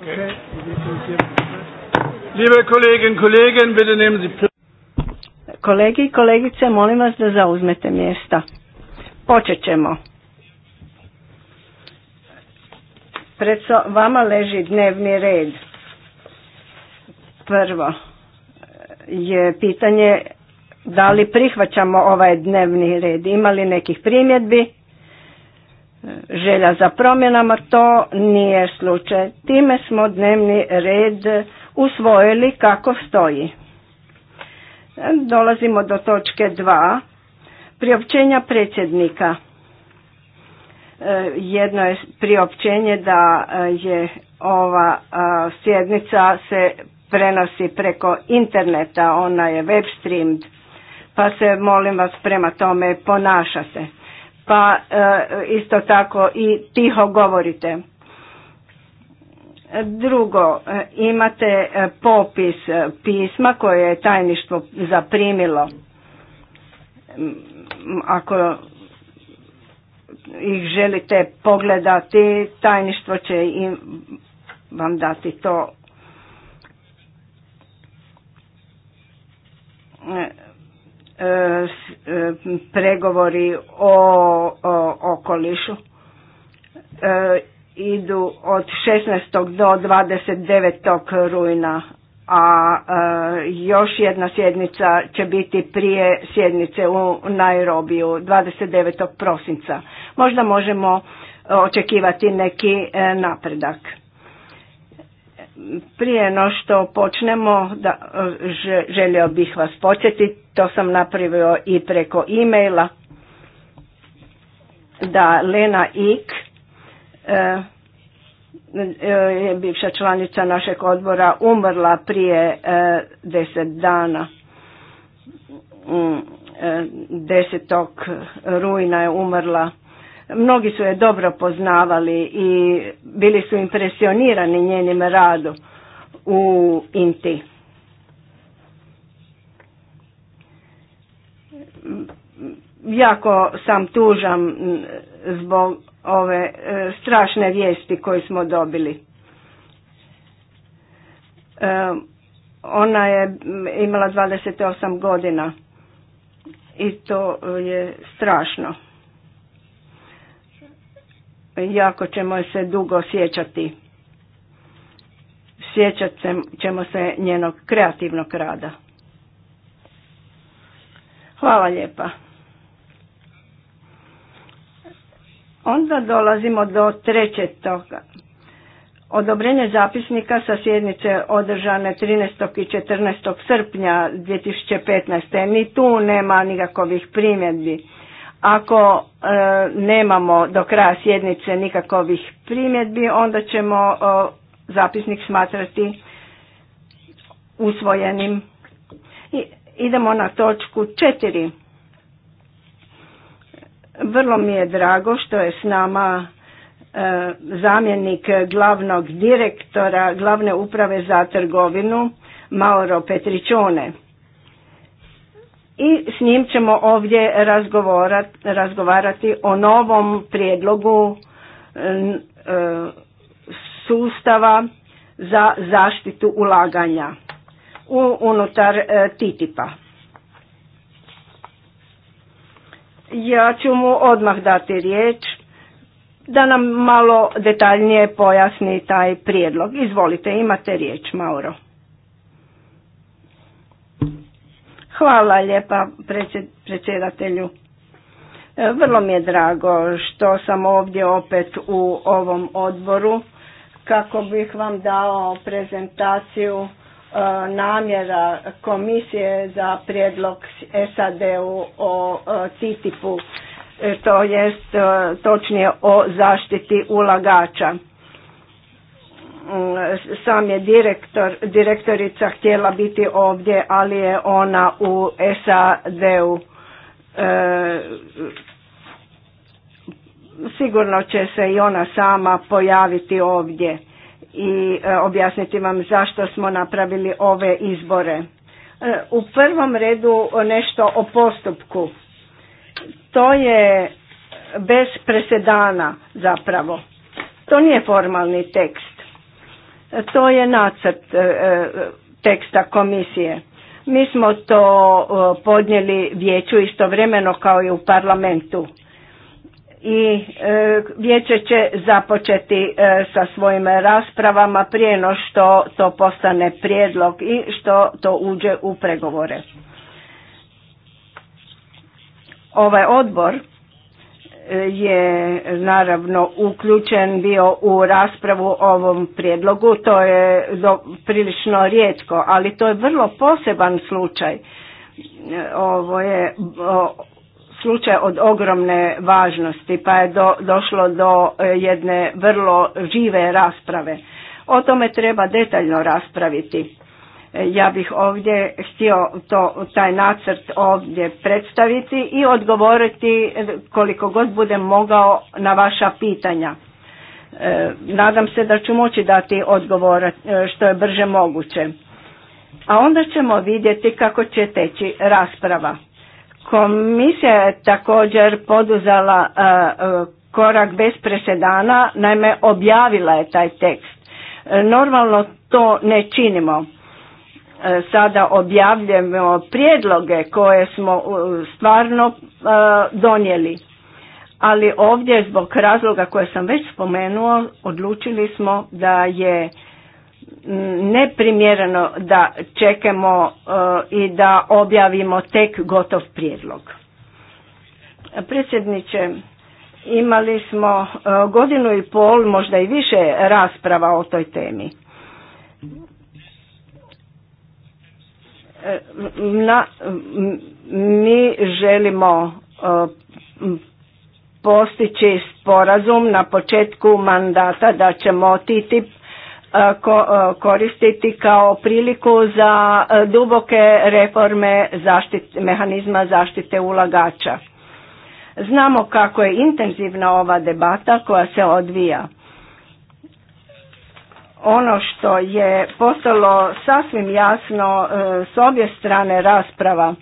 Kolege Liebe Kolleginnen bitte nehmen Sie Kolegi i kolegice, molim vas da zauzmete mjesta. Počet ćemo. Pred vama leži dnevni red. Prvo eh, je pitanje da li prihvaćamo ovaj dnevni red. Ima li nekih primjedbi? želja za promjenama, to nije slučaj. Time smo dnevni red usvojili kako stoji. Dolazimo do točke dva. Priopćenja predsjednika. E, jedno je priopćenje da e, je ova e, sjednica se prenosi preko interneta, ona je web streamed, pa se molim vas prema tome ponaša se pa e, isto tako i tiho govorite. Drugo, e, imate e, popis pisma koje je tajništvo zaprimilo. Ako ih želite pogledati, tajništvo će im vam dati to E, e, pregovori o, o okolišu e, idu od 16. do 29. rujna, a još jedna sjednica će biti prije sjednice u Nairobiju 29. prosinca. Možda možemo očekivati neki napredak. Prije no što počnemo, da, e, želio bih vas podsjetiti, to sam napravio i preko e-maila, da Lena Ik, e, e, je bivša članica našeg odbora, umrla prije deset dana. 10. Mm, rujna je umrla Mnogi su je dobro poznavali i bili su impresionirani njenim radom u Inti. Jako sam tužan zbog ove e, strašne vijesti koje smo dobili. E, ona je imala 28 godina i to je strašno jako ćemo se dugo sjećati. Sjećat ćemo se njenog kreativnog rada. Hvala lijepa. Onda dolazimo do treće Odobrenje zapisnika sa sjednice održane 13. i 14. srpnja 2015. Ni tu nema nikakvih primjedbi. Ako e, nemamo do kraja sjednice nikakvih primjedbi, onda ćemo e, zapisnik smatrati usvojenim. I, idemo na točku četiri. Vrlo mi je drago što je s nama e, zamjenik glavnog direktora glavne uprave za trgovinu Mauro Petričone i s njim ćemo ovdje razgovarati o novom prijedlogu e, sustava za zaštitu ulaganja unutar e, TTIP-a. Ja ću mu odmah dati riječ da nam malo detaljnije pojasni taj prijedlog. Izvolite, imate riječ, Mauro. Hvala lijepa predsjedatelju. E, vrlo mi je drago što sam ovdje opet u ovom odboru kako bih vam dao prezentaciju e, namjera komisije za prijedlog SAD-u o e, TTIP-u, to jest točnije o zaštiti ulagača sam je direktor, direktorica htjela biti ovdje, ali je ona u SAD-u. E, sigurno će se i ona sama pojaviti ovdje i e, objasniti vam zašto smo napravili ove izbore. E, u prvom redu nešto o postupku. To je bez presedana zapravo. To nije formalni tekst to je nacrt e, e, teksta komisije. Mi smo to e, podnijeli vijeću istovremeno kao i u parlamentu. I vijeće će započeti sa svojim raspravama prije no što to postane prijedlog i što to uđe u pregovore. Ovaj odbor je naravno uključen bio u raspravu o ovom prijedlogu, to je do, prilično rijetko, ali to je vrlo poseban slučaj. E, ovo je slučaj od ogromne važnosti, pa je došlo do e, jedne vrlo žive rasprave. O tome treba detaljno raspraviti. E, ja bih ovdje htio to, taj nacrt ovdje predstaviti i odgovoriti koliko god budem mogao na vaša pitanja. E, nadam se da ću moći dati odgovor e, što je brže moguće. A onda ćemo vidjeti kako će teći rasprava. Komisija je također poduzela korak bez presedana, naime objavila je taj tekst. Normalno to ne činimo. E, sada objavljujemo prijedloge koje smo stvarno e, donijeli. Ali ovdje zbog razloga koje sam već spomenuo odlučili smo da je neprimjereno da čekamo e, i da objavimo tek gotov prijedlog. Predsjedniče, imali smo godinu i pol, možda i više rasprava o toj temi. mi želimo e, postići sporazum na početku mandata da ćemo TTIP e, e, koristiti kao priliku za duboke reforme mehanizma zaštite ulagača. Znamo kako je intenzivna ova debata koja se odvija ono što je postalo sasvim jasno e, s obje strane rasprava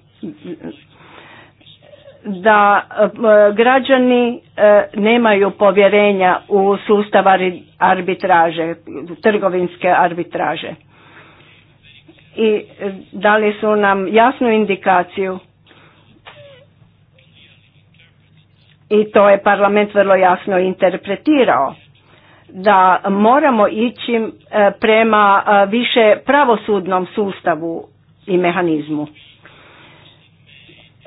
da e, građani e, nemaju povjerenja u sustav arbitraže, trgovinske arbitraže. I dali su nam jasnu indikaciju i to je parlament vrlo jasno interpretirao da moramo ići e, prema e, više pravosudnom sustavu i mehanizmu.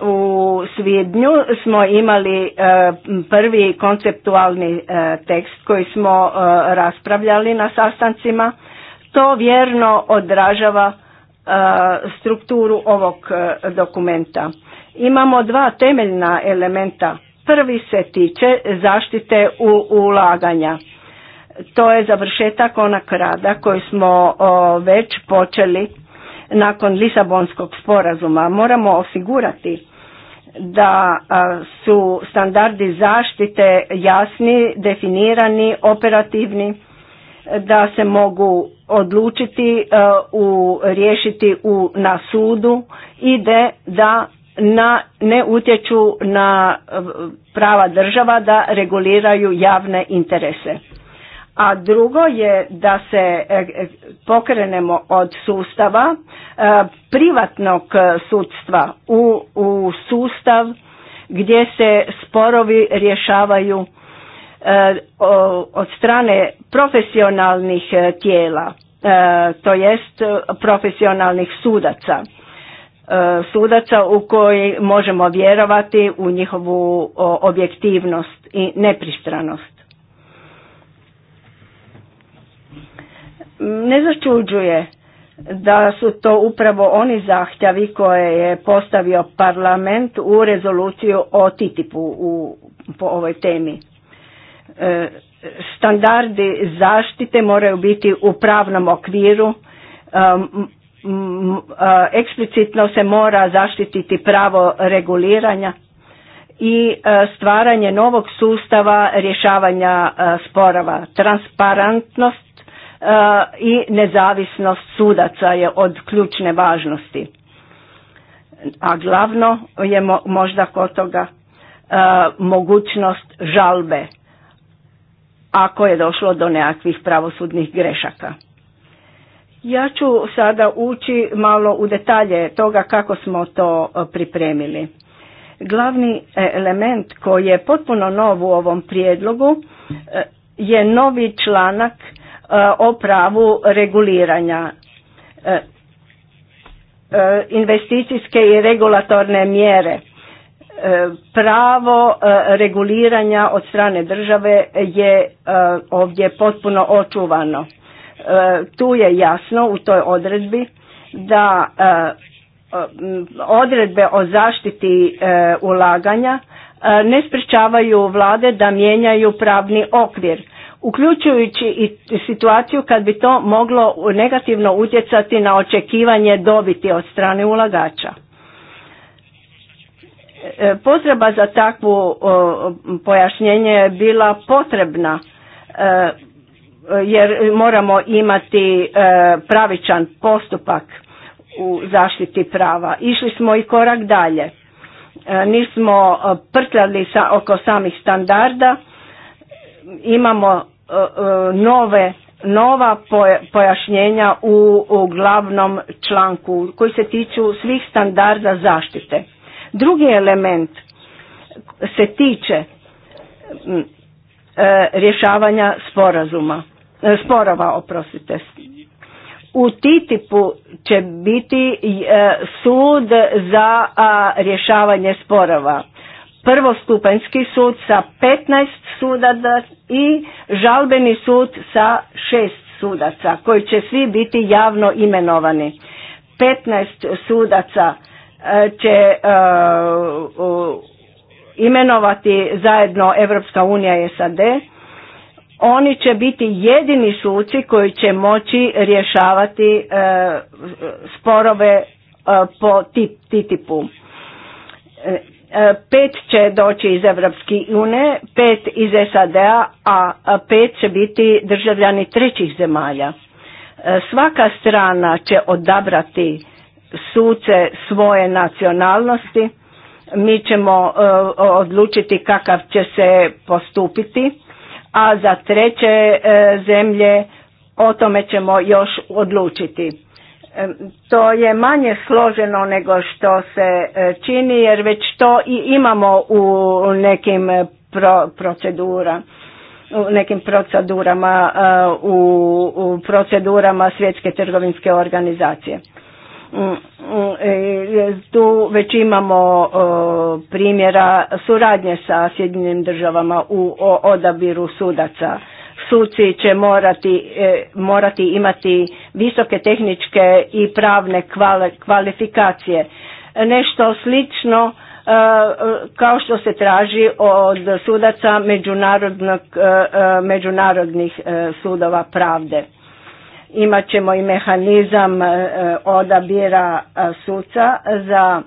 U svibnju smo imali e, prvi konceptualni tekst koji smo raspravljali na sastancima. To vjerno odražava strukturu ovog dokumenta. Imamo dva temeljna elementa. Prvi se tiče zaštite u ulaganja to je završetak ona rada koji smo već počeli nakon Lisabonskog sporazuma. Moramo osigurati da su standardi zaštite jasni, definirani, operativni, da se mogu odlučiti e, u riješiti u na sudu i da, da na, ne utječu na prava država da reguliraju javne interese a drugo je da se e, e, pokrenemo od sustava e, privatnog sudstva u, u sustav gdje se sporovi rješavaju od strane profesionalnih tijela, to jest profesionalnih sudaca. Sudaca u koji možemo vjerovati u njihovu objektivnost i nepristranost. ne začuđuje da su to upravo oni zahtjevi koje je postavio parlament u rezoluciju o TTIP-u po ovoj temi. E, standardi zaštite moraju biti u pravnom okviru, e, e, eksplicitno se mora zaštititi pravo reguliranja i stvaranje novog sustava rješavanja sporova. Transparentnost i nezavisnost sudaca je od ključne važnosti. A glavno je možda kod toga e, mogućnost žalbe ako je došlo do nekakvih pravosudnih grešaka. Ja ću sada ući malo u detalje toga kako smo to e, pripremili. Glavni e, element koji je potpuno nov u ovom prijedlogu je novi članak Eh, o pravu reguliranja. Eh, eh, investicijske i regulatorne mjere. Pravo reguliranja od strane države je ovdje potpuno očuvano. Tu je jasno u toj odredbi da odredbe o zaštiti ulaganja ne sprečavaju vlade da mijenjaju pravni okvir uključujući i situaciju kad bi to moglo negativno utjecati na očekivanje dobiti od strane ulagača. E, potreba za takvo pojašnjenje je bila potrebna e, jer moramo imati e, pravičan postupak u zaštiti prava. Išli smo i korak dalje. Nismo prtljali oko samih standarda, imamo E, e, nove nova pojašnjenja u, glavnom članku koji se tiču svih standarda zaštite. Drugi element se tiče e, rješavanja sporazuma, sporova, oprostite. U TTIP-u će biti sud za rješavanje sporova prvostupanjski sud sa 15 sudaca i žalbeni sud sa 6 sudaca koji će svi biti javno imenovani. 15 sudaca e, će e, imenovati zajedno Evropska unija i SAD. Oni će biti jedini suci koji će moći rješavati e, sporove po TTIP-u. E, pet će doći iz Evropske unije, pet iz SAD-a, a pet će biti državljani trećih zemalja. E, svaka strana će odabrati suce svoje nacionalnosti, mi ćemo e, odlučiti kakav će se postupiti, a za treće zemlje o tome ćemo još odlučiti to je manje složeno nego što se e, čini jer već to i imamo u nekim e, pro procedura u nekim procedurama e, u, procedurama svjetske trgovinske organizacije. Mm, mm, tu već imamo primjera suradnje sa Sjedinjenim državama u odabiru sudaca Suci će morati, e, morati imati visoke tehničke i pravne kvalifikacije. Nešto slično e, kao što se traži od sudaca e, međunarodnih sudova pravde. Imat ćemo i mehanizam odabira suca za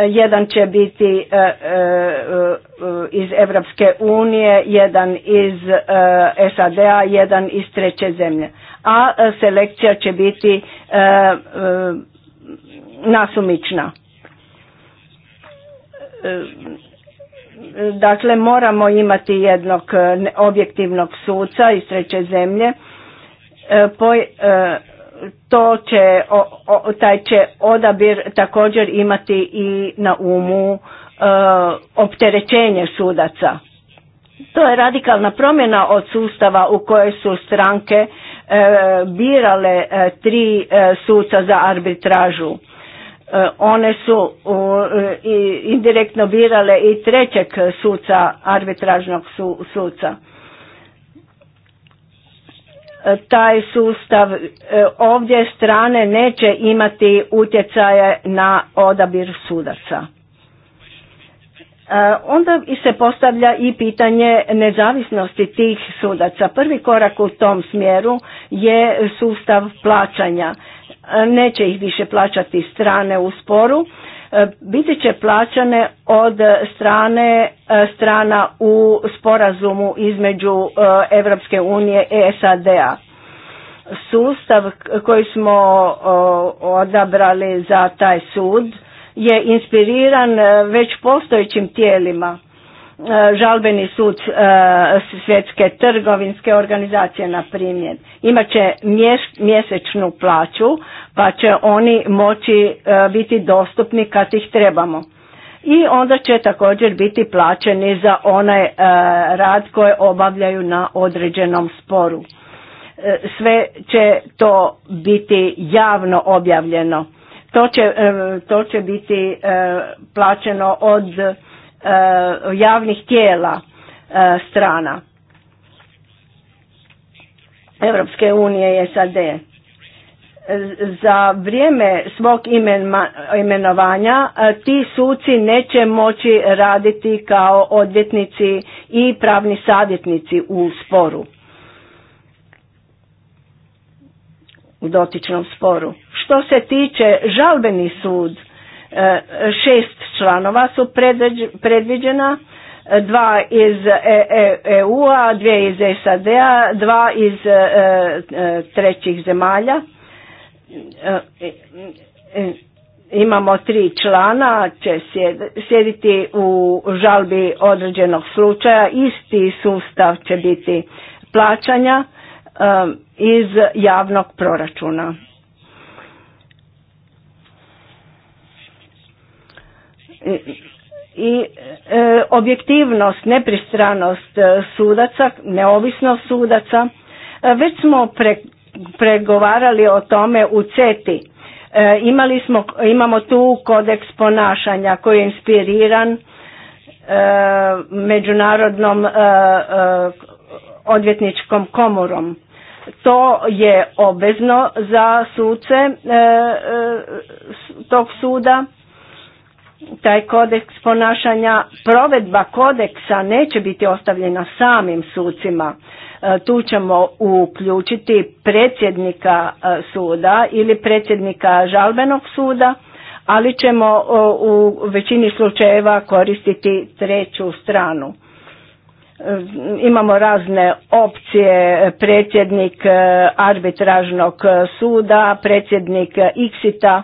jedan će biti e, e, e, iz Evropske unije, jedan iz SAD-a, jedan iz treće zemlje. A selekcija će biti nasumična. Dakle, moramo imati jednog objektivnog suca iz treće zemlje, to će, o, taj će odabir također imati i na umu e, opterećenje sudaca. To je radikalna promjena od sustava u kojoj su stranke e, birale e, tri suca za arbitražu. One su i indirektno birale i trećeg suca arbitražnog suca E, taj sustav e, ovdje strane neće imati utjecaje na odabir sudaca. E, onda se postavlja i pitanje nezavisnosti tih sudaca. Prvi korak u tom smjeru je sustav plaćanja. Neće ih više plaćati strane u sporu, E, biti će plaćane od strane e, strana u sporazumu između Europske unije i SAD-a. Sustav koji smo odabrali za taj sud je inspiriran e, već postojećim tijelima E, žalbeni sud e, svjetske trgovinske organizacije na primjer će mjesečnu plaću pa će oni moći e, biti dostupni kad ih trebamo i onda će također biti plaćeni za onaj rad koje obavljaju na određenom sporu sve će to biti javno objavljeno to to će biti plaćeno od Eh, javnih tijela eh, strana Europske unije i SAD eh, za vrijeme svog imenovanja ti suci neće moći raditi kao odvjetnici i pravni savjetnici u sporu u dotičnom sporu. Što se tiče žalbeni sud, Šest članova su predviđena, dva iz EU-a, e, e dvije iz SAD-a, dva iz e, trećih zemalja. Imamo tri člana, će sjediti u žalbi određenog slučaja, isti sustav će biti plaćanja iz javnog proračuna. i e, objektivnost, nepristranost e, sudaca, neovisnost sudaca. E, već smo pregovarali o tome u CETI. imali smo, imamo tu kodeks ponašanja koji je inspiriran međunarodnom odvjetničkom komorom. To je obvezno za suce tog suda taj kodeks ponašanja, provedba kodeksa neće biti ostavljena samim sucima. E, tu ćemo uključiti predsjednika e, suda ili predsjednika žalbenog suda, ali ćemo u većini slučajeva koristiti treću stranu. E, imamo razne opcije, predsjednik arbitražnog suda, predsjednik Iksita,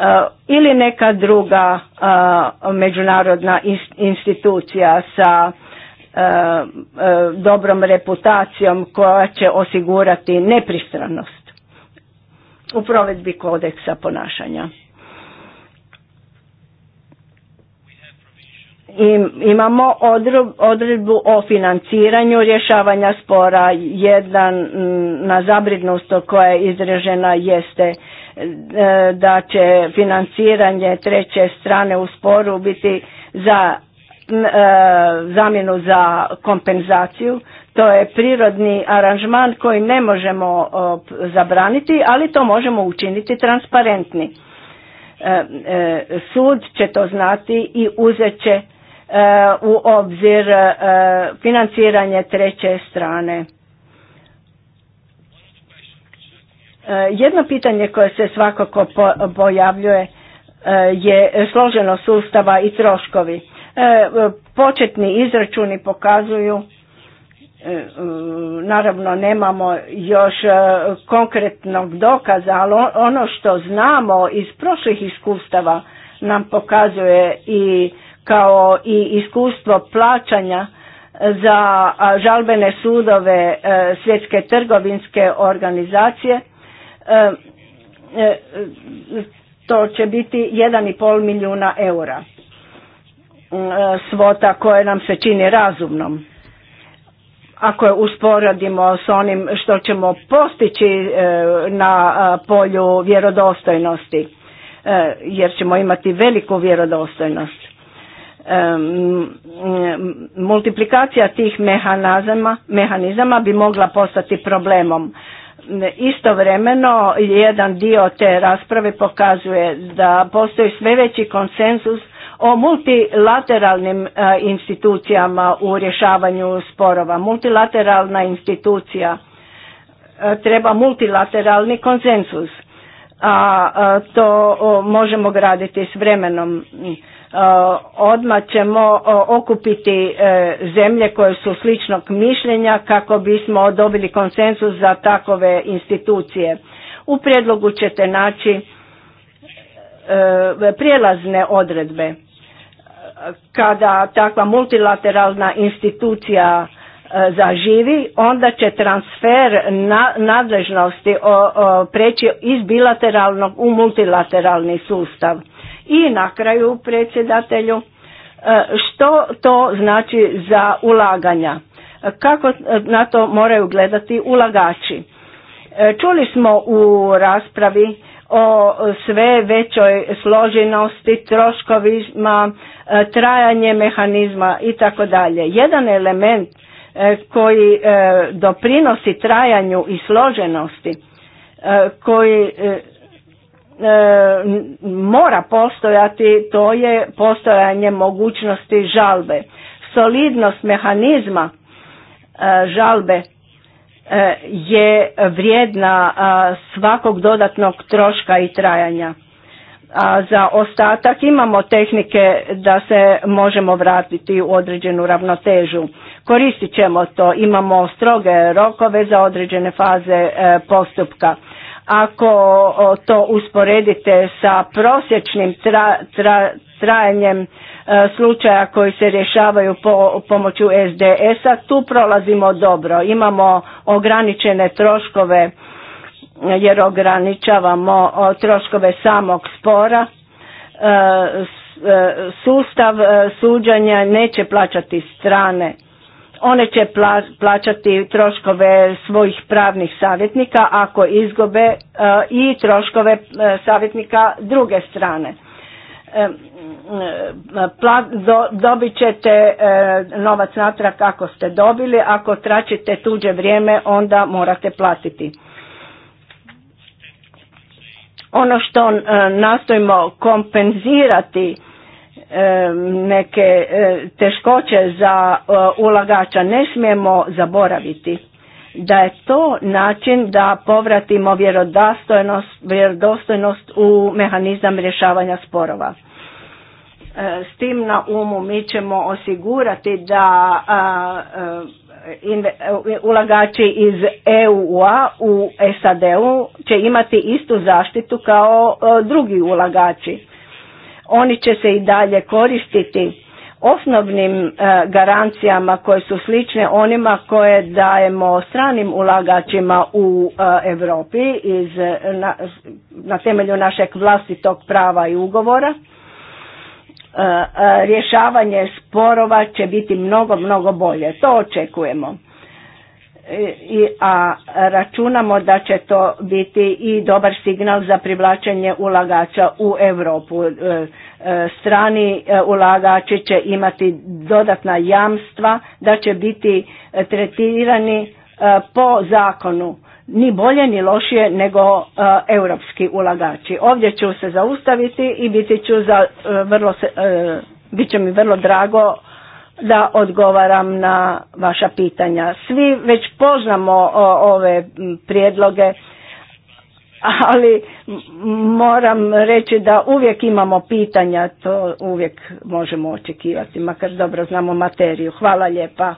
Eh, ili neka druga eh, međunarodna institucija sa eh, dobrom reputacijom koja će osigurati nepristranost u provedbi kodeksa ponašanja. imamo odredbu o financiranju rješavanja spora. Jedna na zabridnost koja je izražena jeste E, da će financiranje treće strane u sporu biti za e, zamjenu za kompenzaciju. To je prirodni aranžman koji ne možemo zabraniti, ali to možemo učiniti transparentni. E, sud će to znati i uzet će u obzir financiranje treće strane Jedno pitanje koje se svakako pojavljuje e, je složenost sustava i troškovi. E, početni izračuni pokazuju, e, naravno nemamo još konkretnog dokaza, ali ono što znamo iz prošlih iskustava nam pokazuje i kao i iskustvo plaćanja za žalbene sudove svjetske trgovinske organizacije to će biti 1,5 milijuna eura e, svota koja nam se čini razumnom. Ako je usporedimo s onim što ćemo postići e, na e, polju vjerodostojnosti, jer ćemo imati veliku vjerodostojnost. Multiplikacija tih mehanizama bi mogla postati problemom. Istovremeno jedan dio te rasprave pokazuje da postoji sve veći konsenzus o multilateralnim e, institucijama u rješavanju sporova. Multilateralna institucija e, treba multilateralni konsenzus, a e, to možemo graditi s vremenom. Eh, odmah ćemo eh, okupiti eh, zemlje koje su sličnog mišljenja kako bismo dobili konsensus za takove institucije. U prijedlogu ćete naći prijelazne odredbe kada takva multilateralna institucija zaživi, onda će transfer nadležnosti o, preći iz bilateralnog u multilateralni sustav. I na kraju predsjedatelju, e, što to znači za ulaganja? Kako na to moraju gledati ulagači? E, čuli smo u raspravi o sve većoj složenosti, troškovima, e, trajanje mehanizma i tako dalje. Jedan element koji doprinosi trajanju i složenosti, koji E, mora postojati, to je postojanje mogućnosti žalbe. Solidnost mehanizma e, žalbe e, je vrijedna svakog dodatnog troška i trajanja. A za ostatak imamo tehnike da se možemo vratiti u određenu ravnotežu. Koristit ćemo to, imamo stroge rokove za određene faze postupka ako to usporedite sa prosječnim trajanjem e, slučaja koji se rješavaju po pomoću SDS-a, tu prolazimo dobro. Imamo ograničene troškove jer ograničavamo troškove samog spora. E, e, sustav suđanja neće plaćati strane one će plaćati troškove svojih pravnih savjetnika ako izgube e, i troškove e, savjetnika druge strane. E, dobit ćete novac natrag ako ste dobili, ako tračite tuđe vrijeme onda morate platiti. Ono što nastojimo kompenzirati neke e, teškoće za e, ulagača. Ne smijemo zaboraviti da je to način da povratimo vjerodostojnost u mehanizam rješavanja sporova. E, s tim na umu mi ćemo osigurati da ulagači iz EU-a u SAD-u će imati istu zaštitu kao drugi ulagači oni će se i dalje koristiti osnovnim e, garancijama koje su slične onima koje dajemo stranim ulagačima u e, Europi iz na, na temelju našeg vlastitog prava i ugovora. E, rješavanje sporova će biti mnogo, mnogo bolje. To očekujemo. E, a računamo da će to biti i dobar signal za privlačenje ulagača u Europu. E, e, strani ulagači će imati dodatna jamstva da će biti tretirani po zakonu ni bolje ni lošije nego europski ulagači. Ovdje ću se zaustaviti i biti ću za vrlo bit će mi vrlo drago da odgovaram na vaša pitanja. Svi već poznamo ove prijedloge, ali moram reći da uvijek imamo pitanja, to uvijek možemo očekivati, makar dobro znamo materiju. Hvala lijepa.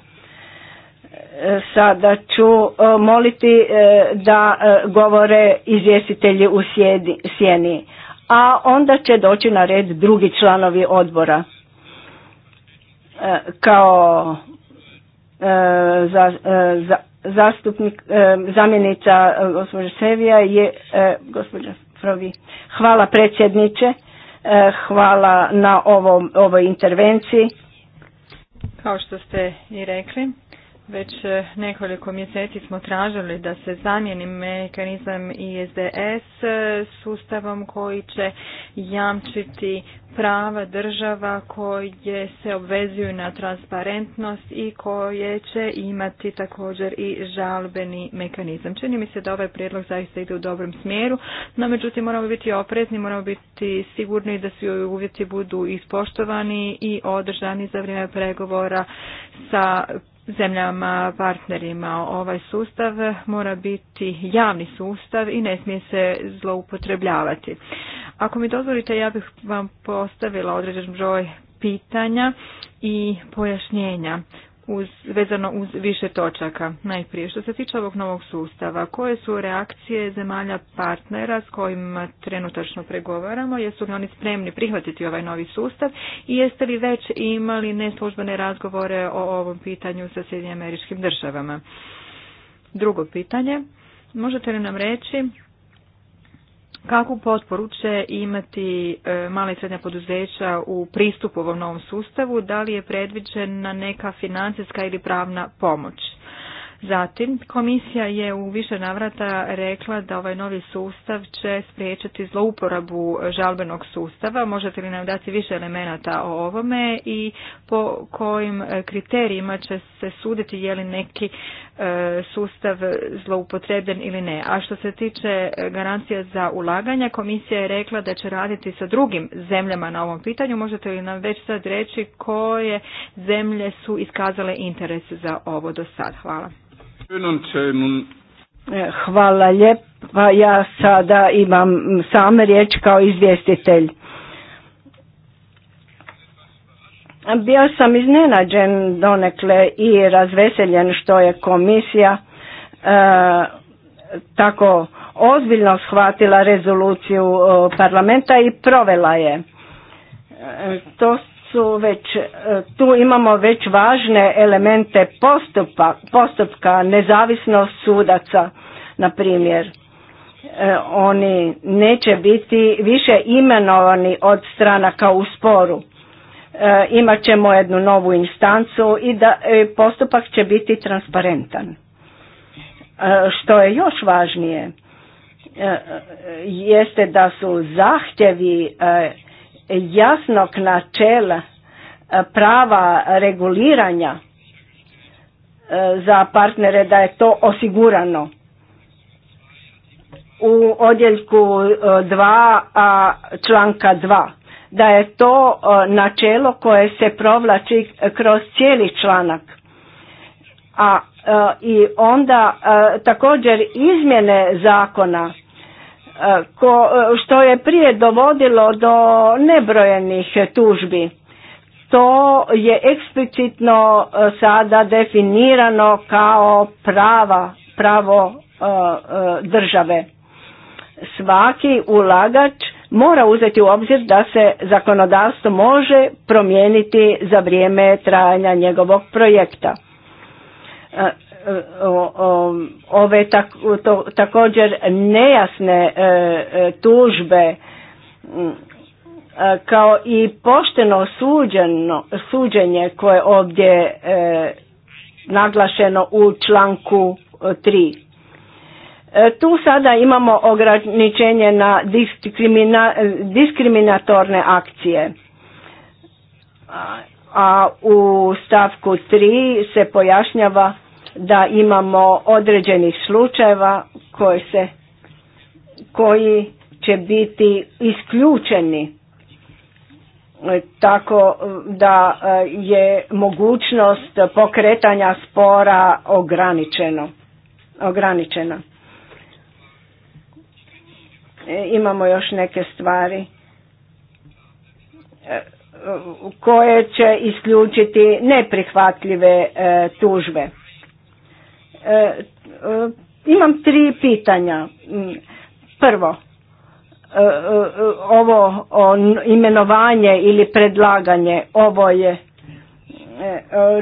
E, sada ću e, moliti e, da govore izvjestitelji u sjeni, a onda će doći na red drugi članovi odbora kao e, za, e, za, zastupnik, e, zamjenica gospođa Sevija je gospođa Frovi. Hvala predsjedniče, hvala na ovom, ovoj intervenciji. Kao što ste i rekli, već e, nekoliko mjeseci smo tražili da se zamijeni mekanizam ISDS e, sustavom koji će jamčiti prava država koje se obvezuju na transparentnost i koje će imati također i žalbeni mekanizam. Čini mi se da ovaj prijedlog zaista ide u dobrom smjeru, no međutim moramo biti oprezni, moramo biti sigurni da svi uvjeti budu ispoštovani i održani za vrijeme pregovora sa zemljama partnerima. Ovaj sustav mora biti javni sustav i ne smije se zloupotrebljavati. Ako mi dozvolite, ja bih vam postavila određen broj pitanja i pojašnjenja uz, vezano uz više točaka. Najprije, što se tiče ovog novog sustava, koje su reakcije zemalja partnera s kojima trenutačno pregovaramo, jesu li oni spremni prihvatiti ovaj novi sustav i jeste li već imali neslužbene razgovore o ovom pitanju sa Sjedinim američkim državama? Drugo pitanje, možete li nam reći Kakvu potporu će imati e, mala i srednja poduzeća u pristupu ovom novom sustavu? Da li je predviđena neka financijska ili pravna pomoć? Zatim, komisija je u više navrata rekla da ovaj novi sustav će spriječiti zlouporabu žalbenog sustava. Možete li nam dati više elemenata o ovome i po kojim e, kriterijima će se suditi je li neki e, sustav zloupotreben ili ne. A što se tiče e, garancija za ulaganja, komisija je rekla da će raditi sa drugim zemljama na ovom pitanju. Možete li nam već sad reći koje zemlje su iskazale interes za ovo do sad? Hvala. E, hvala lijepa. Pa ja sada imam sam riječ kao izvjestitelj. Bio sam iznenađen donekle i razveseljen što je komisija e, tako ozbiljno shvatila rezoluciju e, parlamenta i provela je. To su već, e, tu imamo već važne elemente postupka, nezavisnost sudaca, na primjer. E, oni neće biti više imenovani od stranaka u sporu. E, imat ćemo jednu novu instancu i da postupak će biti transparentan. Što je još važnije, jeste da su zahtjevi jasnog načela e, prava reguliranja e, za partnere da je to osigurano. U odjeljku 2 e, a članka 2 da je to načelo koje se provlači kroz cijeli članak. A i onda također izmjene zakona ko, što je prije dovodilo do nebrojenih tužbi. To je eksplicitno e, sada definirano kao prava, pravo e, e, države. Svaki ulagač mora uzeti u obzir da se zakonodavstvo može promijeniti za vrijeme trajanja njegovog projekta ove također nejasne e, e, tužbe e, kao i pošteno suđeno, suđenje koje je ovdje naglašeno u članku 3. Tu sada imamo ograničenje na diskriminatorne akcije. A u stavku 3 se pojašnjava da imamo određenih slučajeva koji se koji će biti isključeni e, tako mm, da e, je mogućnost pokretanja spora ograničeno, ograničena. E, imamo još neke stvari koje će isključiti neprihvatljive tužbe. E, e, imam tri pitanja. Mm, prvo, e, ovo imenovanje ili predlaganje, ovo je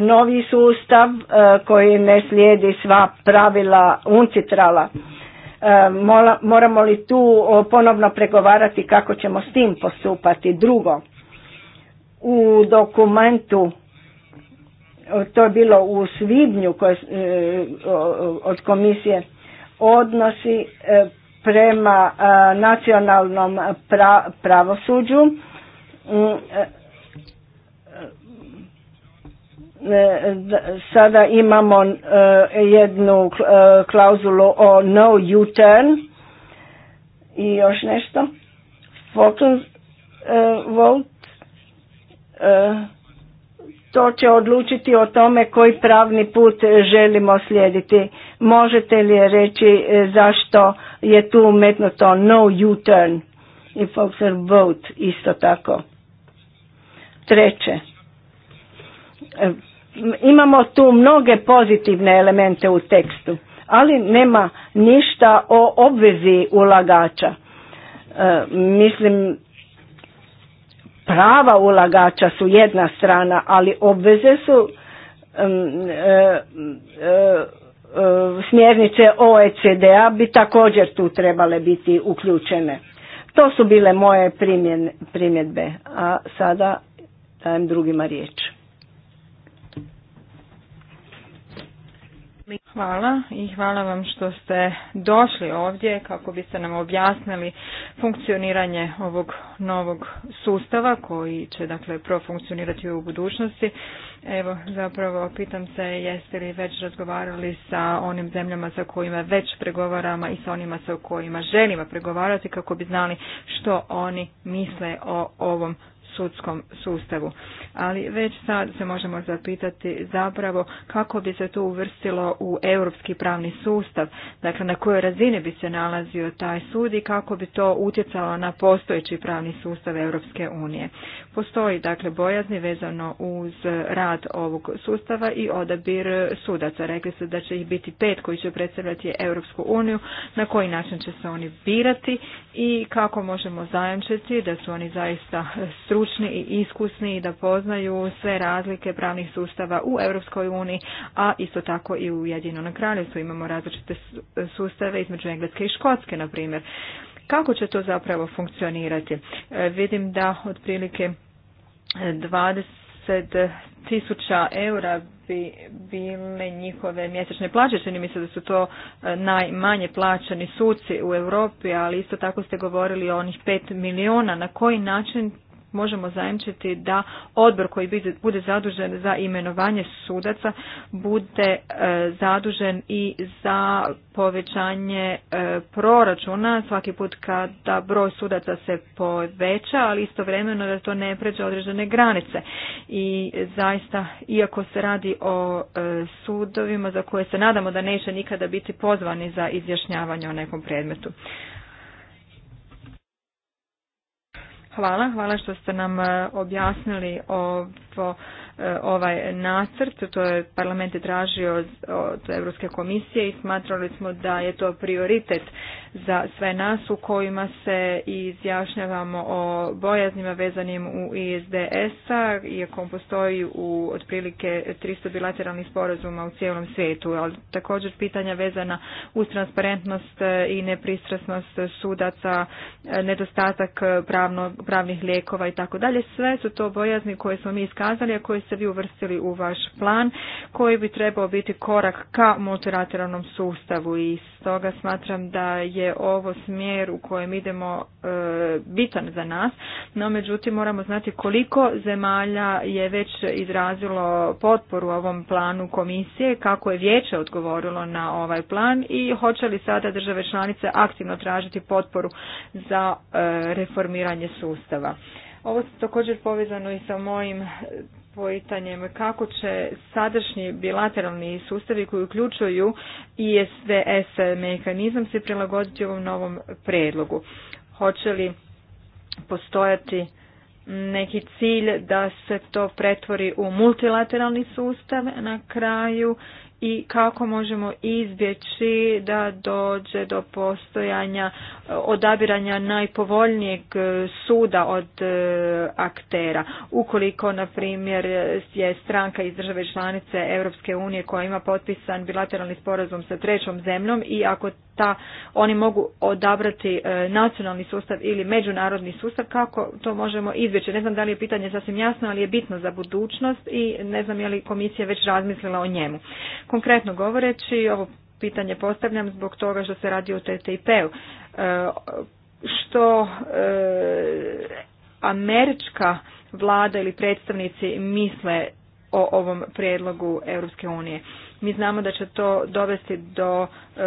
novi sustav koji ne slijedi sva pravila uncitrala. Moramo li tu ponovno pregovarati kako ćemo s tim postupati? Drugo, u dokumentu to je bilo u svibnju koje, e, od komisije, odnosi e, prema e, nacionalnom pravosuđu mm, sada imamo jednu klauzulu o no U-turn i još nešto. Falklands Vault to će odlučiti o tome koji pravni put želimo slijediti. Možete li reći e, zašto je tu umetnuto no U-turn i Foxer vote isto tako? Treće, e, imamo tu mnoge pozitivne elemente u tekstu, ali nema ništa o obvezi ulagača. E, mislim prava ulagača su jedna strana, ali obveze su smjernice OECD-a bi također tu trebale biti uključene. To su bile moje primjedbe, a sada dajem drugima riječ. Hvala i hvala vam što ste došli ovdje kako biste nam objasnili funkcioniranje ovog novog sustava koji će dakle profunkcionirati u budućnosti. Evo zapravo pitam se jeste li već razgovarali sa onim zemljama sa kojima već pregovaramo i sa onima sa kojima želimo pregovarati kako bi znali što oni misle o ovom sudskom sustavu. Ali već sad se možemo zapitati zapravo kako bi se to uvrstilo u europski pravni sustav, dakle na kojoj razini bi se nalazio taj sud i kako bi to utjecalo na postojeći pravni sustav Europske unije. Postoji dakle bojazni vezano uz rad ovog sustava i odabir sudaca. Rekli su da će ih biti pet koji će predstavljati Europsku uniju, na koji način će se oni birati i kako možemo zajamčiti da su oni zaista stručni stručni i iskusni da poznaju sve razlike pravnih sustava u Europskoj uniji, a isto tako i u Jedinom kraljevstvu imamo različite sustave između Engleske i Škotske, na primjer. Kako će to zapravo funkcionirati? E, vidim da otprilike 20.000 tisuća eura bi bile njihove mjesečne plaće. Čini mi se da su to e, najmanje plaćeni suci u Europi, ali isto tako ste govorili o onih 5 miliona. Na koji način možemo zajemčiti da odbor koji bude zadužen za imenovanje sudaca bude e, zadužen i za povećanje e, proračuna svaki put kada broj sudaca se poveća, ali istovremeno da to ne pređe određene granice. I zaista, iako se radi o e, sudovima za koje se nadamo da neće nikada biti pozvani za izjašnjavanje o nekom predmetu. Hvala, hvala što ste nam e, objasnili ovo, e, ovaj nacrt. To je parlament je tražio od Europske komisije i smatrali smo da je to prioritet za sve nas u kojima se izjašnjavamo o bojaznima vezanim u ISDS-a, iako postoji u otprilike 300 bilateralnih sporazuma u cijelom svijetu, ali također pitanja vezana uz transparentnost i nepristrasnost sudaca, nedostatak pravno, pravnih lijekova i tako dalje. Sve su to bojazni koje smo mi iskazali, a koje ste vi uvrstili u vaš plan, koji bi trebao biti korak ka multilateralnom sustavu i toga smatram da je ovo smjer u kojem idemo e, bitan za nas, no međutim moramo znati koliko zemalja je već izrazilo potporu ovom planu komisije, kako je vijeće odgovorilo na ovaj plan i hoće li sada države članice aktivno tražiti potporu za e, reformiranje sustava. Ovo je također povezano i sa mojim pitanjem kako će sadašnji bilateralni sustavi koji uključuju ISDS mehanizam se prilagoditi ovom novom predlogu. Hoće li postojati neki cilj da se to pretvori u multilateralni sustav na kraju i kako možemo izbjeći da dođe do postojanja e, odabiranja najpovoljnijeg e, suda od e, aktera. Ukoliko, na primjer, je stranka iz države članice Europske unije koja ima potpisan bilateralni sporazum sa trećom zemljom i ako da oni mogu odabrati e, nacionalni sustav ili međunarodni sustav, kako to možemo izbjeći. Ne znam da li je pitanje sasvim jasno, ali je bitno za budućnost i ne znam je li komisija već razmislila o njemu. Konkretno govoreći, ovo pitanje postavljam zbog toga što se radi o TTIP-u. E, što e, američka vlada ili predstavnici misle o ovom prijedlogu Europske unije. Mi znamo da će to dovesti do, e,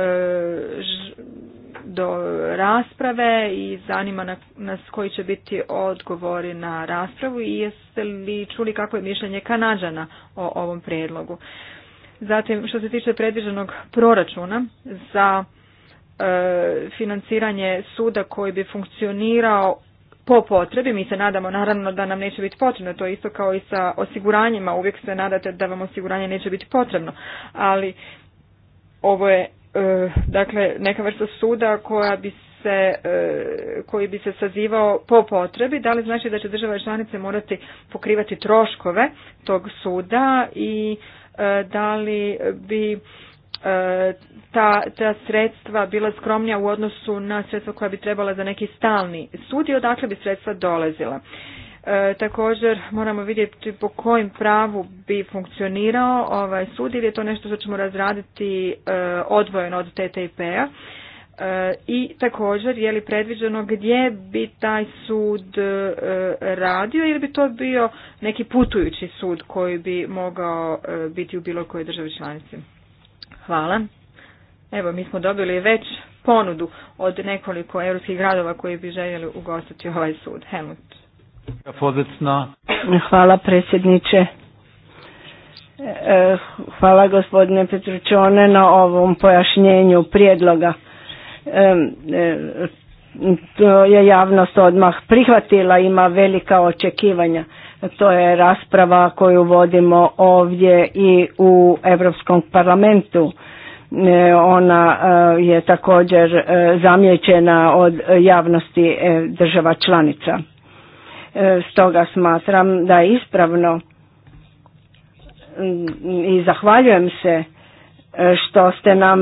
do rasprave i zanima nas koji će biti odgovori na raspravu i jeste li čuli kako je mišljenje Kanađana o ovom prijedlogu. Zatim, što se tiče predviđenog proračuna za e, financiranje suda koji bi funkcionirao po potrebi. Mi se nadamo naravno da nam neće biti potrebno, to je isto kao i sa osiguranjima, uvijek se nadate da vam osiguranje neće biti potrebno, ali ovo je e, dakle neka vrsta suda koja bi se, e, koji bi se sazivao po potrebi, da li znači da će države članice morati pokrivati troškove tog suda i e, da li bi E, ta, ta sredstva bila skromnija u odnosu na sredstva koja bi trebala za neki stalni sud i odakle bi sredstva dolazila. E, također moramo vidjeti po kojim pravu bi funkcionirao ovaj sud ili je to nešto što ćemo razraditi e, odvojeno od TTIP-a. E, I također je li predviđeno gdje bi taj sud radio ili bi to bio neki putujući sud koji bi mogao biti u bilo kojoj državi članici. Hvala. Evo, mi smo dobili već ponudu od nekoliko europskih gradova koji bi željeli ugostiti ovaj sud. Helmut. Hvala predsjedniče. E, e, hvala gospodine Petručone na ovom pojašnjenju prijedloga. E, to je javnost odmah prihvatila, ima velika očekivanja. To je rasprava koju vodimo ovdje i u Europskom parlamentu. E, ona e, je također e, zamijećena od javnosti država članica. Stoga smatram da je ispravno mm, i zahvaljujem se što ste nam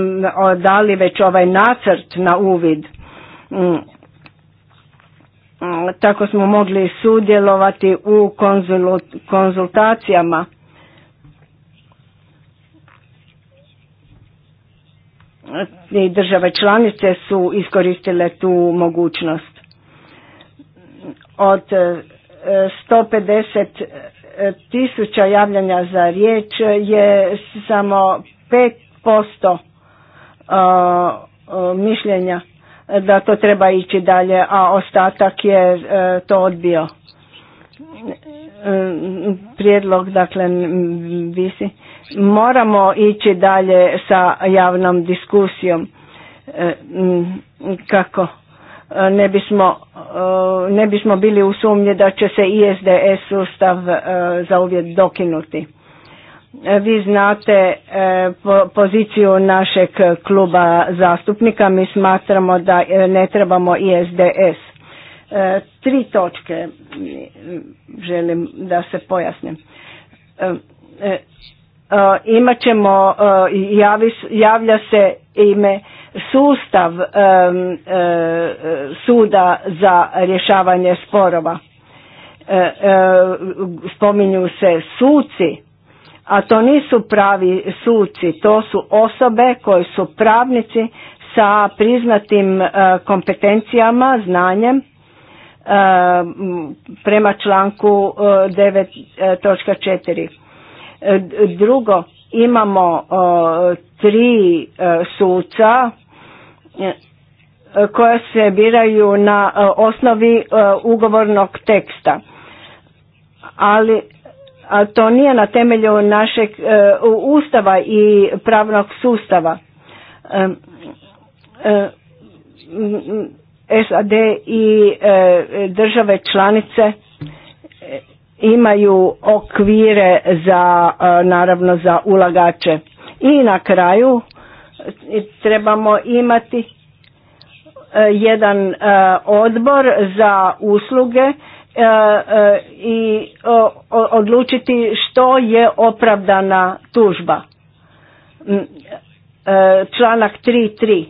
dali već ovaj nacrt na uvid mm, Mm, tako smo mogli sudjelovati u konzultacijama. I države članice su iskoristile tu mogućnost. Od 150 e, e, tisuća javljanja za riječ je samo 5% e, mišljenja da to treba ići dalje, a ostatak je e, to odbio. E, prijedlog, dakle, visi. Moramo ići dalje sa javnom diskusijom. E, kako? Ne bismo, ne bismo bili u sumnji da će se ISDS sustav za uvijek dokinuti. Vi znate e, poziciju našeg kluba zastupnika, mi smatramo da e, ne trebamo ISDS. E, tri točke želim da se pojasnim. Imat ćemo, javlja se ime sustav suda za rješavanje sporova. Spominju se suci a to nisu pravi suci, to su osobe koji su pravnici sa priznatim e, kompetencijama, znanjem e, prema članku 9.4. E, drugo, imamo tri suca koja se biraju na osnovi ugovornog teksta, ali a to nije na temelju našeg e, ustava i pravnog sustava. E, SAD i e, države članice imaju okvire za naravno za ulagače. I na kraju trebamo imati jedan odbor za usluge E, e, i odlučiti što je opravdana tužba. E, članak 3.3.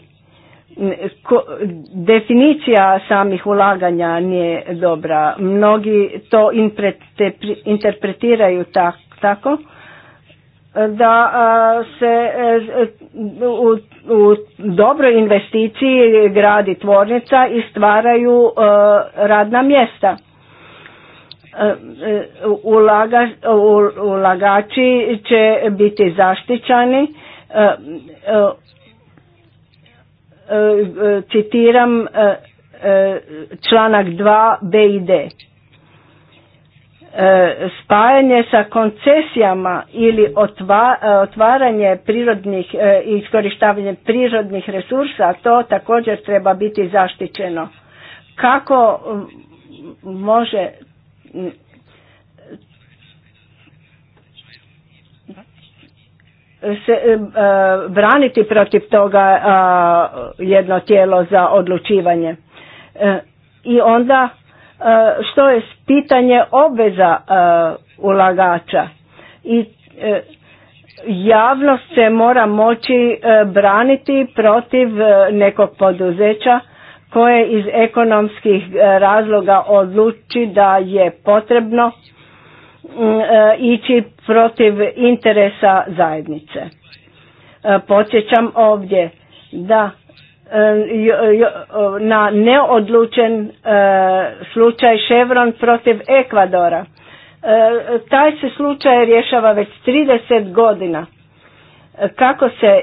Definicija samih ulaganja nije dobra. Mnogi to interpretiraju tako da se u, u dobroj investiciji gradi tvornica i stvaraju radna mjesta Eh, eh, ulagači će biti zaštićani. Eh, citiram članak 2 B i D. Spajanje sa koncesijama ili otvaranje prirodnih i iskorištavanje prirodnih resursa, to također treba biti zaštićeno. Kako može se e, e, braniti protiv toga jedno tijelo za odlučivanje. E, I onda što je pitanje obveza ulagača i javnost se mora moći braniti protiv nekog poduzeća koje iz ekonomskih e, razloga odluči da je potrebno e, ići protiv interesa zajednice. E, podsjećam ovdje da na neodlučen slučaj Chevron protiv Ekvadora. Taj se slučaj rješava već 30 godina. Kako se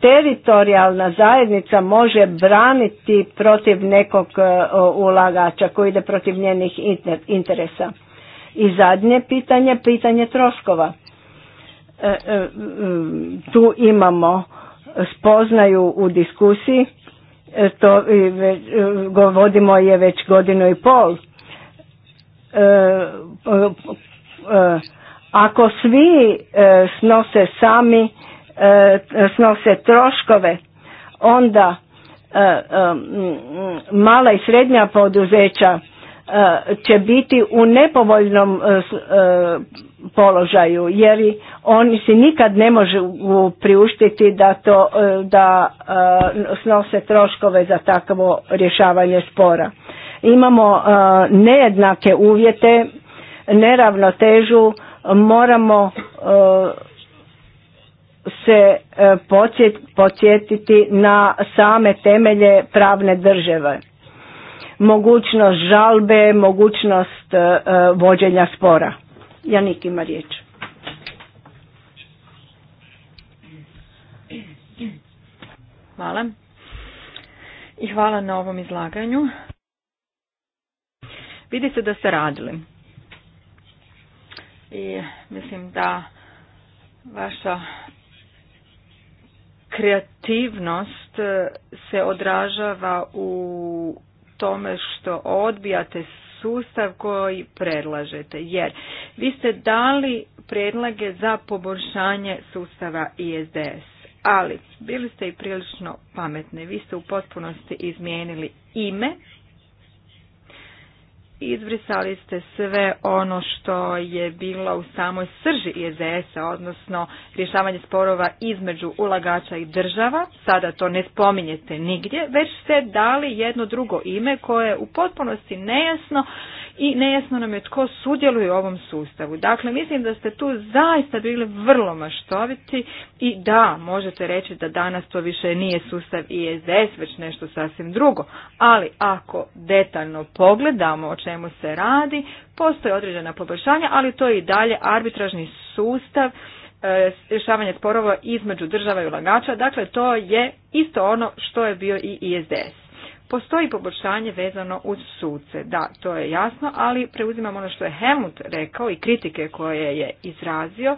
teritorijalna zajednica može braniti protiv nekog e, ulagača koji ide protiv njenih interesa. I zadnje pitanje, pitanje troškova. E, e, tu imamo spoznaju u diskusiji, to vodimo je već godinu i pol. Ako svi snose sami snose troškove, onda e, e, mala i srednja poduzeća e, će biti u nepovoljnom položaju jer oni si nikad ne mogu priuštiti da to da snose troškove za takvo rješavanje spora. Imamo nejednake uvjete, neravnotežu, moramo se e, podsjetiti na same temelje pravne države. Mogućnost žalbe, mogućnost e, e, vođenja spora. Janik ima riječ. Hvala. I hvala na ovom izlaganju. Vidi se da ste radili. I mislim da vaša kreativnost e, se odražava u tome što odbijate sustav koji predlažete. Jer vi ste dali predlage za poboljšanje sustava ISDS. Ali bili ste i prilično pametni. Vi ste u potpunosti izmijenili ime izbrisali ste sve ono što je bilo u samoj srži IZS-a, odnosno rješavanje sporova između ulagača i država. Sada to ne spominjete nigdje, već ste dali jedno drugo ime koje je u potpunosti nejasno i nejasno nam je tko sudjeluje u ovom sustavu. Dakle, mislim da ste tu zaista bili vrlo maštoviti i da, možete reći da danas to više nije sustav ISDS, već nešto sasvim drugo. Ali ako detaljno pogledamo o čemu se radi, postoje određena poboljšanja, ali to je i dalje arbitražni sustav e, rješavanje sporova između država i ulagača. Dakle, to je isto ono što je bio i ISDS postoji poboljšanje vezano uz suce. Da, to je jasno, ali preuzimamo ono što je Helmut rekao i kritike koje je izrazio.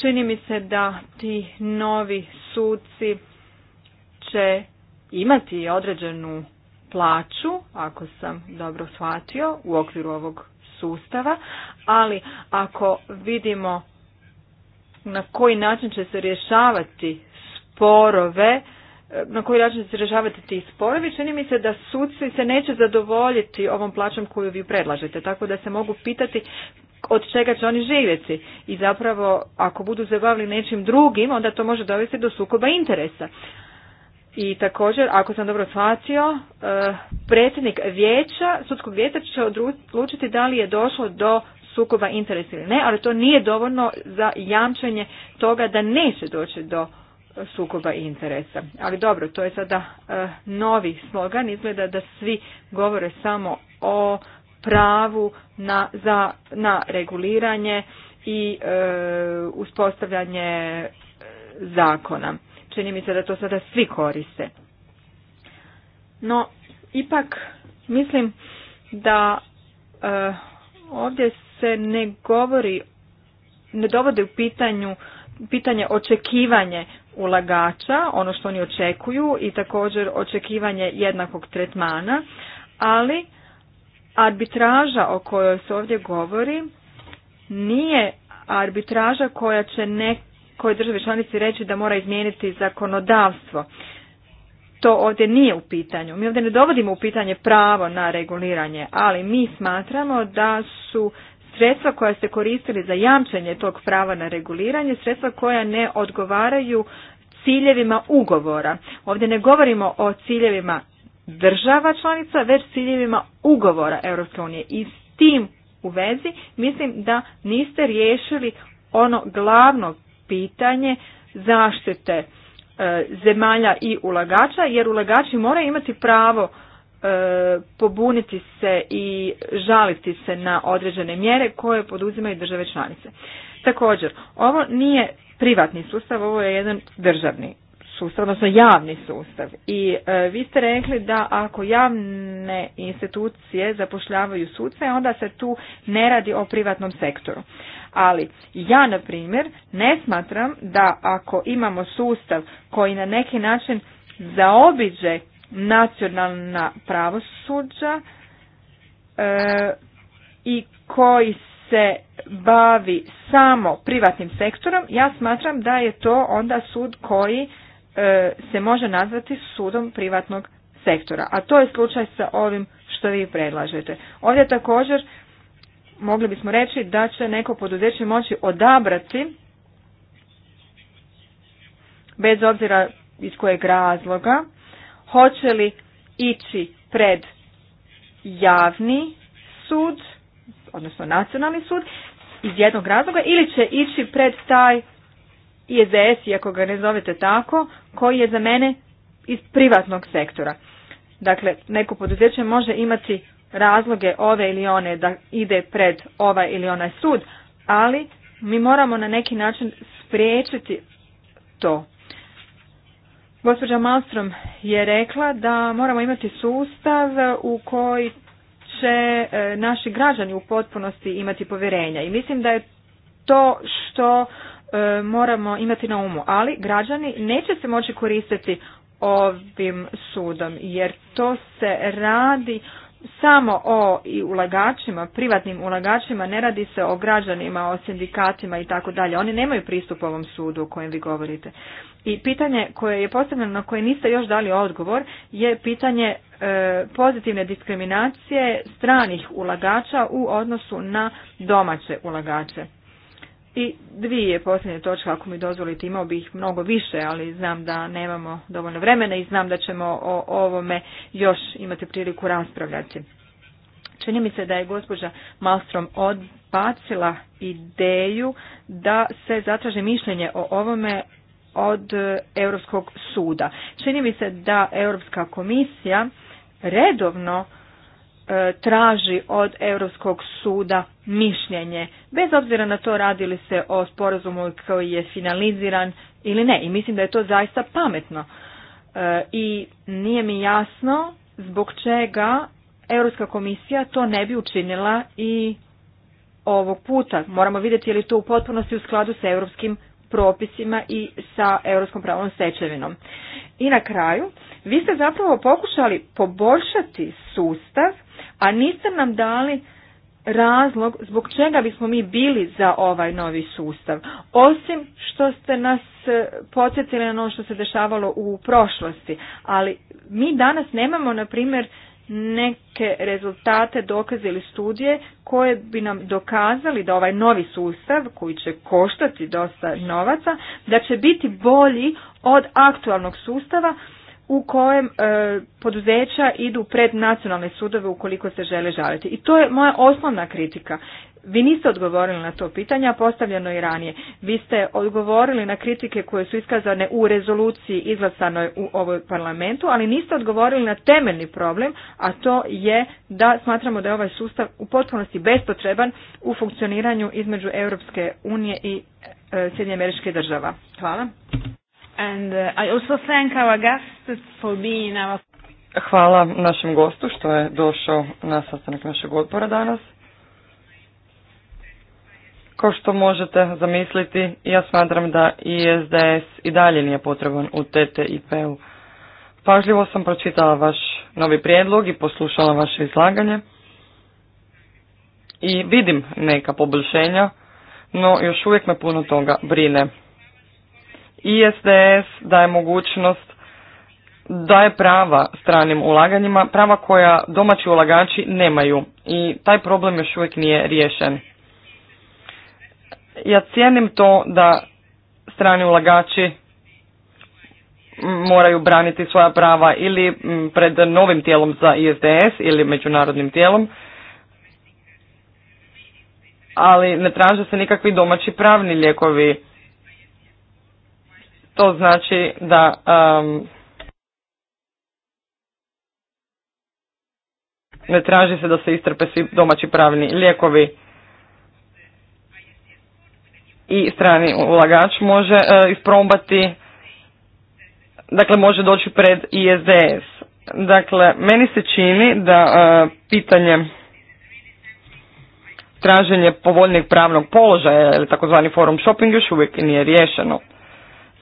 Čini mi se da ti novi suci će imati određenu plaću, ako sam dobro shvatio, u okviru ovog sustava, ali ako vidimo na koji način će se rješavati sporove, na koji način će se rješavati ti sporovi, čini mi se da sudci se neće zadovoljiti ovom plaćom koju vi predlažete, tako da se mogu pitati od čega će oni živjeti i zapravo ako budu zabavili nečim drugim, onda to može dovesti do sukoba interesa. I također, ako sam dobro shvatio, e, predsjednik vijeća, sudskog vijeća će odlučiti da li je došlo do sukoba interesa ili ne, ali to nije dovoljno za jamčenje toga da neće doći do sukoba interesa. Ali dobro, to je sada e, novi slogan, izgleda da svi govore samo o pravu na, za, na reguliranje i e, uspostavljanje e, zakona. Čini mi se da to sada svi koriste. No, ipak mislim da ovdje se ne govori, ne dovode u pitanju pitanje očekivanje ulagača, ono što oni očekuju i također očekivanje jednakog tretmana, ali arbitraža o kojoj se ovdje govori nije arbitraža koja će nekoj državi članici reći da mora izmijeniti zakonodavstvo. To ovdje nije u pitanju. Mi ovdje ne dovodimo u pitanje pravo na reguliranje, ali mi smatramo da su sredstva koja ste koristili za jamčenje tog prava na reguliranje, sredstva koja ne odgovaraju ciljevima ugovora. Ovdje ne govorimo o ciljevima država članica, već ciljevima ugovora Europske unije. I s tim u vezi mislim da niste riješili ono glavno pitanje zaštite e, zemalja i ulagača, jer ulagači moraju imati pravo E, pobuniti se i žaliti se na određene mjere koje poduzimaju države članice. Također, ovo nije privatni sustav, ovo je jedan državni sustav, odnosno javni sustav. I e, vi ste rekli da ako javne institucije zapošljavaju suce, onda se tu ne radi o privatnom sektoru. Ali ja, na primjer, ne smatram da ako imamo sustav koji na neki način zaobiđe nacionalna pravosuđa e, i koji se bavi samo privatnim sektorom, ja smatram da je to onda sud koji e, se može nazvati sudom privatnog sektora. A to je slučaj sa ovim što vi predlažete. Ovdje također mogli bismo reći da će neko poduzeće moći odabrati bez obzira iz kojeg razloga hoće li ići pred javni sud, odnosno nacionalni sud, iz jednog razloga, ili će ići pred taj IZS, iako ga ne zovete tako, koji je za mene iz privatnog sektora. Dakle, neko poduzeće može imati razloge ove ili one da ide pred ovaj ili onaj sud, ali mi moramo na neki način spriječiti to. Gospođa Malstrom je rekla da moramo imati sustav u koji će e, naši građani u potpunosti imati povjerenja i mislim da je to što e, moramo imati na umu, ali građani neće se moći koristiti ovim sudom jer to se radi samo o i ulagačima, privatnim ulagačima, ne radi se o građanima, o sindikatima i tako dalje. Oni nemaju pristup ovom sudu o kojem vi govorite. I pitanje koje je postavljeno, na koje niste još dali odgovor, je pitanje e, pozitivne diskriminacije stranih ulagača u odnosu na domaće ulagače. I dvije posljednje točke, ako mi dozvolite, imao bih mnogo više, ali znam da nemamo dovoljno vremena i znam da ćemo o ovome još imati priliku raspravljati. Čini mi se da je gospođa Malstrom odbacila ideju da se zatraže mišljenje o ovome od Europskog suda. Čini mi se da Europska komisija redovno E, traži od Europskog suda mišljenje, bez obzira na to radili se o sporazumu koji je finaliziran ili ne. I mislim da je to zaista pametno. E, I nije mi jasno zbog čega Europska komisija to ne bi učinila i ovog puta. Moramo vidjeti je li to u potpunosti u skladu sa europskim propisima i sa europskom pravnom stečevinom. I na kraju, vi ste zapravo pokušali poboljšati sustav a niste nam dali razlog zbog čega bismo mi bili za ovaj novi sustav. Osim što ste nas e, podsjetili na ono što se dešavalo u prošlosti, ali mi danas nemamo, na primjer, neke rezultate, dokaze ili studije koje bi nam dokazali da ovaj novi sustav koji će koštati dosta novaca, da će biti bolji od aktualnog sustava u kojem e, poduzeća idu pred nacionalne sudove ukoliko se žele žaliti. I to je moja osnovna kritika. Vi niste odgovorili na to pitanje, a postavljeno i ranije. Vi ste odgovorili na kritike koje su iskazane u rezoluciji izglasanoj u ovoj parlamentu, ali niste odgovorili na temeljni problem, a to je da smatramo da je ovaj sustav u potpunosti bespotreban u funkcioniranju između Europske unije i e, Sjedinje američke država. Hvala. And uh, I also thank our guests for being Hvala našem gostu što je došao na sastanak našeg odbora danas. Kao što možete zamisliti, ja smatram da SDS i dalje nije potreban u TTIP-u. Pažljivo sam pročitala vaš novi prijedlog i poslušala vaše izlaganje. I vidim neka poboljšenja, no još uvijek me puno toga brine. ISDS daje mogućnost daje prava stranim ulaganjima, prava koja domaći ulagači nemaju i taj problem još uvijek nije riješen. Ja cijenim to da strani ulagači moraju braniti svoja prava ili pred novim tijelom za ISDS ili međunarodnim tijelom, ali ne traže se nikakvi domaći pravni lijekovi to znači da um, ne traži se da se istrpe svi domaći pravni lijekovi i strani ulagač može uh, e, isprombati, dakle može doći pred ISDS. Dakle, meni se čini da e, pitanje traženje povoljnijeg pravnog položaja ili takozvani forum shopping još uvijek nije riješeno.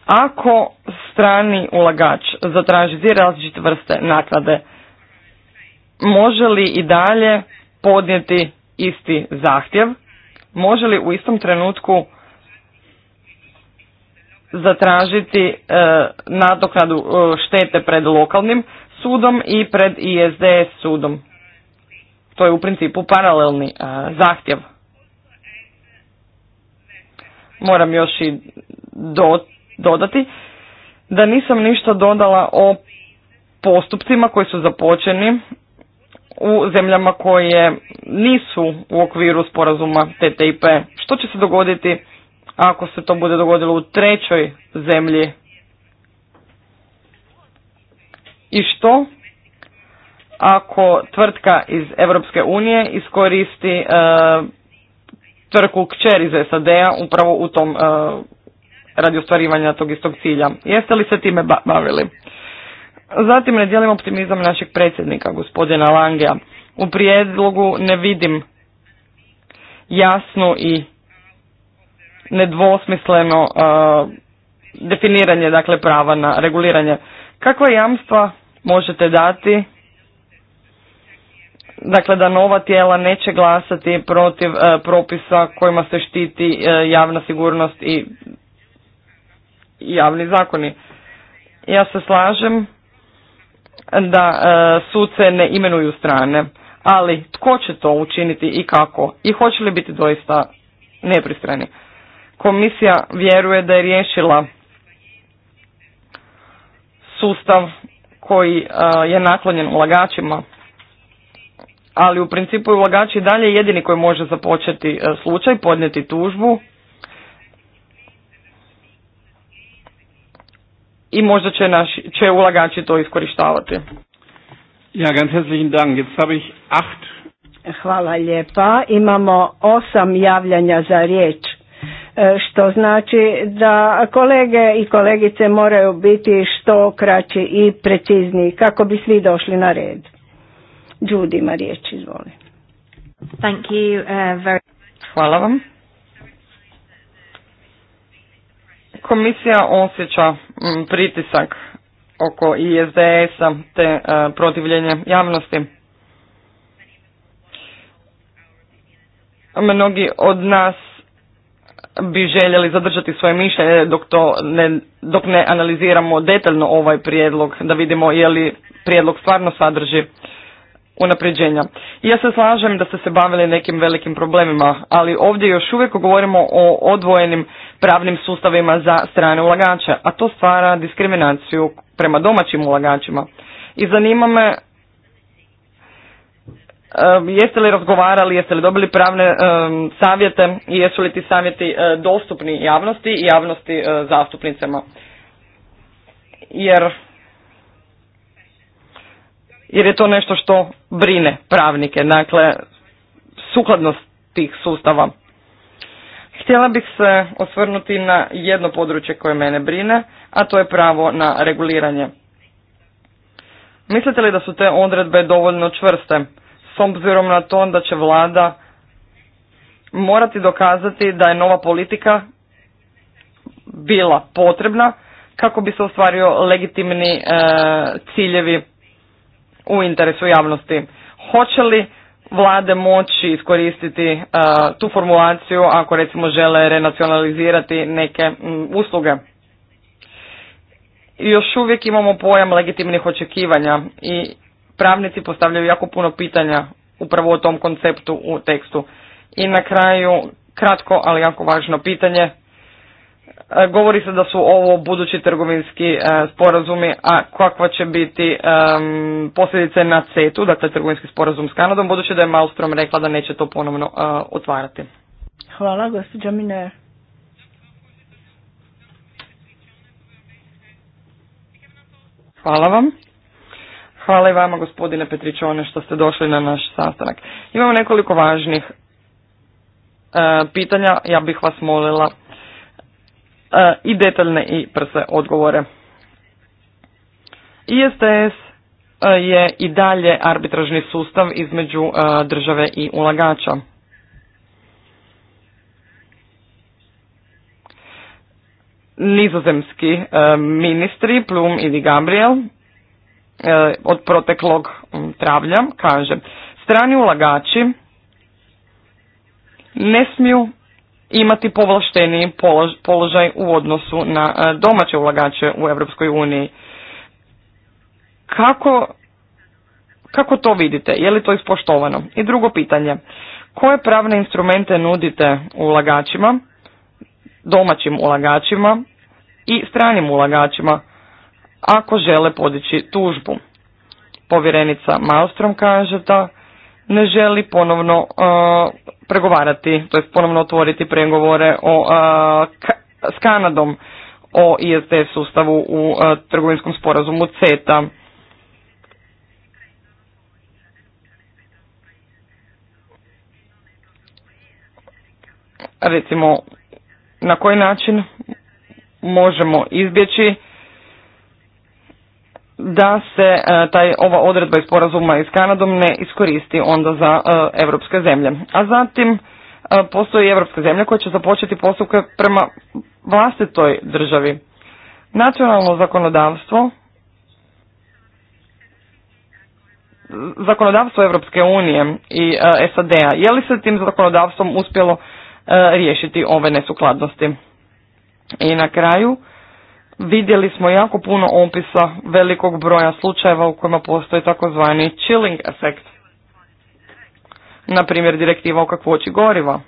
Ako strani ulagač zatraži različite vrste naknade, može li i dalje podnijeti isti zahtjev? Može li u istom trenutku zatražiti e, nadoknadu e, štete pred lokalnim sudom i pred ISDS sudom? To je u principu paralelni e, zahtjev. Moram još i do dodati da nisam ništa dodala o postupcima koji su započeni u zemljama koje nisu u okviru sporazuma TTIP. Što će se dogoditi ako se to bude dogodilo u trećoj zemlji? I što ako tvrtka iz Europske unije iskoristi e, tvrtku kćer iz SAD-a upravo u tom e, radi ostvarivanja tog istog cilja. Jeste li se time bavili? Zatim ne dijelim optimizam našeg predsjednika, gospodina Langea. U prijedlogu ne vidim jasno i nedvosmisleno e, definiranje dakle prava na reguliranje. Kakva jamstva možete dati dakle da nova tijela neće glasati protiv e, propisa kojima se štiti e, javna sigurnost i javni zakoni. Ja se slažem da e, suce ne imenuju strane, ali tko će to učiniti i kako i hoće li biti doista nepristrani. Komisija vjeruje da je riješila sustav koji e, je naklonjen ulagačima, ali u principu je dalje jedini koji može započeti e, slučaj, podnijeti tužbu i možda će, naš, će ulagači to iskorištavati. Ja, ganz herzlichen Dank. Jetzt habe ich acht. Hvala lijepa. Imamo osam javljanja za riječ, e, što znači da kolege i kolegice moraju biti što kraći i precizniji kako bi svi došli na red. Judy ima riječ, izvoli. Thank you, uh, very... Hvala vam. Komisija osjeća mm, pritisak oko ISDS-a te e, protivljenje javnosti. Mnogi od nas bi željeli zadržati svoje mišljenje dok, to ne, dok ne analiziramo detaljno ovaj prijedlog, da vidimo je li prijedlog stvarno sadrži unapređenja. Ja se slažem da ste se bavili nekim velikim problemima, ali ovdje još uvijek govorimo o odvojenim pravnim sustavima za strane ulagače, a to stvara diskriminaciju prema domaćim ulagačima. I zanima me jeste li razgovarali, jeste li dobili pravne savjete i jesu li ti savjeti e, dostupni javnosti i javnosti e, zastupnicama. Jer jer je to nešto što brine pravnike, dakle sukladnost tih sustava. Htjela bih se osvrnuti na jedno područje koje mene brine, a to je pravo na reguliranje. Mislite li da su te odredbe dovoljno čvrste, s obzirom na to da će vlada morati dokazati da je nova politika bila potrebna kako bi se ostvario legitimni e, ciljevi u interesu javnosti. Hoće li vlade moći iskoristiti e, tu formulaciju ako recimo žele renacionalizirati neke usluge? još uvijek imamo pojam legitimnih očekivanja i pravnici postavljaju jako puno pitanja upravo o tom konceptu u tekstu. I na kraju kratko, ali jako važno pitanje E, govori se da su ovo budući trgovinski e, sporazumi, a kakva će biti posljedice na CETU, dakle trgovinski sporazum s Kanadom, budući da je Malstrom rekla da neće to ponovno e, otvarati. Hvala, gospođa Mine. Hvala vam. Hvala i vama gospodine Petričone što ste došli na naš sastanak. Imamo nekoliko važnih pitanja, ja bih vas molila E, i detaljne i prse odgovore. ISTS e, je i dalje arbitražni sustav između e, države i ulagača. Nizozemski ministri Plum i Gabriel od proteklog Travlja kaže strani ulagači ne smiju imati povlašteniji položaj u odnosu na e, domaće ulagače u Europskoj uniji. Kako, kako to vidite? Je li to ispoštovano? I drugo pitanje. Koje pravne instrumente nudite ulagačima, domaćim ulagačima i stranim ulagačima ako žele podići tužbu? Povjerenica Malstrom kaže da ne želi ponovno uh, pregovarati, to je ponovno otvoriti pregovore o, uh, s Kanadom o ISD sustavu u uh, trgovinskom sporazumu CETA. Recimo, na koji način možemo izbjeći da se e, taj, ova odredba iz sporazuma iz Kanadom ne iskoristi onda za europske zemlje. A zatim e, postoji evropska zemlja koja će započeti postupke prema vlastitoj državi. Nacionalno zakonodavstvo zakonodavstvo Europske unije i e, SAD-a, je li se tim zakonodavstvom uspjelo riješiti ove nesukladnosti? I na kraju, vidjeli smo jako puno opisa velikog broja slučajeva u kojima postoji takozvani chilling efekt. Na primjer direktiva o kakvoći goriva.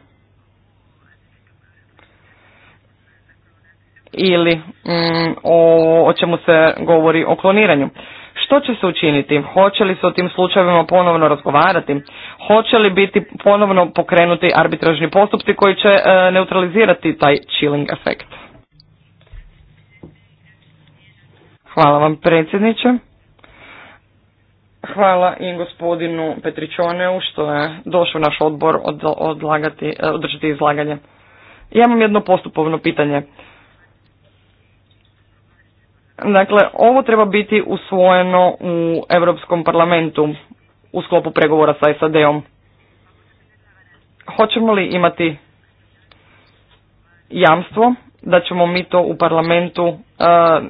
Ili mm, o, čemu se govori o kloniranju. Što će se učiniti? Hoće li se o tim slučajevima ponovno razgovarati? Hoće li biti ponovno pokrenuti arbitražni postupci koji će e, neutralizirati taj chilling efekt? Hvala vam predsjedniče. Hvala i gospodinu Petričoneu što je došao naš odbor odlagati, e, održati izlaganje. Ja imam jedno postupovno pitanje. Dakle, ovo treba biti usvojeno u Europskom parlamentu u sklopu pregovora sa SAD-om. Hoćemo li imati jamstvo da ćemo mi to u parlamentu e,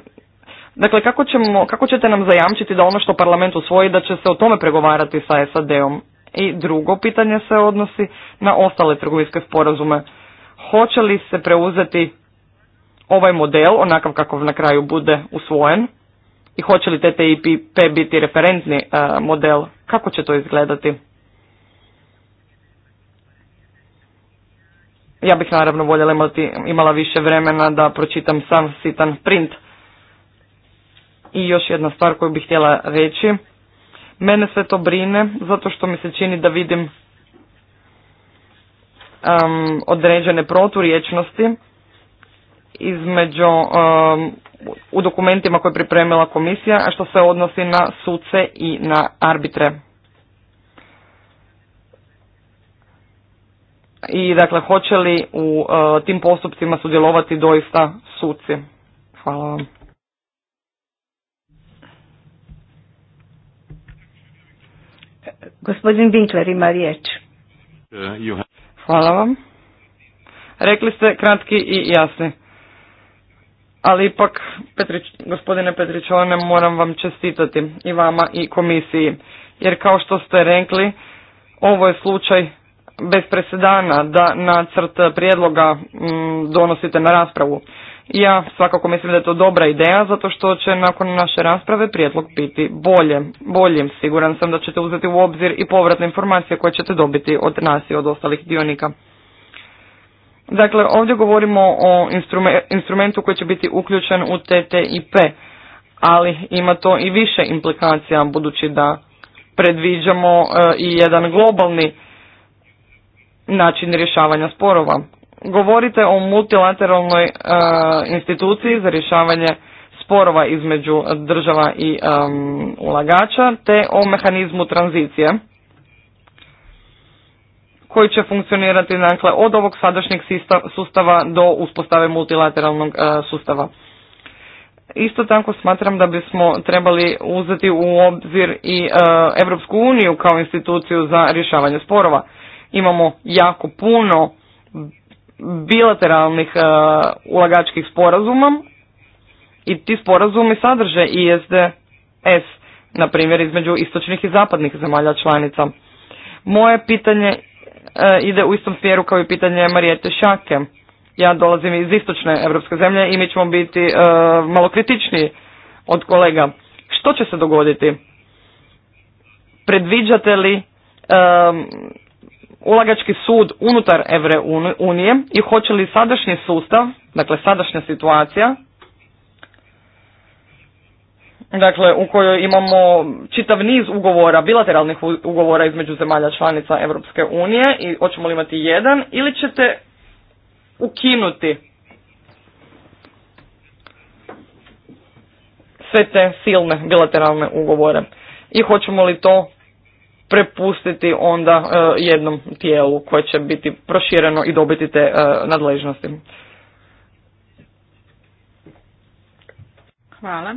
Dakle, kako, ćemo, kako ćete nam zajamčiti da ono što parlament usvoji, da će se o tome pregovarati sa SAD-om? I drugo pitanje se odnosi na ostale trgovinske sporazume. Hoće li se preuzeti ovaj model, onakav kakav na kraju bude usvojen, i hoće li TTIP biti referentni e, model, kako će to izgledati? Ja bih naravno voljela imati, imala više vremena da pročitam sam sitan print i još jedna stvar koju bih htjela reći. Mene sve to brine zato što mi se čini da vidim um, određene proturječnosti između um, u dokumentima koje je pripremila komisija, a što se odnosi na suce i na arbitre. I dakle, hoće li u eh, tim postupcima sudjelovati doista suci? Hvala vam. Gospodin Winkler ima riječ. Uh, Hvala vam. Rekli ste kratki i jasni. Ali ipak, gospodine Petričone, moram vam čestitati i vama i komisiji. Jer kao što ste rekli, ovo je slučaj bez presedana da nacrt prijedloga mm, donosite na raspravu. Ja svakako mislim da je to dobra ideja zato što će nakon naše rasprave prijedlog biti bolje. Bolji. siguran sam da ćete uzeti u obzir i povratne informacije koje ćete dobiti od nas i od ostalih dionika. Dakle, ovdje govorimo o instrumentu koji će biti uključen u TTIP, ali ima to i više implikacija budući da predviđamo e, i jedan globalni način rješavanja sporova govorite o multilateralnoj e, instituciji za rješavanje sporova između država i ulagača te o mehanizmu tranzicije koji će funkcionirati dakle od ovog sadašnjeg sustava do uspostave multilateralnog e, sustava. Isto tako smatram da bismo trebali uzeti u obzir i e, Europsku uniju kao instituciju za rješavanje sporova. Imamo jako puno bilateralnih e, ulagačkih sporazuma i ti sporazumi sadrže ISDS, na primjer između istočnih i zapadnih zemalja članica. Moje pitanje e, ide u istom smjeru kao i pitanje Marijete Šake. Ja dolazim iz istočne evropske zemlje i mi ćemo biti e, malo kritičniji od kolega. Što će se dogoditi? Predviđate li ulagački sud unutar Evre unije i hoće li sadašnji sustav, dakle sadašnja situacija, dakle u kojoj imamo čitav niz ugovora, bilateralnih ugovora između zemalja članica Europske unije i hoćemo li imati jedan ili ćete ukinuti sve te silne bilateralne ugovore i hoćemo li to prepustiti onda e, jednom tijelu koje će biti prošireno i dobiti te e, nadležnosti. Hvala.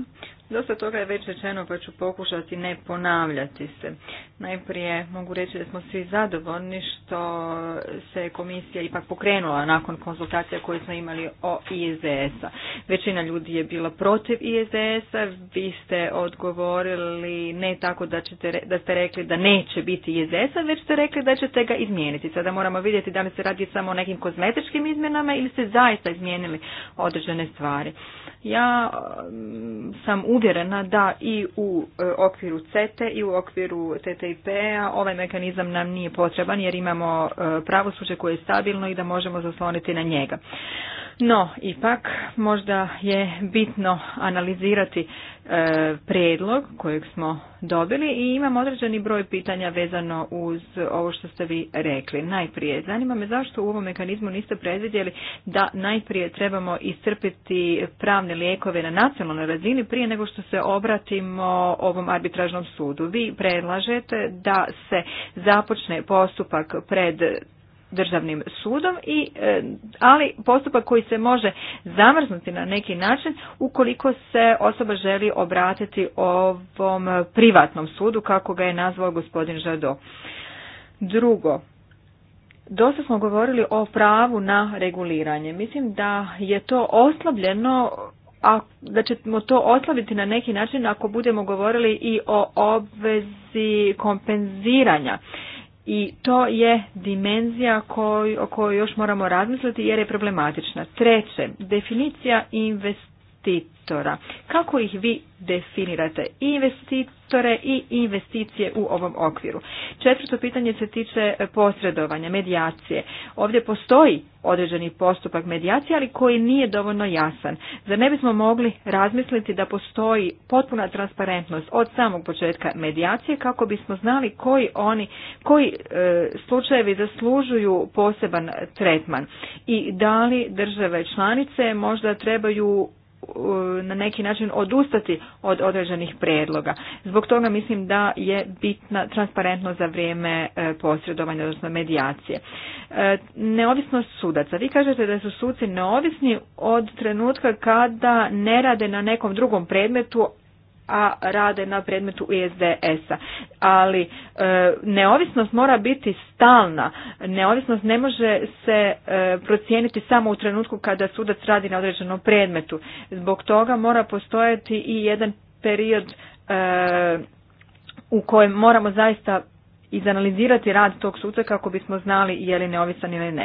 Dosta toga je već rečeno pa ću pokušati ne ponavljati se. Najprije mogu reći da smo svi zadovoljni što se komisija ipak pokrenula nakon konzultacija koje smo imali o IZS-a. Većina ljudi je bila protiv IZS-a, vi ste odgovorili ne tako da, ćete, da ste rekli da neće biti IZS-a, već ste rekli da ćete ga izmijeniti. Sada moramo vidjeti da li se radi samo o nekim kozmetičkim izmjenama ili ste zaista izmijenili određene stvari. Ja mm, sam uvjerena da i u e, okviru CETE i u okviru TTIP-a ovaj mekanizam nam nije potreban jer imamo e, pravosuđe koje je stabilno i da možemo zasloniti na njega. No, ipak možda je bitno analizirati e, prijedlog kojeg smo dobili i imam određeni broj pitanja vezano uz ovo što ste vi rekli. Najprije, zanima me zašto u ovom mekanizmu niste predvidjeli da najprije trebamo iscrpiti pravne lijekove na nacionalnoj razini prije nego što se obratimo ovom arbitražnom sudu. Vi predlažete da se započne postupak pred državnim sudom i e, ali postupak koji se može zamrznuti na neki način ukoliko se osoba želi obratiti ovom privatnom sudu kako ga je nazvao gospodin Žado. Drugo, dosta smo govorili o pravu na reguliranje. Mislim da je to oslabljeno a da ćemo to oslabiti na neki način ako budemo govorili i o obvezi kompenziranja i to je dimenzija koj, o kojoj još moramo razmisliti jer je problematična. Treće, definicija investicija investitora. Kako ih vi definirate? investitore i investicije u ovom okviru. Četvrto pitanje se tiče posredovanja, medijacije. Ovdje postoji određeni postupak medijacije, ali koji nije dovoljno jasan. Zar ne bismo mogli razmisliti da postoji potpuna transparentnost od samog početka medijacije kako bismo znali koji oni, koji e, slučajevi zaslužuju poseban tretman i da li države članice možda trebaju na neki način odustati od određenih predloga. Zbog toga mislim da je bitna transparentnost za vrijeme e, posredovanja, odnosno medijacije. E, neovisnost sudaca. Vi kažete da su suci neovisni od trenutka kada ne rade na nekom drugom predmetu, a rade na predmetu ISDS-a. E Ali e, neovisnost mora biti stalna. Neovisnost ne može se e, procijeniti samo u trenutku kada sudac radi na određenom predmetu. Zbog toga mora postojati i jedan period u kojem moramo zaista izanalizirati rad tog suca kako bismo znali je li neovisan ili ne.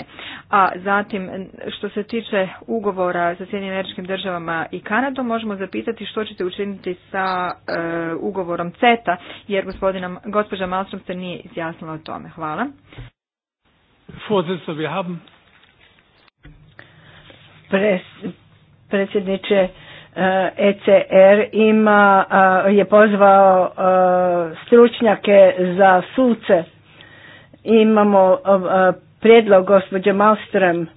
A zatim, što se tiče ugovora sa Sjedinim američkim državama i Kanadom, možemo zapitati što ćete učiniti sa e, ugovorom CETA, jer gospodina, gospođa Malstrom se nije izjasnila o tome. Hvala. Pres, predsjedniče, ECR ima, je pozvao stručnjake za suce. Imamo prijedlog gospođe Malstrem.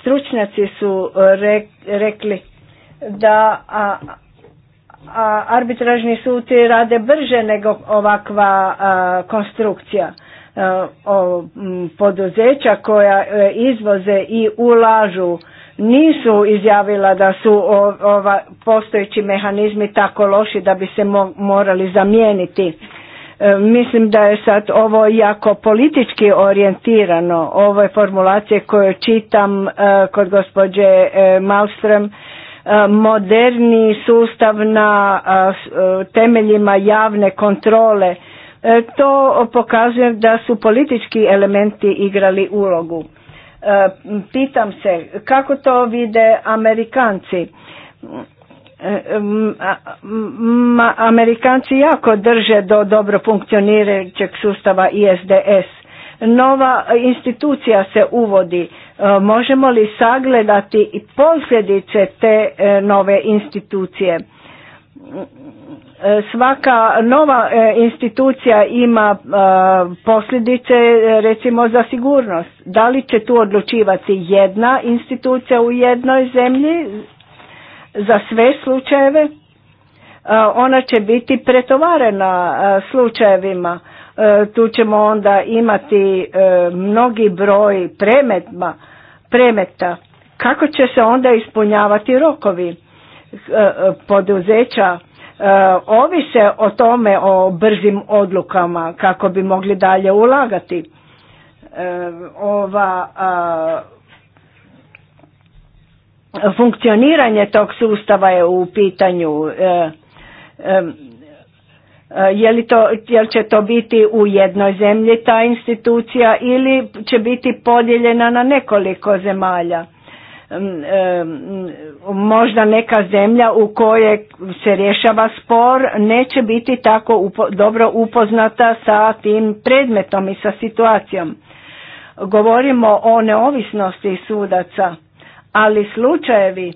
Stručnjaci su rekli da arbitražni suci rade brže nego ovakva konstrukcija poduzeća koja e, izvoze i ulažu nisu izjavila da su ova postojeći mehanizmi tako loši da bi se morali zamijeniti. E, mislim da je sad ovo jako politički orijentirano, ove formulacije koje čitam e, kod gospođe e, Malström, moderni sustav na temeljima javne kontrole, to pokazuje da su politički elementi igrali ulogu. Pitam se kako to vide Amerikanci. E, Amerikanci jako drže do dobro funkcionirajućeg sustava ISDS. Nova institucija se uvodi. E, možemo li sagledati i posljedice te e, nove institucije? E, svaka nova e, institucija ima e, posljedice recimo za sigurnost. Da li će tu odlučivati jedna institucija u jednoj zemlji za sve slučajeve? Ona će biti pretovarena slučajevima. Tu ćemo onda imati mnogi broj premetma, premeta. Kako će se onda ispunjavati rokovi poduzeća? E, ovise o tome, o brzim odlukama kako bi mogli dalje ulagati. E, ova funkcioniranje tog sustava je u pitanju e, je li to, jel će to biti u jednoj zemlji ta institucija ili će biti podijeljena na nekoliko zemalja možda neka zemlja u kojoj se rješava spor neće biti tako dobro upoznata sa tim predmetom i sa situacijom. Govorimo o neovisnosti sudaca, ali slučajevi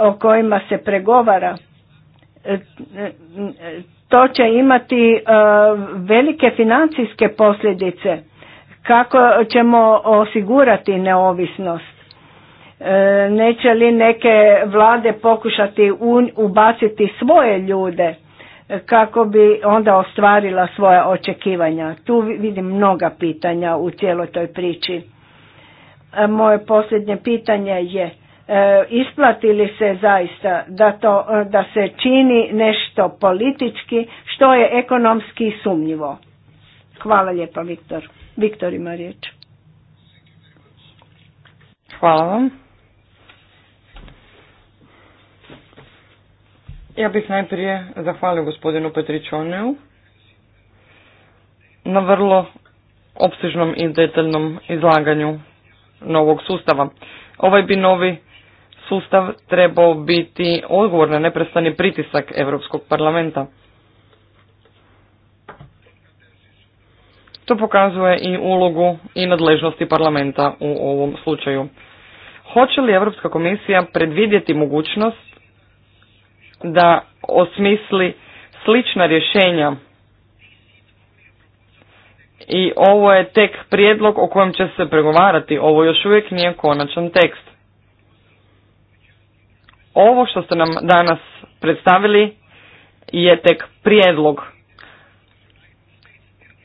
o kojima se pregovara e, e, to će imati e, velike financijske posljedice. Kako ćemo osigurati neovisnost? E, neće li neke vlade pokušati ubaciti svoje ljude e, kako bi onda ostvarila svoja očekivanja? Tu vidim mnoga pitanja u cijeloj toj priči. E, moje posljednje pitanje je isplati li se zaista da, to, da se čini nešto politički što je ekonomski sumnjivo? Hvala lijepa Viktor. Viktor ima riječ. Hvala vam. Ja bih najprije zahvalio gospodinu Petričoneu na vrlo opsežnom i detaljnom izlaganju novog sustava. Ovaj bi novi sustav trebao biti odgovor na neprestani pritisak Europskog parlamenta. To pokazuje i ulogu i nadležnosti parlamenta u ovom slučaju. Hoće li Europska komisija predvidjeti mogućnost da osmisli slična rješenja i ovo je tek prijedlog o kojem će se pregovarati, ovo još uvijek nije konačan tekst. Ovo što ste nam danas predstavili je tek prijedlog.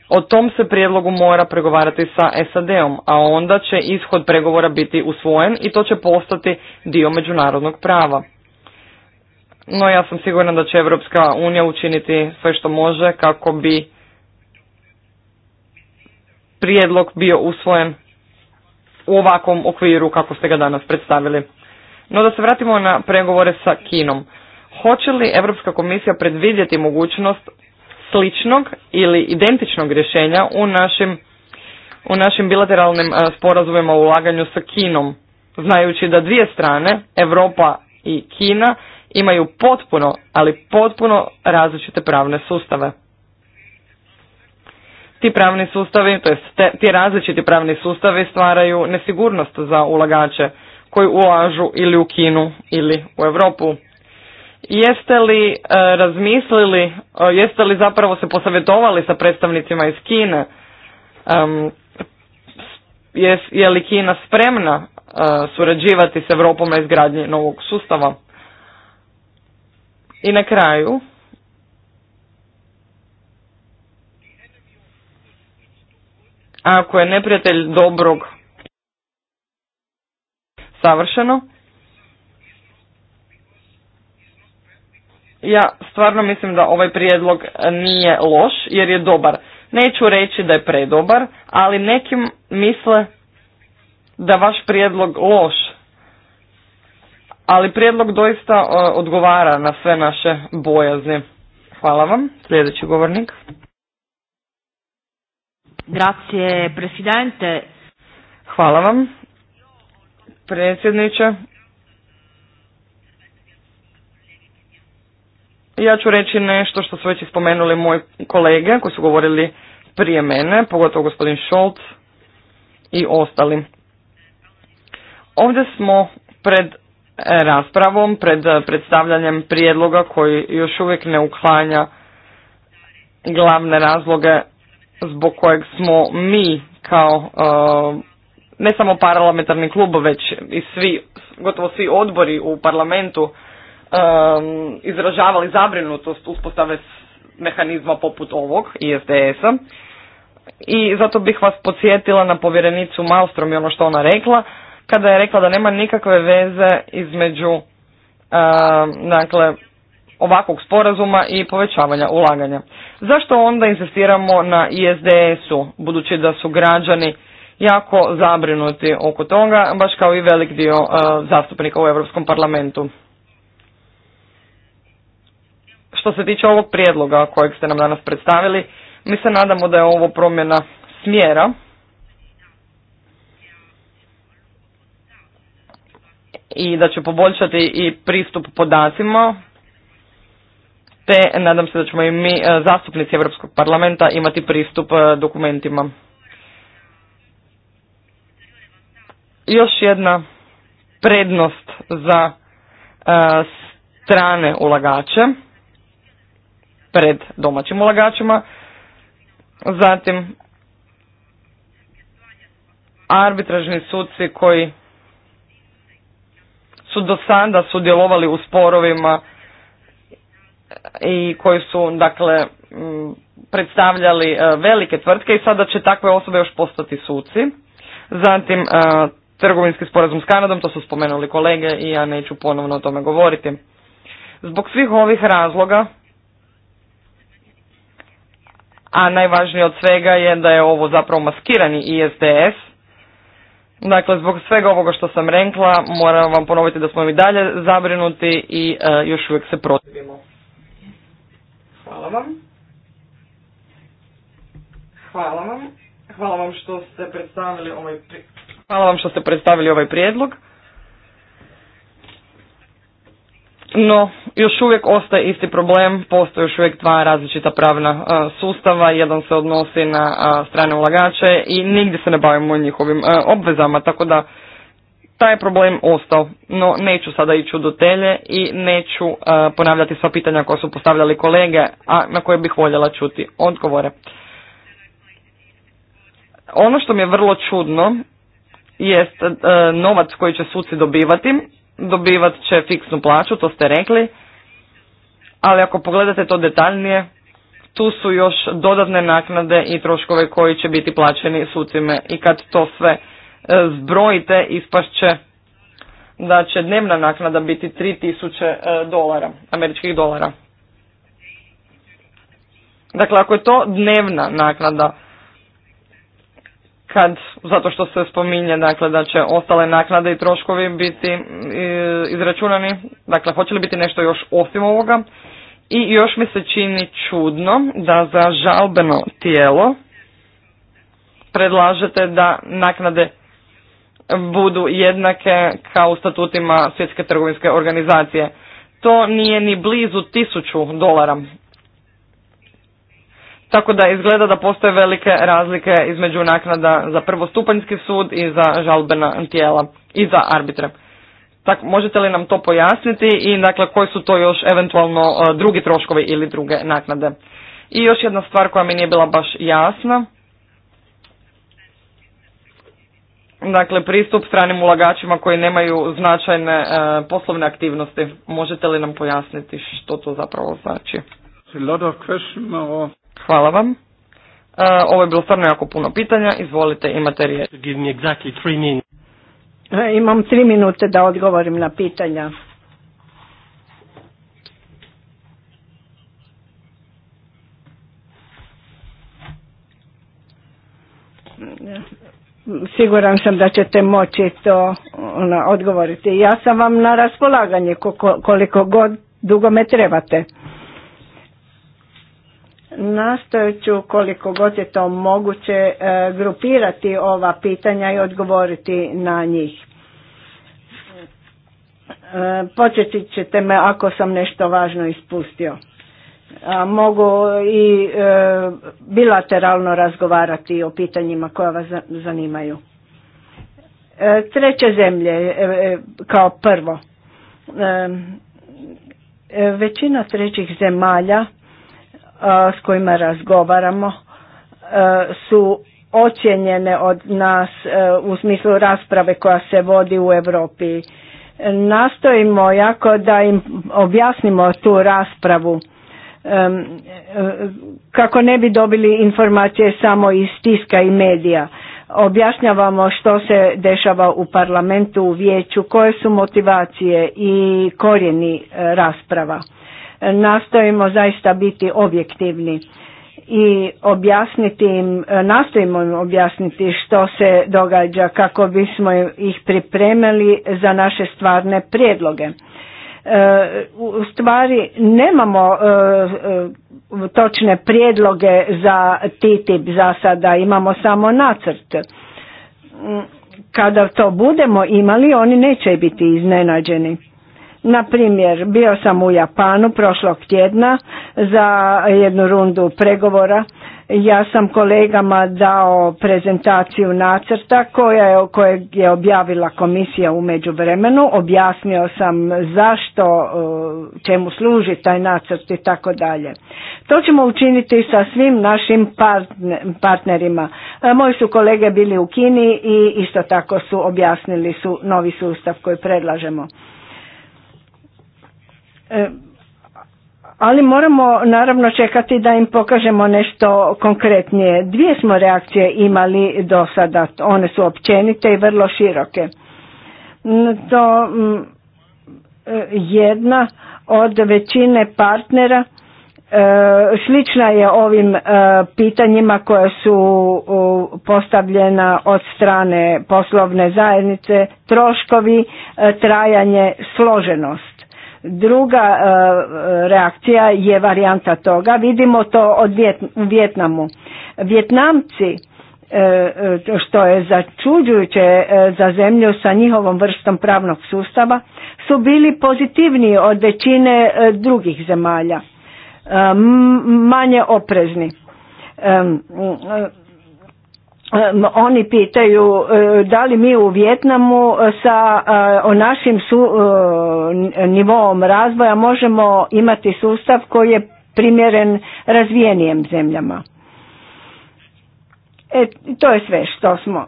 O tom se prijedlogu mora pregovarati sa SAD-om, a onda će ishod pregovora biti usvojen i to će postati dio međunarodnog prava no ja sam sigurna da će Europska unija učiniti sve što može kako bi prijedlog bio usvojen u ovakvom okviru kako ste ga danas predstavili. No da se vratimo na pregovore sa Kinom. Hoće li Europska komisija predvidjeti mogućnost sličnog ili identičnog rješenja u našim, u našim bilateralnim sporazumima o ulaganju sa Kinom, znajući da dvije strane, Europa i Kina, imaju potpuno, ali potpuno različite pravne sustave. Ti pravni sustavi, to ti različiti pravni sustavi stvaraju nesigurnost za ulagače koji ulažu ili u Kinu ili u Europu. Jeste li e, razmislili, e, jeste li zapravo se posavjetovali sa predstavnicima iz Kine? je, li Kina spremna e, surađivati s Europom na izgradnji novog sustava? I na kraju, ako je neprijatelj dobrog savršeno, ja stvarno mislim da ovaj prijedlog nije loš jer je dobar. Neću reći da je predobar, ali nekim misle da vaš prijedlog loš ali prijedlog doista e, odgovara na sve naše bojazni. Hvala vam. Sljedeći govornik. Grazie, presidente. Hvala vam, predsjedniče. Ja ću reći nešto što su već spomenuli moji kolege koji su govorili prije mene, pogotovo gospodin Šolc i ostali. Ovdje smo pred raspravom, pred eh, predstavljanjem prijedloga koji još uvijek ne uklanja glavne razloge zbog kojeg smo mi kao eh, ne samo parlamentarni klub već i svi, gotovo svi odbori u parlamentu eh, izražavali zabrinutost uspostave mehanizma poput ovog ISDS-a i zato bih vas podsjetila na povjerenicu Malstrom i ono što ona rekla kada je rekla da nema nikakve veze između um, dakle, ovakvog sporazuma i povećavanja ulaganja. Zašto onda insistiramo na ISDS-u, budući da su građani jako zabrinuti oko toga, baš kao i velik dio uh, zastupnika u Europskom parlamentu. Što se tiče ovog prijedloga kojeg ste nam danas predstavili, mi se nadamo da je ovo promjena smjera i da će poboljšati i pristup podacima, te nadam se da ćemo i mi, e, zastupnici Europskog parlamenta, imati pristup e, dokumentima. Još jedna prednost za e, strane ulagače pred domaćim ulagačima. Zatim arbitražni suci koji su do sada sudjelovali u sporovima i koji su dakle mm, predstavljali e, velike tvrtke i sada će takve osobe još postati suci. Zatim e, trgovinski sporazum s Kanadom, to su spomenuli kolege i ja neću ponovno o tome govoriti. Zbog svih ovih razloga, a najvažnije od svega je da je ovo zapravo maskirani ISDS, Dakle, zbog svega ovoga što sam renkla, moram vam ponoviti da smo i dalje zabrinuti i e, još uvijek se protivimo. Hvala vam. Hvala vam. Hvala vam što ste predstavili ovaj Hvala vam što ste predstavili ovaj prijedlog. no još uvijek ostaje isti problem, postoje još uvijek dva različita pravna sustava, jedan se odnosi na strane ulagače i nigdje se ne bavimo njihovim obvezama, tako da taj problem ostao, no neću sada ići u dotelje i neću ponavljati sva pitanja koja su postavljali kolege, a na koje bih voljela čuti odgovore. Ono što mi je vrlo čudno jest novac koji će suci dobivati dobivat će fiksnu plaću, to ste rekli, ali ako pogledate to detaljnije, tu su još dodatne naknade i troškove koji će biti plaćeni sucime i kad to sve e, zbrojite ispašće da će dnevna naknada biti 3000 e, dolara, američkih dolara. Dakle, ako je to dnevna naknada kad, zato što se spominje dakle, da će ostale naknade i troškovi biti e, izračunani, dakle hoće li biti nešto još osim ovoga. I još mi se čini čudno da za žalbeno tijelo predlažete da naknade budu jednake kao u statutima Svjetske trgovinske organizacije. To nije ni blizu tisuću dolara tako da izgleda da postoje velike razlike između naknada za prvostupanjski sud i za žalbena tijela i za arbitre. Tako, možete li nam to pojasniti i dakle koji su to još eventualno e, drugi troškovi ili druge naknade? I još jedna stvar koja mi nije bila baš jasna. Dakle, pristup stranim ulagačima koji nemaju značajne e, poslovne aktivnosti. Možete li nam pojasniti što to zapravo znači? Hvala vam. E, ovo je bilo stvarno jako puno pitanja. Izvolite, imate riječ. E, imam tri minute da odgovorim na pitanja. Siguran sam da ćete moći to ono, odgovoriti. Ja sam vam na raspolaganje koliko god dugo me trebate. Nastojat ću koliko god je to moguće e, grupirati ova pitanja i odgovoriti na njih. E, početit ćete me ako sam nešto važno ispustio. mogu i e, bilateralno razgovarati o pitanjima koja vas zanimaju. Treće zemlje kao prvo. Većina trećih zemalja s kojima razgovaramo su ocijenjene od nas e, u smislu rasprave koja se vodi u Europi. Nastojimo jako da im objasnimo tu raspravu e, e, kako ne bi dobili informacije samo iz tiska i medija. Objašnjavamo što se dešava u parlamentu, u vijeću, koje su motivacije i korijeni rasprava nastojimo zaista biti objektivni i objasniti im, nastojimo im objasniti što se događa kako bismo ih pripremili za naše stvarne prijedloge. E, u stvari nemamo e, e, točne prijedloge za TTIP za sada, imamo samo nacrt. Mm, kada to budemo imali, oni neće biti iznenađeni na primjer, bio sam u Japanu prošlog tjedna za jednu rundu pregovora. Ja sam kolegama dao prezentaciju nacrta koja kojeg je objavila komisija u međuvremenu. Objasnio sam zašto, e, čemu služi taj nacrt i tako dalje. To ćemo učiniti sa svim našim partnerima. E, moji su kolege bili u Kini i isto tako su objasnili su novi sustav koji predlažemo. E, ali moramo naravno čekati da im pokažemo nešto konkretnije. Dvije smo reakcije imali do sada, one su općenite i vrlo široke. To e, jedna od većine partnera e, slična je ovim pitanjima koje su postavljena od strane poslovne zajednice, troškovi, trajanje, složenost Druga e, reakcija je varijanta toga, vidimo to od Vjetnamu. Vjetnamci, e, e, što je začuđujuće za zemlju sa njihovom vrstom pravnog sustava, su bili pozitivniji od većine drugih zemalja, manje oprezni oni pitaju e, da li mi u Vjetnamu e, sa e, o našim su, nivom razvoja možemo imati sustav koji je primjeren razvijenijem zemljama. E, to je sve što smo.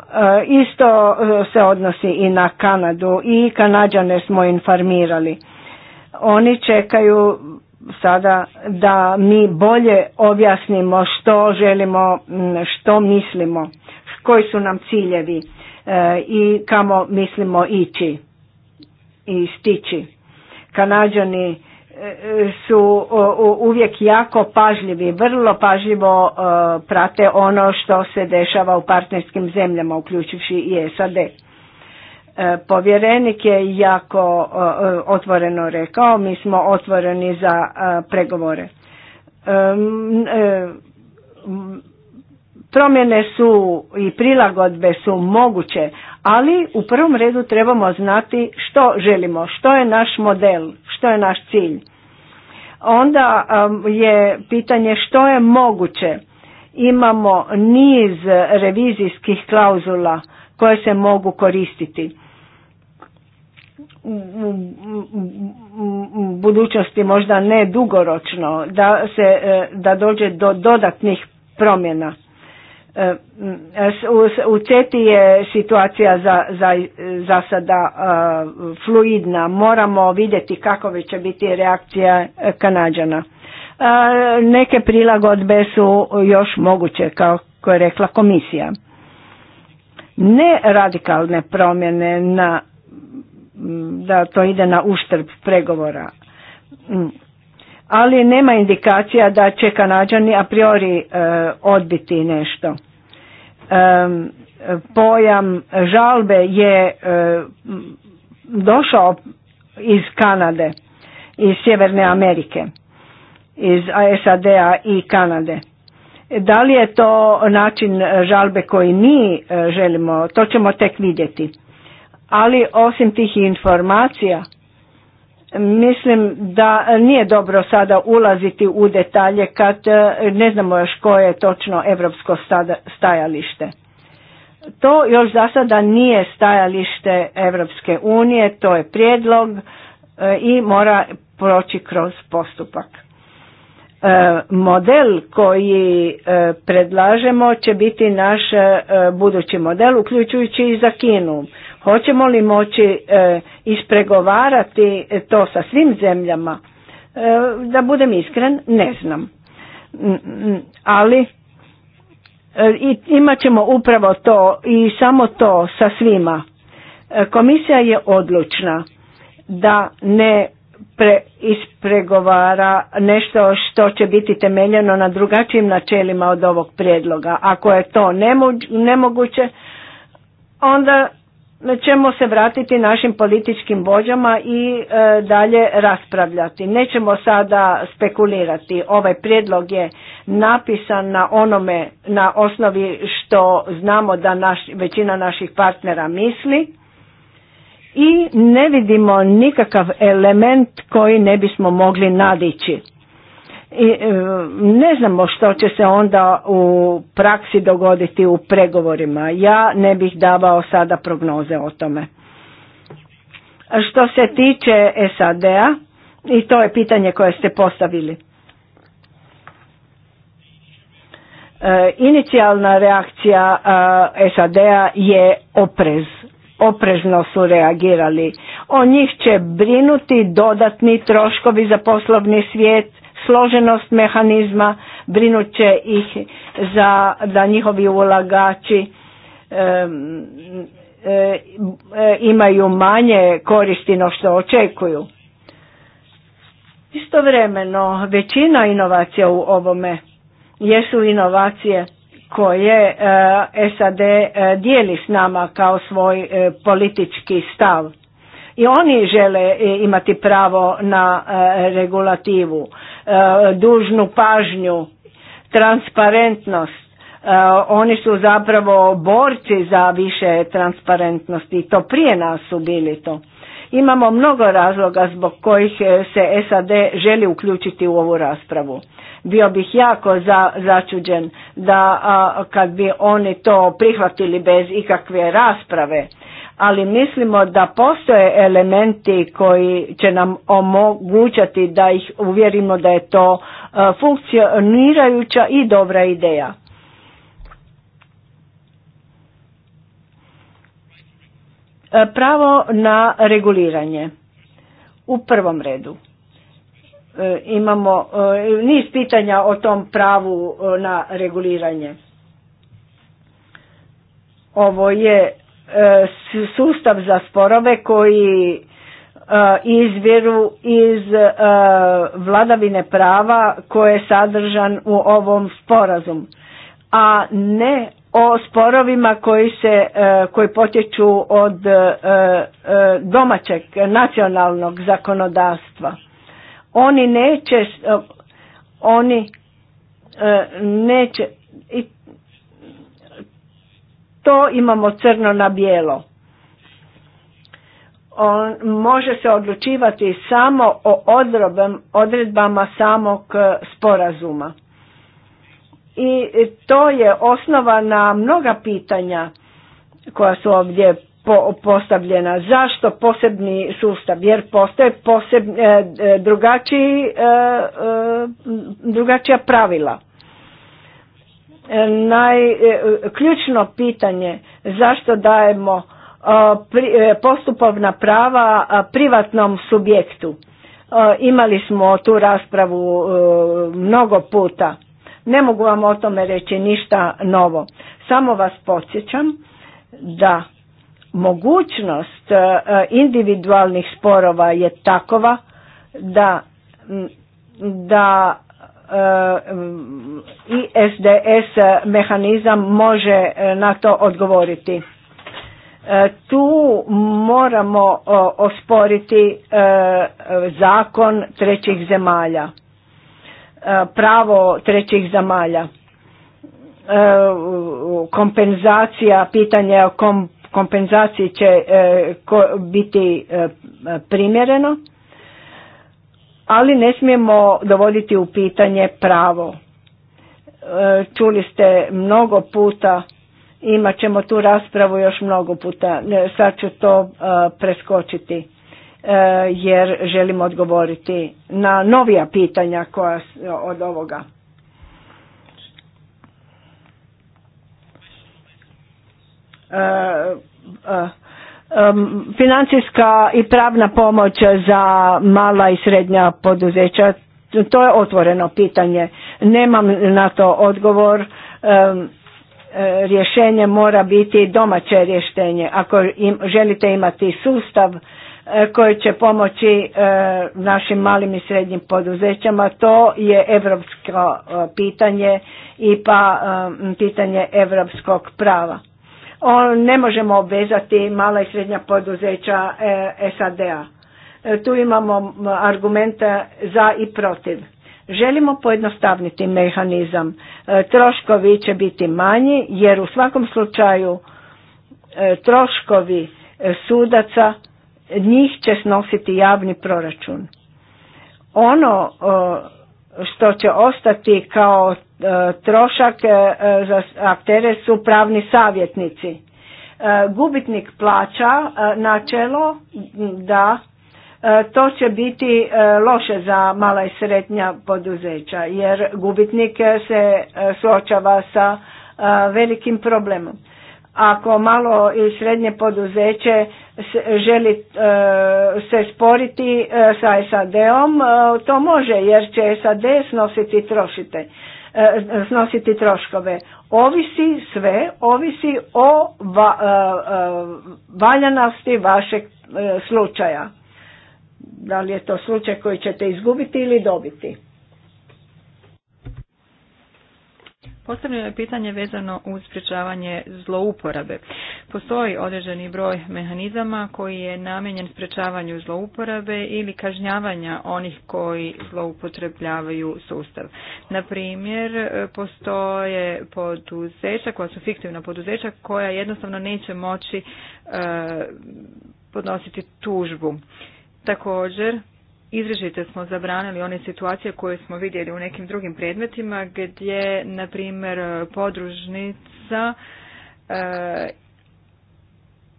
isto se odnosi i na Kanadu i kanađane smo informirali. Oni čekaju sada da mi bolje objasnimo što želimo, što mislimo koji su nam ciljevi e, i kamo mislimo ići i stići. Kanađani e, su uvijek jako pažljivi, vrlo pažljivo e, prate ono što se dešava u partnerskim zemljama, uključujući i SAD. Povjerenik je jako otvoreno rekao, mi smo otvoreni za pregovore. Promjene su i prilagodbe su moguće, ali u prvom redu trebamo znati što želimo, što je naš model, što je naš cilj. Onda um, je pitanje što je moguće. Imamo niz revizijskih klauzula koje se mogu koristiti. U budućnosti možda ne dugoročno da se e, da dođe do dodatnih promjena. E, u CETI je situacija za, za, sada e, fluidna. Moramo vidjeti kako će biti reakcija Kanađana. E, neke prilagodbe su još moguće, kako je rekla komisija. Ne radikalne promjene na, da to ide na uštrb pregovora ali nema indikacija da će Kanađani a priori e, odbiti nešto. E, pojam žalbe je e, došao iz Kanade, iz Sjeverne Amerike, iz SAD-a i Kanade. Da li je to način žalbe koji mi želimo, to ćemo tek vidjeti. Ali osim tih informacija, Mislim da nije dobro sada ulaziti u detalje kad e, ne znamo još koje je točno evropsko stajalište. To još za sada nije stajalište Evropske unije, to je prijedlog e, i mora proći kroz postupak. E, model koji predlažemo će biti naš budući model, uključujući i za Kinu. Hoćemo li moći e, ispregovarati to sa svim zemljama? E, da budem iskren, ne znam. Ali e, i imat ćemo upravo to i samo to sa svima. Komisija je odlučna da ne ispregovara nešto što će biti temeljeno na drugačijim načelima od ovog prijedloga. Ako je to nemoguće, onda ćemo se vratiti našim političkim vođama i e, dalje raspravljati. Nećemo sada spekulirati. Ovaj prijedlog je napisan na onome na osnovi što znamo da većina naših partnera misli i ne vidimo nikakav element koji ne bismo mogli nadići. I, e, ne znamo što će se onda u praksi dogoditi u pregovorima. Ja ne bih davao sada prognoze o tome. Što se tiče SAD-a, i to je pitanje koje ste postavili. E, inicijalna reakcija e, SAD-a je oprez. Oprezno su reagirali. O njih će brinuti dodatni troškovi za poslovni svijet, složenost mehanizma, brinut će ih za da njihovi ulagači e, e, imaju manje koristi no što očekuju. Istovremeno, većina inovacija u ovome jesu inovacije koje e, SAD dijeli s nama kao svoj politički stav. I oni žele imati pravo na regulativu. E, dužnu pažnju, transparentnost. E, oni su zapravo borci za više transparentnosti i to prije nas su bili to. Imamo mnogo razloga zbog kojih se SAD želi uključiti u ovu raspravu. Bio bih jako za, začuđen da kad bi oni to prihvatili bez ikakve rasprave, ali mislimo da postoje elementi koji će nam omogućati da ih uvjerimo da je to e, funkcionirajuća i dobra ideja. E, pravo na reguliranje. U prvom redu e, imamo niz pitanja o tom pravu na reguliranje. Ovo je E, sustav za sporove koji e, izvjeru iz e, vladavine prava koje je sadržan u ovom sporazumu, a ne o sporovima koji se koji potječu od domaćeg nacionalnog zakonodavstva. Oni neće oni neće to imamo crno na bijelo. On može se odlučivati samo o odredbama samog e, sporazuma. I to je osnova na mnoga pitanja koja su ovdje postavljena. Zašto posebni sustav? Jer postoje e, drugačiji, e, drugačija pravila. E, ključno pitanje zašto dajemo e, e, postupovna prava privatnom subjektu. Imali smo tu raspravu mnogo puta. Ne mogu vam o tome reći ništa novo. Samo vas podsjećam da mogućnost individualnih sporova je takova da, da E, um, i SDS mehanizam može e, na to odgovoriti. E, tu moramo osporiti zakon trećih zemalja, pravo trećih zemalja, kompenzacija, pitanje o kompenzaciji će biti primjereno ali ne smijemo dovoditi u pitanje pravo. E, čuli ste mnogo puta, imat ćemo tu raspravu još mnogo puta, e, sad ću to e, preskočiti jer želim odgovoriti na novija pitanja koja od ovoga. Uh, Financijska i pravna pomoć za mala i srednja poduzeća, to je otvoreno pitanje. Nemam na to odgovor. E, rješenje mora biti domaće rješenje. Ako želite imati sustav e, koji će pomoći e, našim malim i srednjim poduzećama, to je europsko pitanje i pa pitanje evropskog prava ne možemo obvezati mala i srednja poduzeća e, SAD-a. E, tu imamo argumenta za i protiv. Želimo pojednostavniti mehanizam. E, troškovi će biti manji jer u svakom slučaju troškovi sudaca njih će snositi javni proračun. Ono što će ostati kao e, trošak e, za aktere su pravni savjetnici. E, gubitnik plaća načelo da to će biti loše za mala i srednja poduzeća jer gubitnik se suočava sa velikim problemom. Ako malo i srednje poduzeće želi e, se sporiti e, sa SAD-om, e, to može jer će SAD snositi trošite snositi troškove. Ovisi sve, ovisi o valjanosti vašeg slučaja. Da li je to slučaj koji ćete izgubiti ili dobiti? Postavljeno je pitanje vezano uz sprječavanje zlouporabe. Postoji određeni broj mehanizama koji je namenjen sprječavanju zlouporabe ili kažnjavanja onih koji zloupotrebljavaju sustav. Na primjer, postoje poduzeća koja su fiktivna poduzeća koja jednostavno neće moći e, podnositi tužbu. Također, izrežite smo zabranili one situacije koje smo vidjeli u nekim drugim predmetima gdje, na primjer, podružnica e,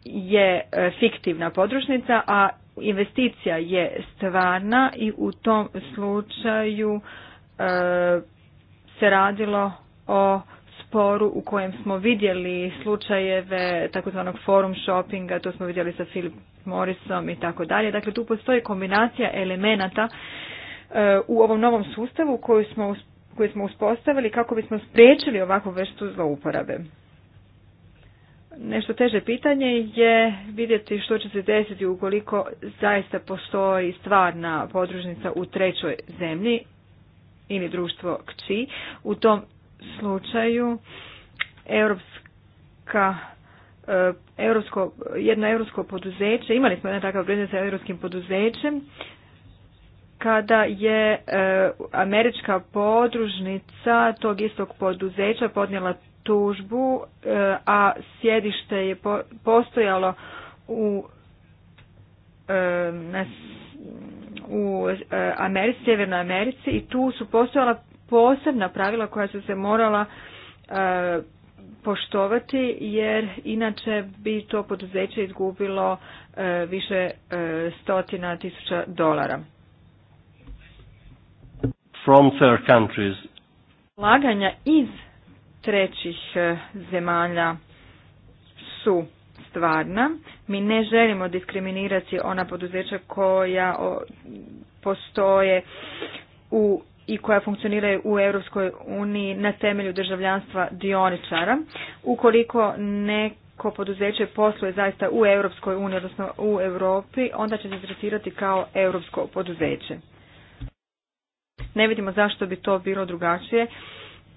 je fiktivna podružnica, a investicija je stvarna i u tom slučaju e, se radilo o sporu u kojem smo vidjeli slučajeve takozvanog forum shoppinga, to smo vidjeli sa Philip Morrisom i tako dalje. Dakle, tu postoji kombinacija elemenata e, u ovom novom sustavu koju smo, smo uspostavili kako bismo spriječili ovakvu vrstu zlouporabe. Nešto teže pitanje je vidjeti što će se desiti ukoliko zaista postoji stvarna podružnica u trećoj zemlji ili društvo kći. U tom slučaju europska e, Europsko, jedno europsko poduzeće, imali smo jedan takav predmet sa europskim poduzećem, kada je e, američka podružnica tog istog poduzeća podnijela tužbu, e, a sjedište je postojalo u, Americi, Sjevernoj Americi i tu su postojala posebna pravila koja su se morala e, poštovati jer inače bi to poduzeće izgubilo e, više e, stotina tisuća dolara. From Laganja iz trećih zemalja su stvarna. Mi ne želimo diskriminirati ona poduzeća koja postoje u i koja funkcioniraju u Europskoj uniji na temelju državljanstva dioničara. Ukoliko neko poduzeće posluje zaista u Europskoj uniji, odnosno u Europi, onda će se tretirati kao europsko poduzeće. Ne vidimo zašto bi to bilo drugačije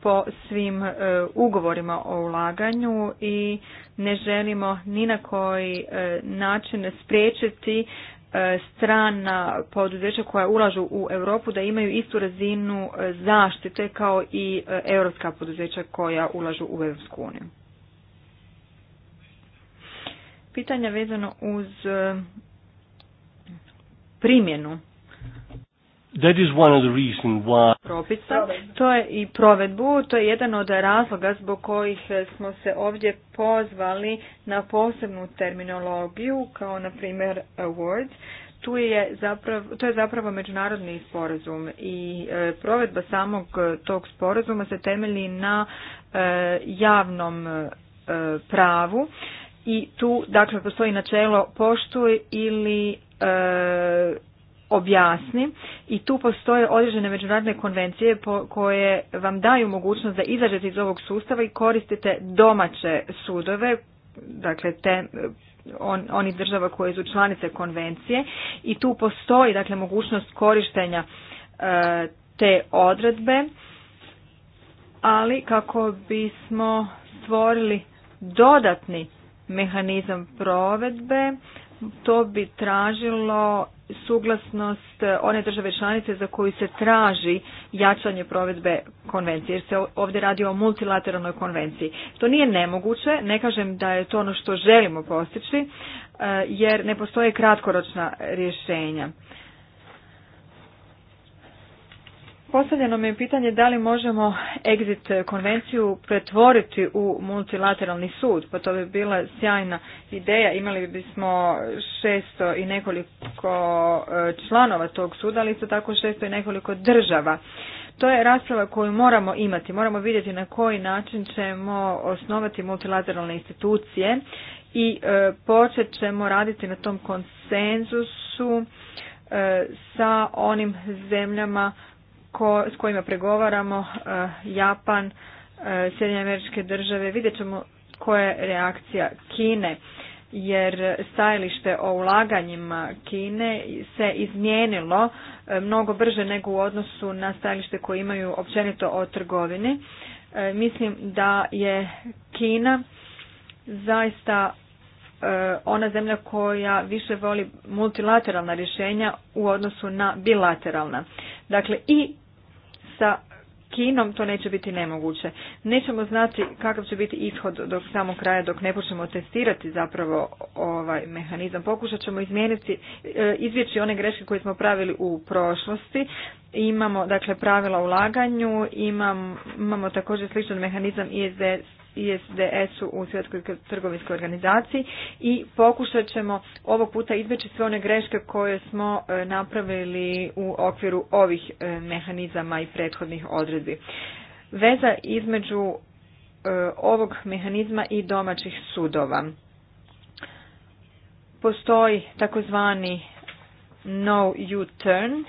po svim e, ugovorima o ulaganju i ne želimo ni na koji e, način spriječiti E, strana e, poduzeća koja ulažu u Europu da imaju istu razinu e, zaštite kao i europska poduzeća koja ulažu u Europsku uniju. Pitanja vezano uz primjenu That is one of the reason why... propisa. To je i provedbu, to je jedan od razloga zbog kojih smo se ovdje pozvali na posebnu terminologiju, kao na primjer awards. Tu je zapravo, to je zapravo međunarodni sporazum i e, provedba samog tog sporazuma se temelji na e, javnom e, pravu i tu dakle postoji načelo poštuj ili objasni i tu postoje određene međunarodne konvencije koje vam daju mogućnost da izađete iz ovog sustava i koristite domaće sudove, dakle te on, onih država koje su članice konvencije i tu postoji dakle mogućnost korištenja e, te odredbe, ali kako bismo stvorili dodatni mehanizam provedbe, to bi tražilo suglasnost one države članice za koju se traži jačanje provedbe konvencije, jer se ovdje radi o multilateralnoj konvenciji. To nije nemoguće, ne kažem da je to ono što želimo postići, e, jer ne postoje kratkoročna rješenja. Postavljeno mi je pitanje da li možemo exit konvenciju pretvoriti u multilateralni sud, pa to bi bila sjajna ideja. Imali bismo šesto i nekoliko e, članova tog suda, ali isto tako šesto i nekoliko država. To je rasprava koju moramo imati. Moramo vidjeti na koji način ćemo osnovati multilateralne institucije i e, počet ćemo raditi na tom konsenzusu e, sa onim zemljama ko, s kojima pregovaramo, e, Japan, e, Sjedinje američke države, vidjet ćemo koja je reakcija Kine, jer stajalište o ulaganjima Kine se izmijenilo e, mnogo brže nego u odnosu na stajalište koje imaju općenito o trgovini. Mislim da je Kina zaista ona zemlja koja više voli multilateralna rješenja u odnosu na bilateralna. Dakle, i sa Kinom to neće biti nemoguće. Nećemo znati kakav će biti ishod do samog kraja dok ne počnemo testirati zapravo ovaj mehanizam. Pokušat ćemo izmijeniti, e, izvjeći one greške koje smo pravili u prošlosti. Imamo dakle pravila ulaganju, imam, imamo također sličan mehanizam ISD ISDS-u u Svjetskoj trgovinskoj organizaciji i pokušat ćemo ovog puta izbjeći sve one greške koje smo e, napravili u okviru ovih e, mehanizama i prethodnih odredbi. Veza između e, ovog mehanizma i domaćih sudova. Postoji takozvani no you turn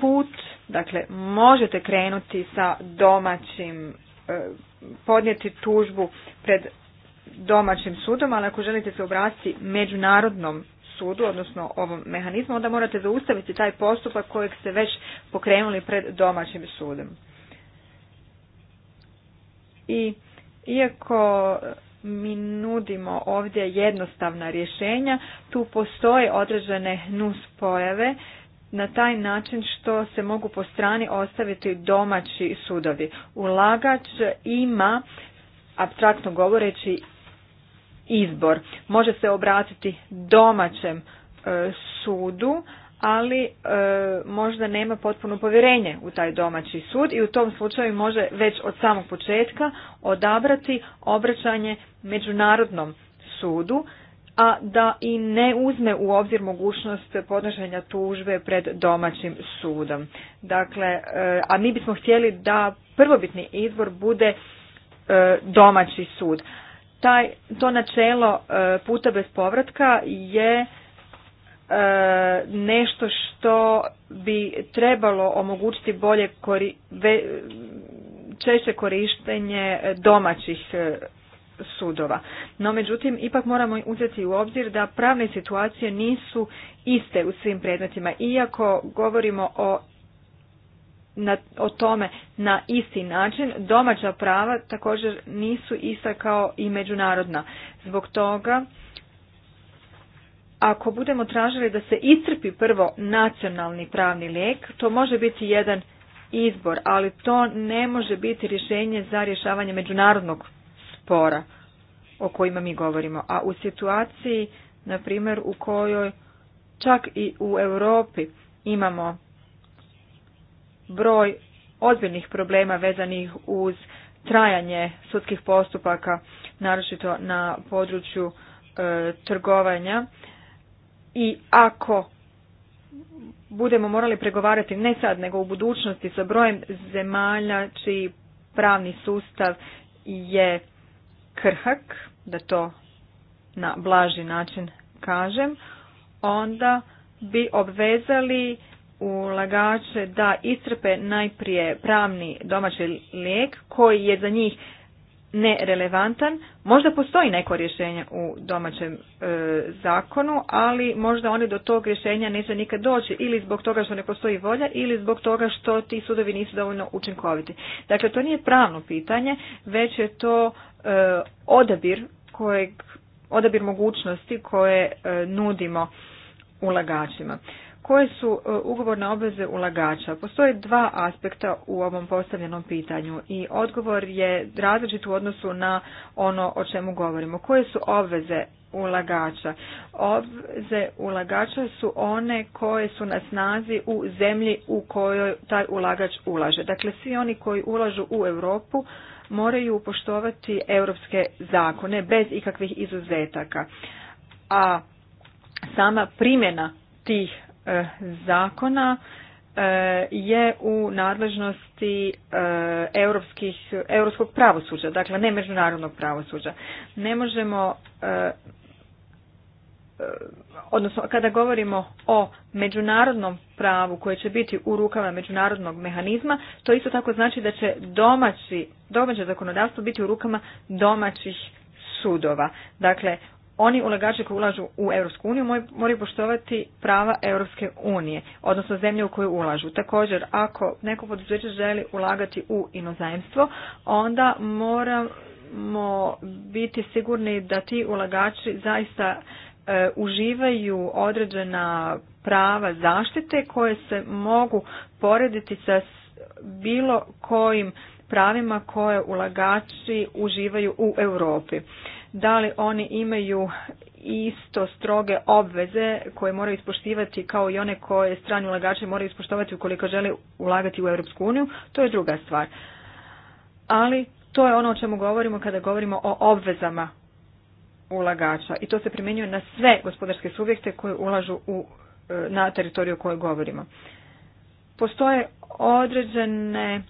put, dakle možete krenuti sa domaćim E, podnijeti tužbu pred domaćim sudom, ali ako želite se obratiti međunarodnom sudu, odnosno ovom mehanizmu, onda morate zaustaviti taj postupak kojeg ste već pokrenuli pred domaćim sudom. I iako mi nudimo ovdje jednostavna rješenja, tu postoje određene nuspojave pojave na taj način što se mogu po strani ostaviti domaći sudovi. Ulagač ima, abstraktno govoreći, izbor. Može se obratiti domaćem e, sudu, ali e, možda nema potpuno povjerenje u taj domaći sud i u tom slučaju može već od samog početka odabrati obraćanje međunarodnom sudu a da i ne uzme u obzir mogućnost podnošenja tužbe pred domaćim sudom. Dakle, e, a mi bismo htjeli da prvobitni izbor bude e, domaći sud. Taj, to načelo e, puta bez povratka je nešto što bi trebalo omogućiti bolje češće korištenje domaćih sudova. No međutim, ipak moramo uzeti u obzir da pravne situacije nisu iste u svim predmetima. Iako govorimo o na, o tome na isti način, domaća prava također nisu ista kao i međunarodna. Zbog toga, ako budemo tražili da se iscrpi prvo nacionalni pravni lijek, to može biti jedan izbor, ali to ne može biti rješenje za rješavanje međunarodnog spora o kojima mi govorimo. A u situaciji, na primjer, u kojoj čak i u Europi imamo broj ozbiljnih problema vezanih uz trajanje sudskih postupaka, naročito na području e, trgovanja. I ako budemo morali pregovarati ne sad nego u budućnosti sa brojem zemalja čiji pravni sustav je krhak, da to na blaži način kažem, onda bi obvezali ulagače da istrpe najprije pravni domaći lijek koji je za njih nerelevantan. Možda postoji neko rješenje u domaćem e, zakonu, ali možda oni do tog rješenja neće nikad doći ili zbog toga što ne postoji volja ili zbog toga što ti sudovi nisu dovoljno učinkoviti. Dakle, to nije pravno pitanje, već je to E, odabir kojeg odabir mogućnosti koje e, nudimo ulagačima. Koje su e, ugovorne obveze ulagača? Postoje dva aspekta u ovom postavljenom pitanju i odgovor je različit u odnosu na ono o čemu govorimo. Koje su obveze ulagača? Obveze ulagača su one koje su na snazi u zemlji u kojoj taj ulagač ulaže. Dakle, svi oni koji ulažu u Europu moraju poštovati europske zakone bez ikakvih izuzetaka. A sama primjena tih e, zakona e, je u nadležnosti e, europskog pravosuđa, dakle ne međunarodnog pravosuđa. Ne možemo Eh, odnosno kada govorimo o međunarodnom pravu koje će biti u rukama međunarodnog mehanizma, to isto tako znači da će domaći, domaće zakonodavstvo biti u rukama domaćih sudova. Dakle, oni ulagači koji ulažu u Europsku moraju poštovati prava Europske unije, odnosno zemlje u koju ulažu. Također, ako neko poduzeće želi ulagati u inozemstvo, onda moramo biti sigurni da ti ulagači zaista E, uživaju određena prava zaštite koje se mogu porediti sa bilo kojim pravima koje ulagači uživaju u Europi. Da li oni imaju isto stroge obveze koje moraju ispoštivati kao i one koje strani ulagači moraju ispoštovati ukoliko žele ulagati u Europsku uniju, to je druga stvar. Ali to je ono o čemu govorimo kada govorimo o obvezama ulagača i to se primjenjuje na sve gospodarske subjekte koji ulažu u, e, na teritoriju o kojoj govorimo. Postoje određene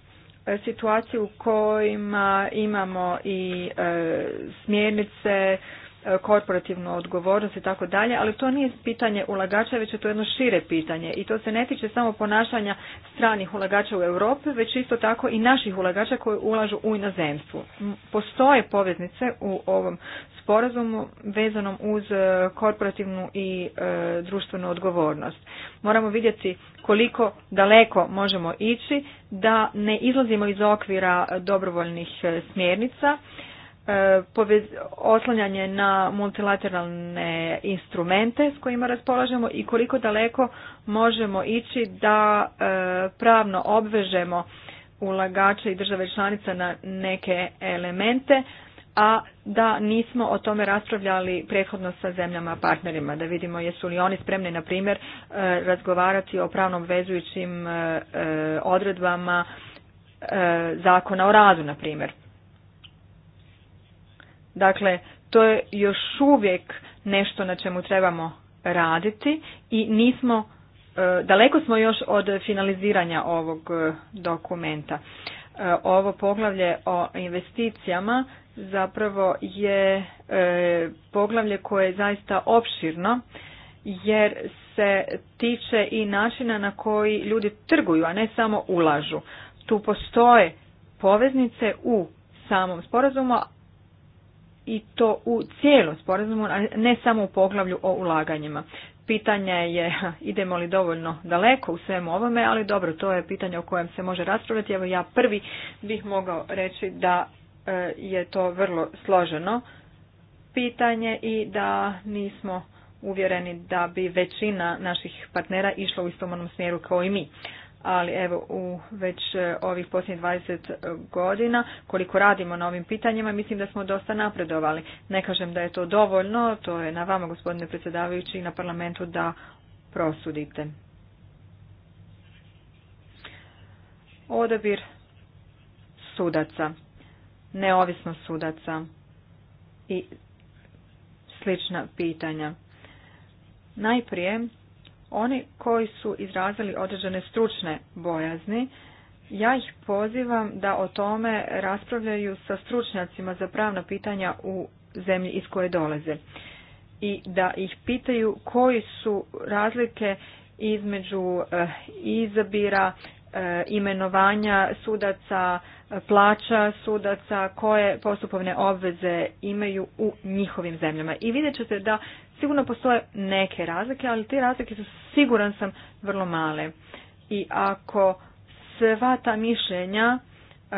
e, situacije u kojima imamo i e, smjernice, E, korporativnu odgovornost i tako dalje, ali to nije pitanje ulagača, već je to jedno šire pitanje i to se ne tiče samo ponašanja stranih ulagača u Europi, već isto tako i naših ulagača koji ulažu u inozemstvo. Postoje poveznice u ovom sporazumu vezanom uz e, korporativnu i e, društvenu odgovornost. Moramo vidjeti koliko daleko možemo ići da ne izlazimo iz okvira dobrovoljnih smjernica E, oslanjanje na multilateralne instrumente s kojima raspolažemo i koliko daleko možemo ići da e, pravno obvežemo ulagače i države članica na neke elemente, a da nismo o tome raspravljali prethodno sa zemljama partnerima, da vidimo jesu li oni spremni, na primjer, e, razgovarati o pravno obvezujućim odredbama zakona o radu, na primjer. Dakle, to je još uvijek nešto na čemu trebamo raditi i nismo, e, daleko smo još od finaliziranja ovog e, dokumenta. E, ovo poglavlje o investicijama zapravo je poglavlje koje je zaista opširno jer se tiče i načina na koji ljudi trguju, a ne samo ulažu. Tu postoje poveznice u samom sporazumu, i to u cijelom sporazumu, a ne samo u poglavlju o ulaganjima. Pitanje je idemo li dovoljno daleko u svemu ovome, ali dobro, to je pitanje o kojem se može raspravljati. Evo ja prvi bih mogao reći da e, je to vrlo složeno pitanje i da nismo uvjereni da bi većina naših partnera išla u istom onom smjeru kao i mi ali evo u već e, ovih posljednjih 20 e, godina koliko radimo na ovim pitanjima mislim da smo dosta napredovali. Ne kažem da je to dovoljno, to je na vama gospodine predsjedavajući i na parlamentu da prosudite. Odabir sudaca, neovisnost sudaca i slična pitanja. Najprije oni koji su izrazili određene stručne bojazni, ja ih pozivam da o tome raspravljaju sa stručnjacima za pravna pitanja u zemlji iz koje dolaze i da ih pitaju koji su razlike između eh, izabira E, imenovanja sudaca, plaća sudaca, koje postupovne obveze imaju u njihovim zemljama. I vidjet ćete da sigurno postoje neke razlike, ali te razlike su siguran sam vrlo male. I ako sva ta mišljenja e,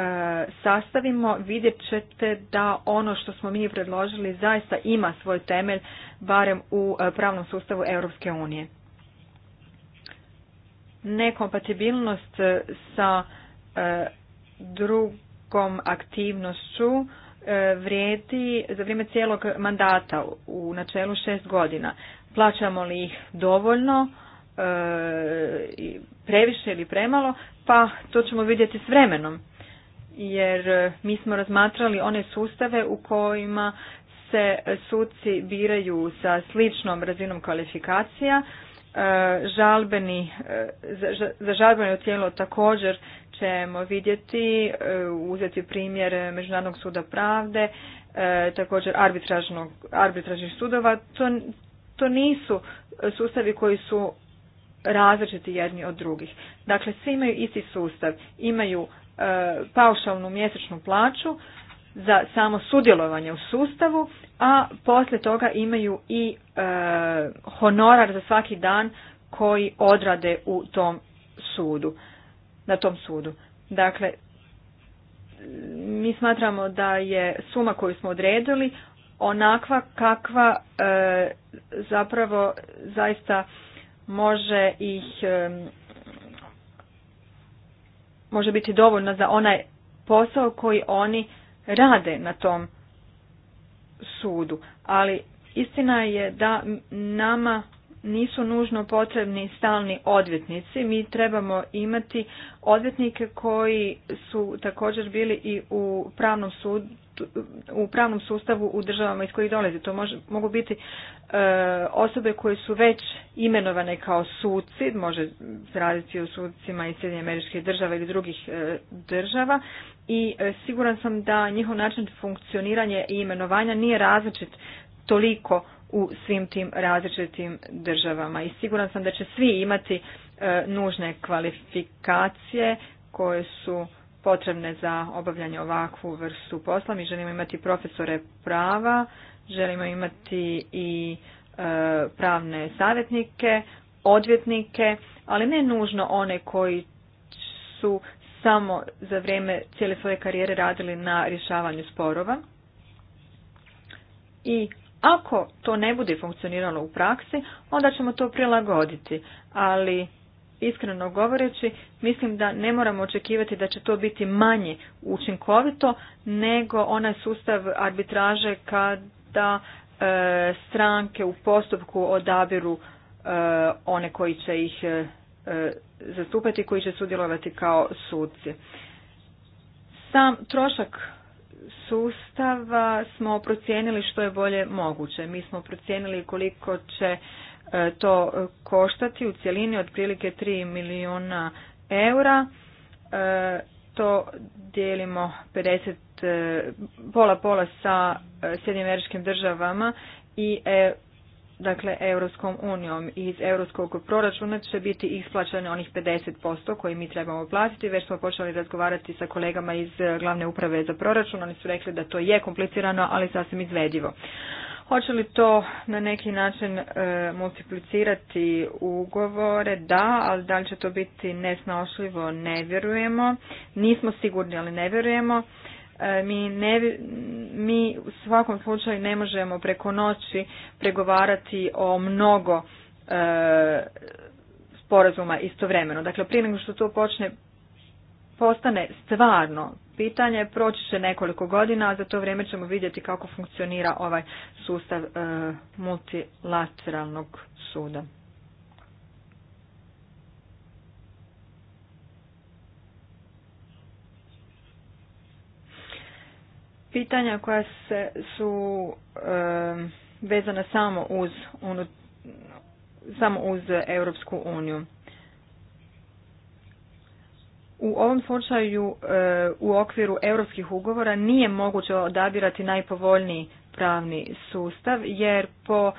sastavimo, vidjet ćete da ono što smo mi predložili zaista ima svoj temelj, barem u e, pravnom sustavu Europske unije nekompatibilnost sa e, drugom aktivnošću e, vrijedi za vrijeme cijelog mandata u načelu šest godina. Plaćamo li ih dovoljno, e, previše ili premalo, pa to ćemo vidjeti s vremenom. Jer mi smo razmatrali one sustave u kojima se suci biraju sa sličnom razinom kvalifikacija žalbeni, za žalbeno tijelo također ćemo vidjeti, e, uzeti primjer Međunarodnog suda pravde, e, također arbitražnih sudova. To, to nisu sustavi koji su različiti jedni od drugih. Dakle, svi imaju isti sustav, imaju e, paušalnu mjesečnu plaću za samo sudjelovanje u sustavu, a poslije toga imaju i e, honorar za svaki dan koji odrade u tom sudu, na tom sudu. Dakle, mi smatramo da je suma koju smo odredili onakva kakva e, zapravo zaista može ih e, može biti dovoljna za onaj posao koji oni rade na tom sudu. Ali istina je da nama nisu nužno potrebni stalni odvjetnici. Mi trebamo imati odvjetnike koji su također bili i u pravnom sudu u pravnom sustavu u državama iz kojih dolazi. To mogu biti e, osobe koje su već imenovane kao suci, može se raditi o sucima iz Sjedinje američke države ili drugih e, država i e, siguran sam da njihov način funkcioniranja i imenovanja nije različit toliko u svim tim različitim državama i siguran sam da će svi imati e, nužne kvalifikacije koje su potrebne za obavljanje ovakvu vrstu posla. Mi želimo imati profesore prava, želimo imati i e, pravne savjetnike, odvjetnike, ali ne nužno one koji su samo za vrijeme cijele svoje karijere radili na rješavanju sporova. I ako to ne bude funkcioniralo u praksi, onda ćemo to prilagoditi, ali iskreno govoreći, mislim da ne moramo očekivati da će to biti manje učinkovito nego onaj sustav arbitraže kada e, stranke u postupku odabiru e, one koji će ih e, zastupati, koji će sudjelovati kao sudci. Sam trošak sustava smo procijenili što je bolje moguće. Mi smo procijenili koliko će e, to koštati u cjelini otprilike 3 milijuna eura. E, to dijelimo 50, e, pola pola sa Sjedinim državama i dakle Europskom unijom iz europskog proračuna će biti isplaćeno onih 50% koji mi trebamo platiti. Već smo počeli razgovarati sa kolegama iz glavne uprave za proračun. Oni su rekli da to je komplicirano, ali sasvim izvedivo. Hoće li to na neki način e, multiplicirati ugovore? Da, ali da li će to biti nesnošljivo? Ne vjerujemo. Nismo sigurni, ali ne vjerujemo. E, mi, ne, mi u svakom slučaju ne možemo preko noći pregovarati o mnogo e, sporazuma istovremeno. Dakle, prije nego što to počne, postane stvarno pitanje, proći će nekoliko godina, a za to vrijeme ćemo vidjeti kako funkcionira ovaj sustav e, multilateralnog suda. pitanja koja se, su vezana samo uz, samo uz Europsku uniju. U ovom slučaju u okviru europskih ugovora nije moguće odabirati najpovoljniji pravni sustav jer po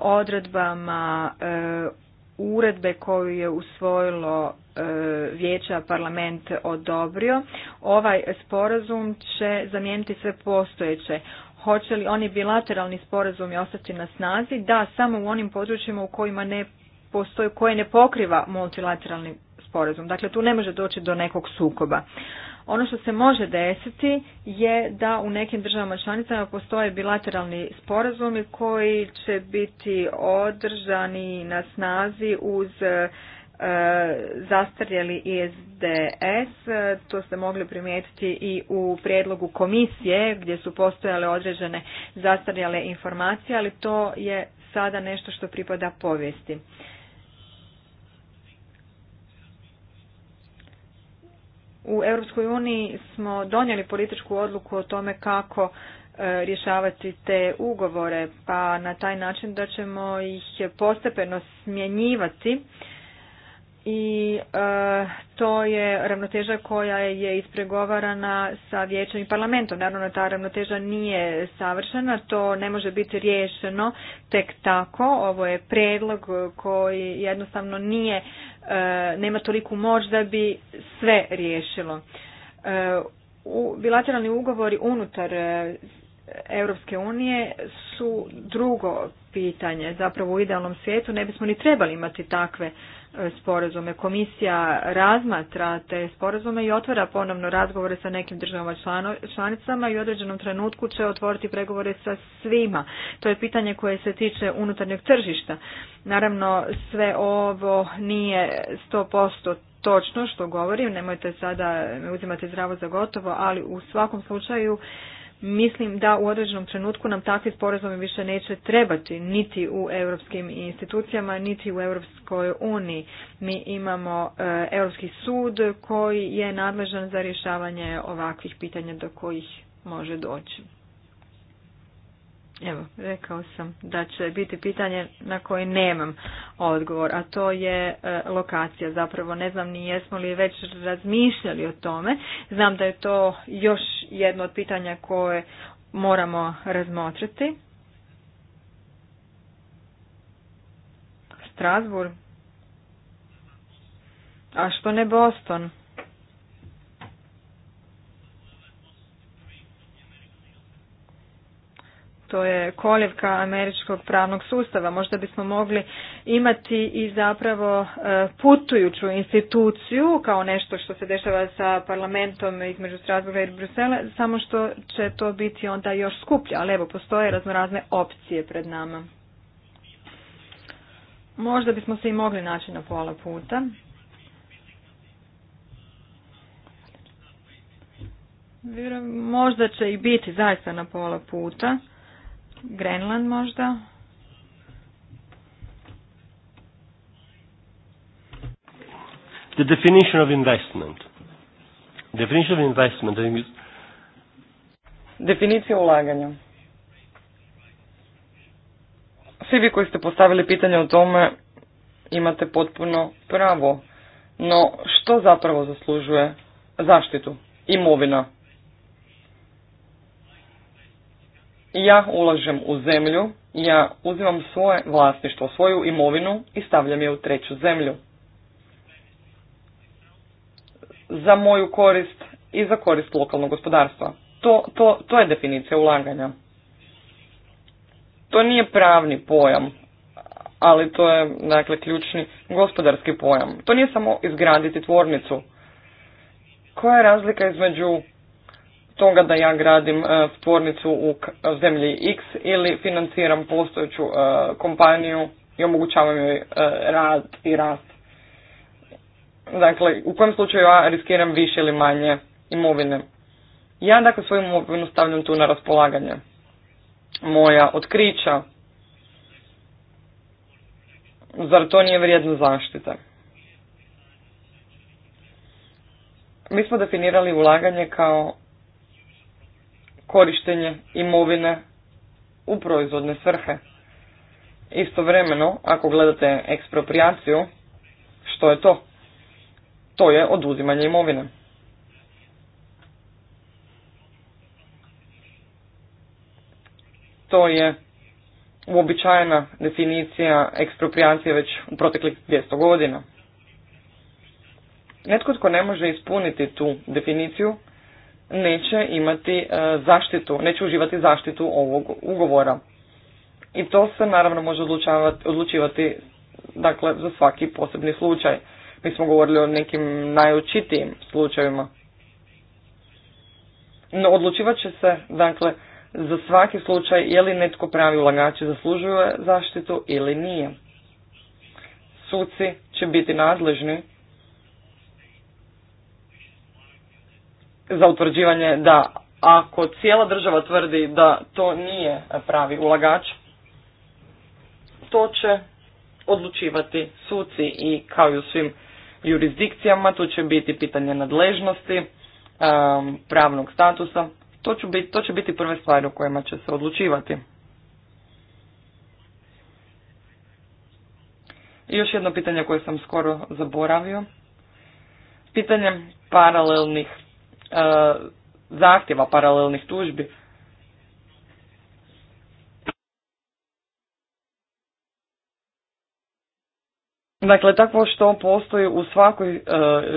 odredbama uredbe koju je usvojilo e, vijeća parlament odobrio, ovaj sporazum će zamijeniti sve postojeće. Hoće li oni bilateralni sporazumi ostati na snazi? Da, samo u onim područjima u kojima ne postoji, koje ne pokriva multilateralni sporazum. Dakle, tu ne može doći do nekog sukoba. Ono što se može desiti je da u nekim državama članicama postoje bilateralni sporazumi koji će biti održani na snazi uz e, zastarjeli ISDS, to ste mogli primijetiti i u prijedlogu komisije gdje su postojale određene zastarjele informacije, ali to je sada nešto što pripada povijesti. U Europskoj uniji smo donijeli političku odluku o tome kako e, rješavati te ugovore, pa na taj način da ćemo ih postepeno smjenjivati i e, to je ravnoteža koja je ispregovarana sa vijećem i parlamentom. Naravno, ta ravnoteža nije savršena, to ne može biti riješeno tek tako. Ovo je predlog koji jednostavno nije E, nema toliku moć da bi sve riješilo. E, bilateralni ugovori unutar e, Europske unije su drugo pitanje. Zapravo u idealnom svijetu ne bismo ni trebali imati takve sporazume. Komisija razmatra te sporazume i otvara ponovno razgovore sa nekim državama članicama i u određenom trenutku će otvoriti pregovore sa svima. To je pitanje koje se tiče unutarnjeg tržišta. Naravno, sve ovo nije 100% točno što govorim, nemojte sada uzimati zdravo za gotovo, ali u svakom slučaju Mislim da u određenom trenutku nam takvi sporazumi više neće trebati niti u europskim institucijama, niti u Europskoj uniji. Mi imamo e, Europski sud koji je nadležan za rješavanje ovakvih pitanja do kojih može doći. Evo, rekao sam da će biti pitanje na koje nemam odgovor, a to je e, lokacija. Zapravo ne znam ni jesmo li već razmišljali o tome. Znam da je to još jedno od pitanja koje moramo razmotriti. Strasburg. A što ne Boston? to je koljevka američkog pravnog sustava. Možda bismo mogli imati i zapravo e, putujuću instituciju kao nešto što se dešava sa parlamentom između Strasburga i Brusela, samo što će to biti onda još skuplje, ali evo postoje raznorazne opcije pred nama. Možda bismo se i mogli naći na pola puta. Možda će i biti zaista na pola puta. Grenland možda? The definition of investment. Definition investment. Definicija ulaganja. Svi vi koji ste postavili pitanje o tome imate potpuno pravo. No što zapravo zaslužuje zaštitu? Imovina. ja ulažem u zemlju, ja uzimam svoje vlasništvo, svoju imovinu i stavljam je u treću zemlju. Za moju korist i za korist lokalnog gospodarstva. To, to, to je definicija ulaganja. To nije pravni pojam, ali to je dakle ključni gospodarski pojam. To nije samo izgraditi tvornicu. Koja je razlika između toga da ja gradim e, tvornicu u e, zemlji X ili financiram postojeću e, kompaniju i omogućavam joj rad i rast. Dakle, u kojem slučaju ja riskiram više ili manje imovine. Ja dakle svoju imovinu stavljam tu na raspolaganje. Moja otkrića, zar to nije vrijedna zaštita? Mi smo definirali ulaganje kao korištenje imovine u proizvodne svrhe. Istovremeno, ako gledate ekspropriaciju, što je to? To je oduzimanje imovine. To je uobičajena definicija ekspropriacije već u proteklih 200 godina. Netko tko ne može ispuniti tu definiciju neće imati e, zaštitu, neće uživati zaštitu ovog ugovora. I to se naravno može odlučivati dakle, za svaki posebni slučaj. Mi smo govorili o nekim najočitijim slučajevima. No, odlučivat će se, dakle, za svaki slučaj je li netko pravi ulagači zaslužuje zaštitu ili nije. Suci će biti nadležni za utvrđivanje da ako cijela država tvrdi da to nije pravi ulagač, to će odlučivati suci i kao i u svim jurisdikcijama, to će biti pitanje nadležnosti, um, pravnog statusa, to će biti, to će biti prve stvari o kojima će se odlučivati. I još jedno pitanje koje sam skoro zaboravio. Pitanje paralelnih E, zahtjeva paralelnih tužbi. Dakle, takvo što postoji u svakoj e,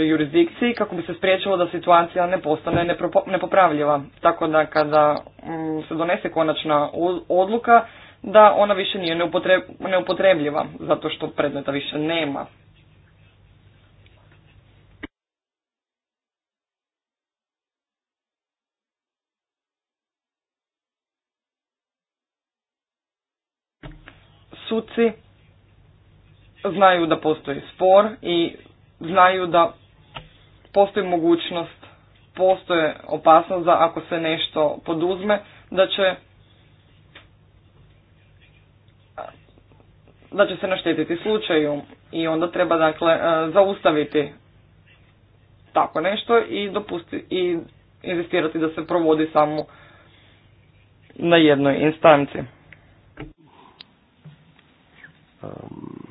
jurisdikciji kako bi se spriječilo da situacija ne postane nepopravljiva. Tako da kada mm, se donese konačna odluka da ona više nije neupotrebljiva zato što predmeta više nema. suci znaju da postoji spor i znaju da postoji mogućnost, postoje opasnost da ako se nešto poduzme, da će da će se naštetiti slučaju i onda treba dakle e, zaustaviti tako nešto i dopusti i investirati da se provodi samo na jednoj instanci. Um,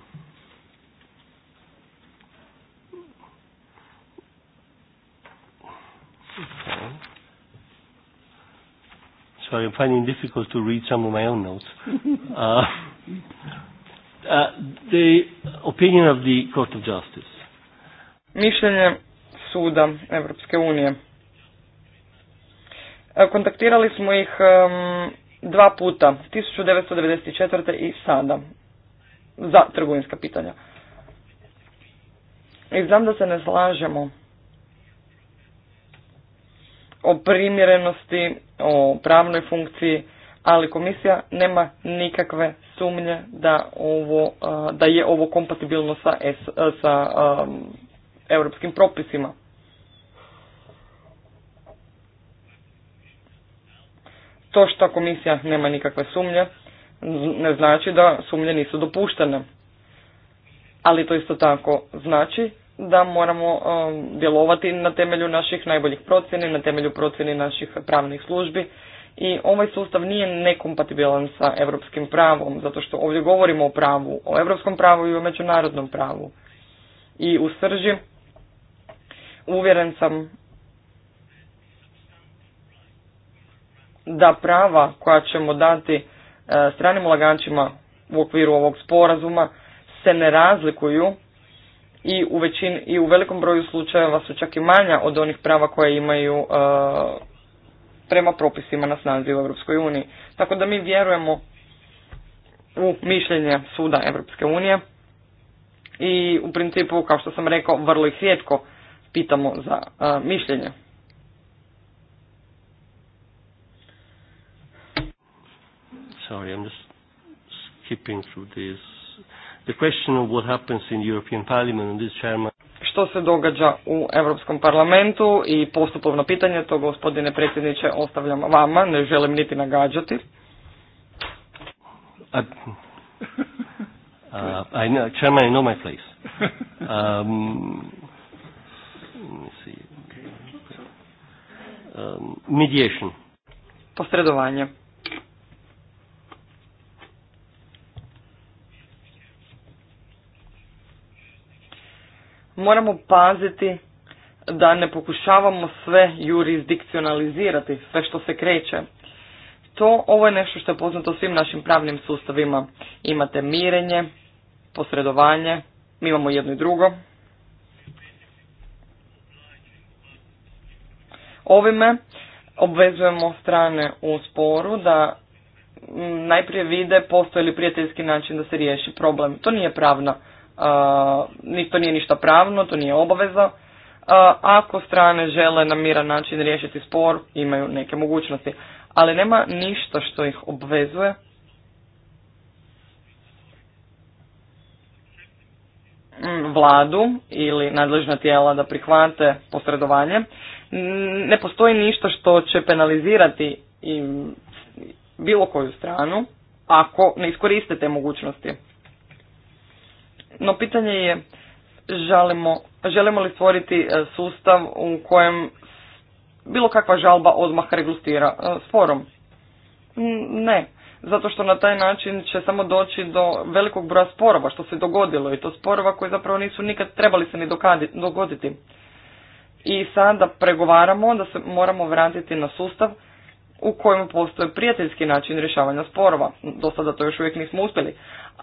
sorry, I'm finding it difficult to read some of my own notes. Uh, uh, the opinion of the Court of Justice. Mišljenje suda Evropske unije. E, kontaktirali smo ih um, dva puta, 1994. i sada za trgovinska pitanja. I znam da se ne slažemo o primjerenosti, o pravnoj funkciji, ali komisija nema nikakve sumnje da, ovo, da je ovo kompatibilno sa, sa um, europskim propisima. To što komisija nema nikakve sumnje, ne znači da sumnje nisu dopuštene. Ali to isto tako znači da moramo um, djelovati na temelju naših najboljih procjeni, na temelju procjeni naših pravnih službi i ovaj sustav nije nekompatibilan sa europskim pravom, zato što ovdje govorimo o pravu, o europskom pravu i o međunarodnom pravu. I u srži uvjeren sam da prava koja ćemo dati E, stranim ulagačima u okviru ovog sporazuma se ne razlikuju i u, većin, i u velikom broju slučajeva su čak i manja od onih prava koje imaju e, prema propisima na snazi u Europskoj uniji. Tako da mi vjerujemo u mišljenje suda Europske unije i u principu, kao što sam rekao, vrlo ih rijetko pitamo za e, mišljenje. sorry, I'm just skipping through this. The question of what happens in European Parliament and this chairman. Što se događa u Europskom parlamentu i postupovno pitanje, to gospodine predsjedniče ostavljam vama, ne želim niti nagađati. A, uh, uh, I know, Chairman, I know my place. Um, see. Um, mediation. Posredovanje. moramo paziti da ne pokušavamo sve jurisdikcionalizirati, sve što se kreće. To, ovo je nešto što je poznato svim našim pravnim sustavima. Imate mirenje, posredovanje, mi imamo jedno i drugo. Ovime obvezujemo strane u sporu da najprije vide postoji li prijateljski način da se riješi problem. To nije pravna to nije ništa pravno, to nije obaveza. Ako strane žele na miran način riješiti spor, imaju neke mogućnosti. Ali nema ništa što ih obvezuje mm, vladu ili nadležna tijela da prihvate posredovanje. Ne postoji ništa što će penalizirati bilo koju stranu ako ne iskoriste te mogućnosti. No pitanje je želimo, želimo li stvoriti e, sustav u kojem bilo kakva žalba odmah reglustira e, sporom. Ne, zato što na taj način će samo doći do velikog broja sporova što se dogodilo i to sporova koji zapravo nisu nikad trebali se ni dogoditi. I sada pregovaramo da se moramo vratiti na sustav u kojem postoje prijateljski način rješavanja sporova. Do sada to još uvijek nismo uspjeli,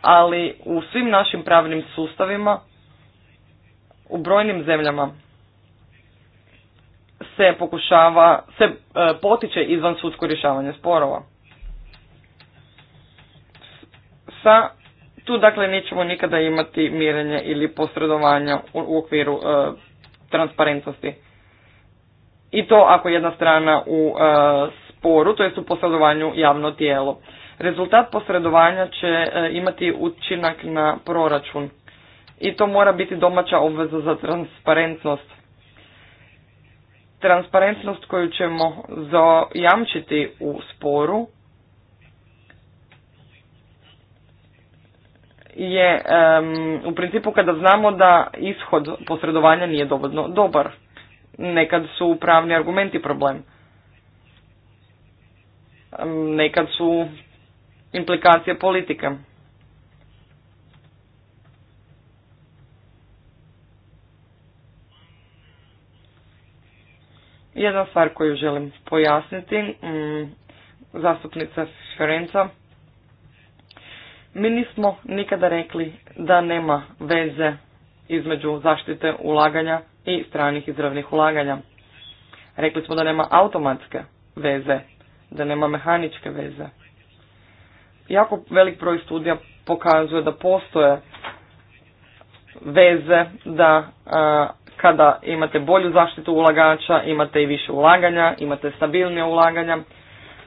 ali u svim našim pravnim sustavima, u brojnim zemljama se pokušava, se e, potiče izvan sudsko rješavanje sporova. Sa, tu dakle nećemo nikada imati mirenje ili posredovanja u, okviru e, transparentnosti. I to ako jedna strana u e, sporu, to jest u posredovanju javno tijelo. Rezultat posredovanja će e, imati učinak na proračun i to mora biti domaća obveza za transparentnost. Transparentnost koju ćemo zajamčiti u sporu je u principu kada znamo da ishod posredovanja nije dovoljno dobar. Nekad su pravni argumenti problem. nekad su implikacije politike. Jedna stvar koju želim pojasniti, mm, zastupnica Ferenca, mi nismo nikada rekli da nema veze između zaštite ulaganja i stranih izravnih ulaganja. Rekli smo da nema automatske veze, da nema mehaničke veze jako velik broj studija pokazuje da postoje veze da kada imate bolju zaštitu ulagača, imate i više ulaganja, imate stabilnije ulaganja.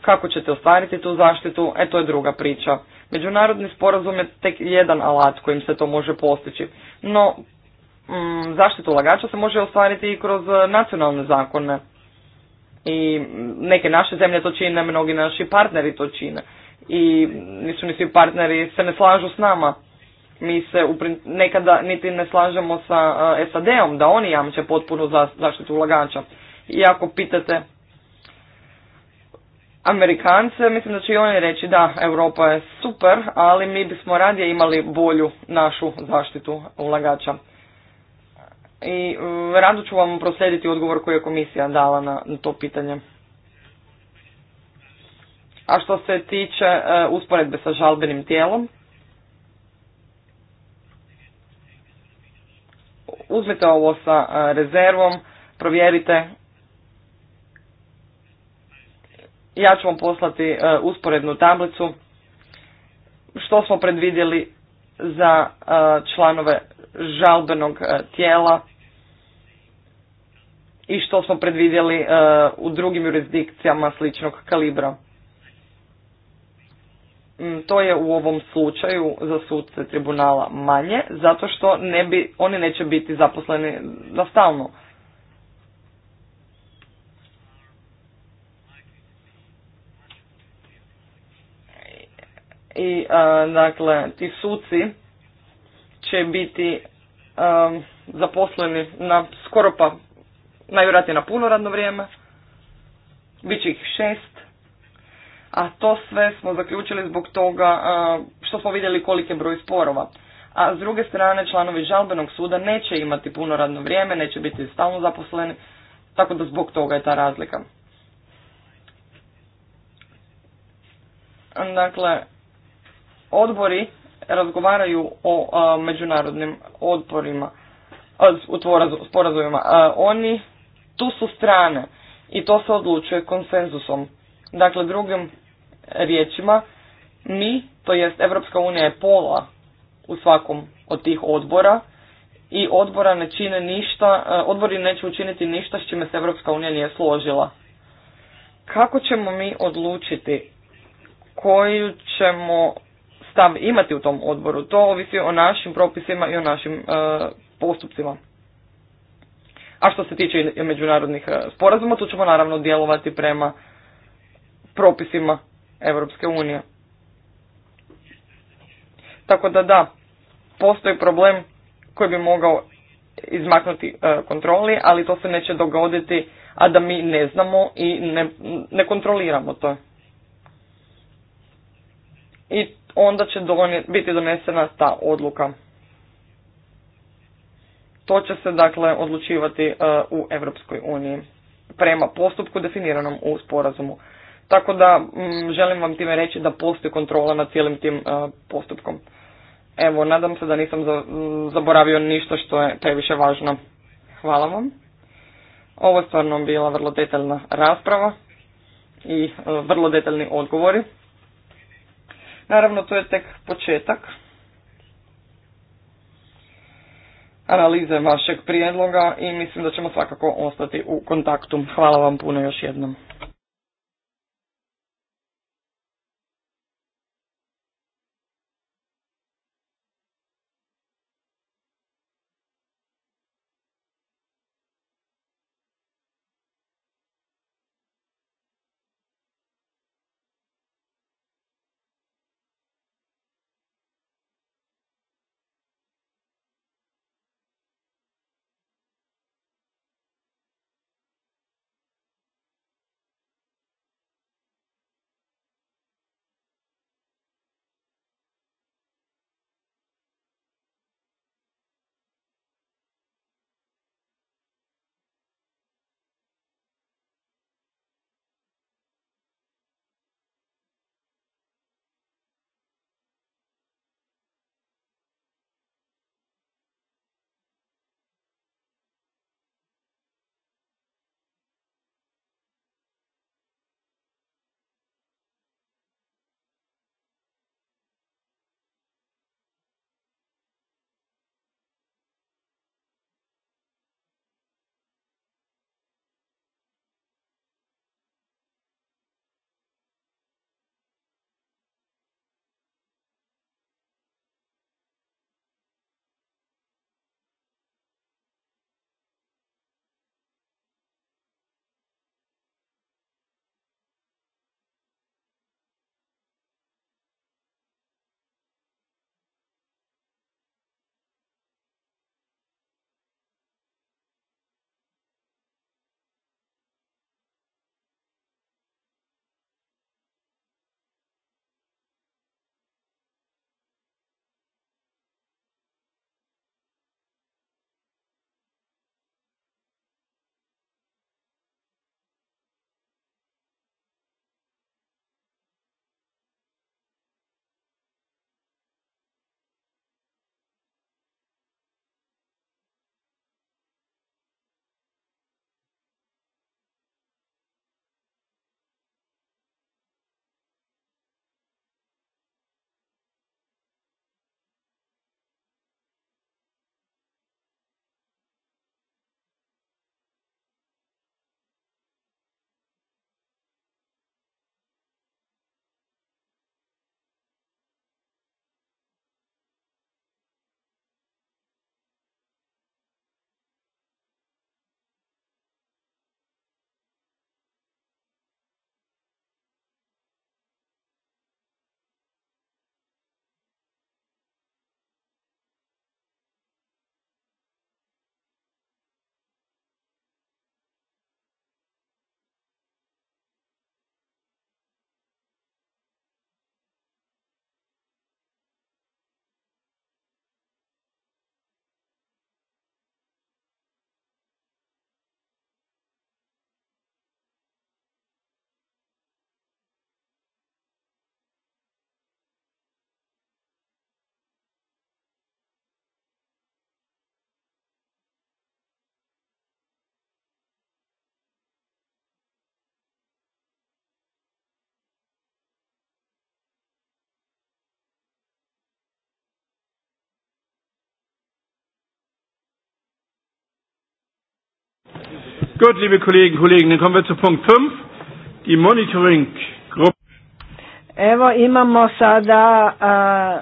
Kako ćete ostvariti tu zaštitu, e to je druga priča. Međunarodni sporazum je tek jedan alat kojim se to može postići. No, mm, zaštitu ulagača se može ostvariti i kroz nacionalne zakone. I neke naše zemlje to čine, mnogi naši partneri to čine i nisu ni svi partneri se ne slažu s nama. Mi se nekada niti ne slažemo sa eh, SAD-om da oni jamče za zaštitu ulagača. I ako pitate Amerikance, mislim da će i oni reći da, Europa je super, ali mi bismo radije imali bolju našu zaštitu ulagača. I eh, rado ću vam proslijediti odgovor koji je komisija dala na to pitanje. A što se tiče e, usporedbe sa žalbenim tijelom, uzmite ovo sa e, rezervom, provjerite. Ja ću vam poslati e, usporednu tablicu što smo predvidjeli za članove žalbenog tijela i što smo predvidjeli u drugim jurisdikcijama sličnog kalibra. Mm, to je u ovom slučaju za sudce tribunala manje, zato što ne bi, oni neće biti zaposleni na stalno. I, a, e, dakle, ti suci će biti e, zaposleni na skoro pa, najvjerojatnije na puno radno vrijeme, bit će ih šest, a to sve smo zaključili zbog toga što smo vidjeli koliki broj sporova. A s druge strane članovi žalbenog suda neće imati puno radno vrijeme, neće biti stalno zaposleni, tako da zbog toga je ta razlika. Dakle, odbori razgovaraju o međunarodnim odborima, u sporazumima. Oni tu su strane i to se odlučuje konsenzusom. Dakle, drugim riječima, mi, to jest Evropska unija je pola u svakom od tih odbora i odbora ne čine ništa, e, odbori neće učiniti ništa s čime se Evropska unija nije složila. Kako ćemo mi odlučiti koju ćemo stav imati u tom odboru? To ovisi o našim propisima i o našim e, postupcima. A što se tiče međunarodnih e, sporazuma, tu ćemo naravno djelovati prema propisima Europske unije. Tako da da, postoji problem koji bi mogao izmaknuti e, kontroli, ali to se neće dogoditi, a da mi ne znamo i ne, ne kontroliramo to. I onda će donje, biti donesena ta odluka. To će se dakle odlučivati e, u Europskoj uniji prema postupku definiranom u sporazumu. Tako da mm, želim vam time reći da postoji kontrola nad cijelim tim e, postupkom. Evo, nadam se da nisam za, mm, zaboravio ništa što je previše važno. Hvala vam. Ovo je stvarno bila vrlo detaljna rasprava i e, vrlo detaljni odgovori. Naravno, to je tek početak analize vašeg prijedloga i mislim da ćemo svakako ostati u kontaktu. Hvala vam puno još jednom. Gut, liebe Kolleginnen und Kollegen, dann kommen wir zu Punkt 5, die Monitoring-Gruppe. Evo imamo sada a,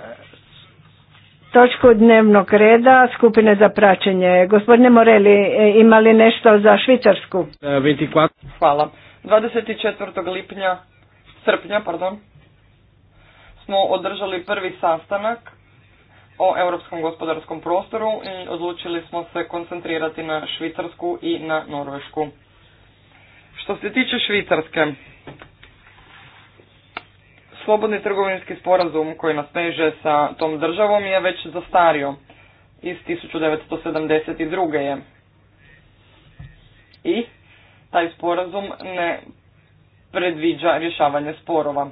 točku dnevnog reda skupine za praćenje. Gospodine Moreli, e, ima li nešto za Švicarsku? 24. Hvala. 24. lipnja, srpnja, pardon, smo održali prvi sastanak o europskom gospodarskom prostoru i odlučili smo se koncentrirati na Švicarsku i na Norvešku. Što se tiče Švicarske, slobodni trgovinski sporazum koji nas veže sa tom državom je već zastario. Iz 1972. je. I taj sporazum ne predviđa rješavanje sporova.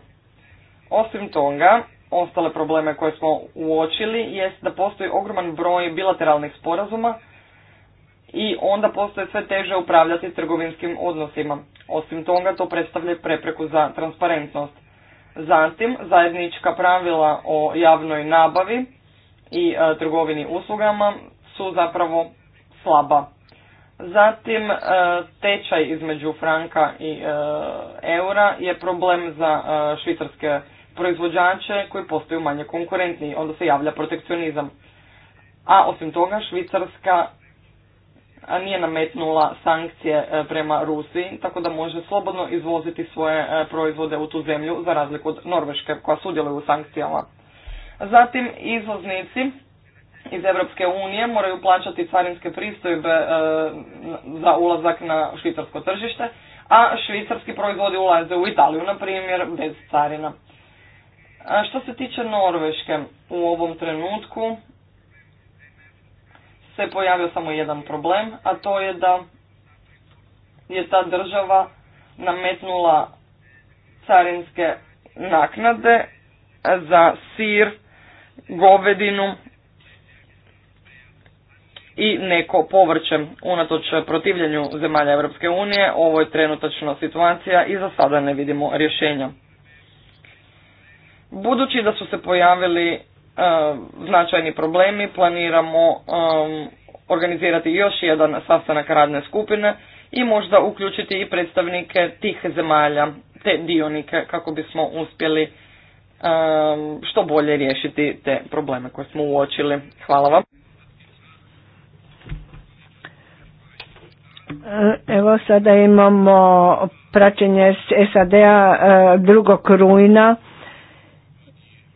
Osim toga, ostale probleme koje smo uočili jest da postoji ogroman broj bilateralnih sporazuma i onda postoje sve teže upravljati trgovinskim odnosima. Osim toga, to predstavlja prepreku za transparentnost. Zatim, zajednička pravila o javnoj nabavi i e, trgovini uslugama su zapravo slaba. Zatim, e, tečaj između franka i e, eura je problem za švicarske proizvođače koji postaju manje konkurentniji, onda se javlja protekcionizam. A osim toga Švicarska nije nametnula sankcije e, prema Rusiji, tako da može slobodno izvoziti svoje e, proizvode u tu zemlju za razliku od Norveške koja sudjeluje u sankcijama. Zatim izvoznici iz Europske unije moraju plaćati carinske pristojbe e, za ulazak na švicarsko tržište, a švicarski proizvodi ulaze u Italiju, na primjer, bez carina. A što se tiče Norveške, u ovom trenutku se pojavio samo jedan problem, a to je da je ta država nametnula carinske naknade za sir, govedinu i neko povrće. Unatoč protivljenju zemalja Europske unije, ovo je trenutačna situacija i za sada ne vidimo rješenja. Budući da su se pojavili e, značajni problemi, planiramo e, organizirati još jedan sastanak radne skupine i možda uključiti i predstavnike tih zemalja, te dionike, kako bismo uspjeli e, što bolje riješiti te probleme koje smo uočili. Hvala vam. Evo sada imamo praćenje SAD-a 2. rujna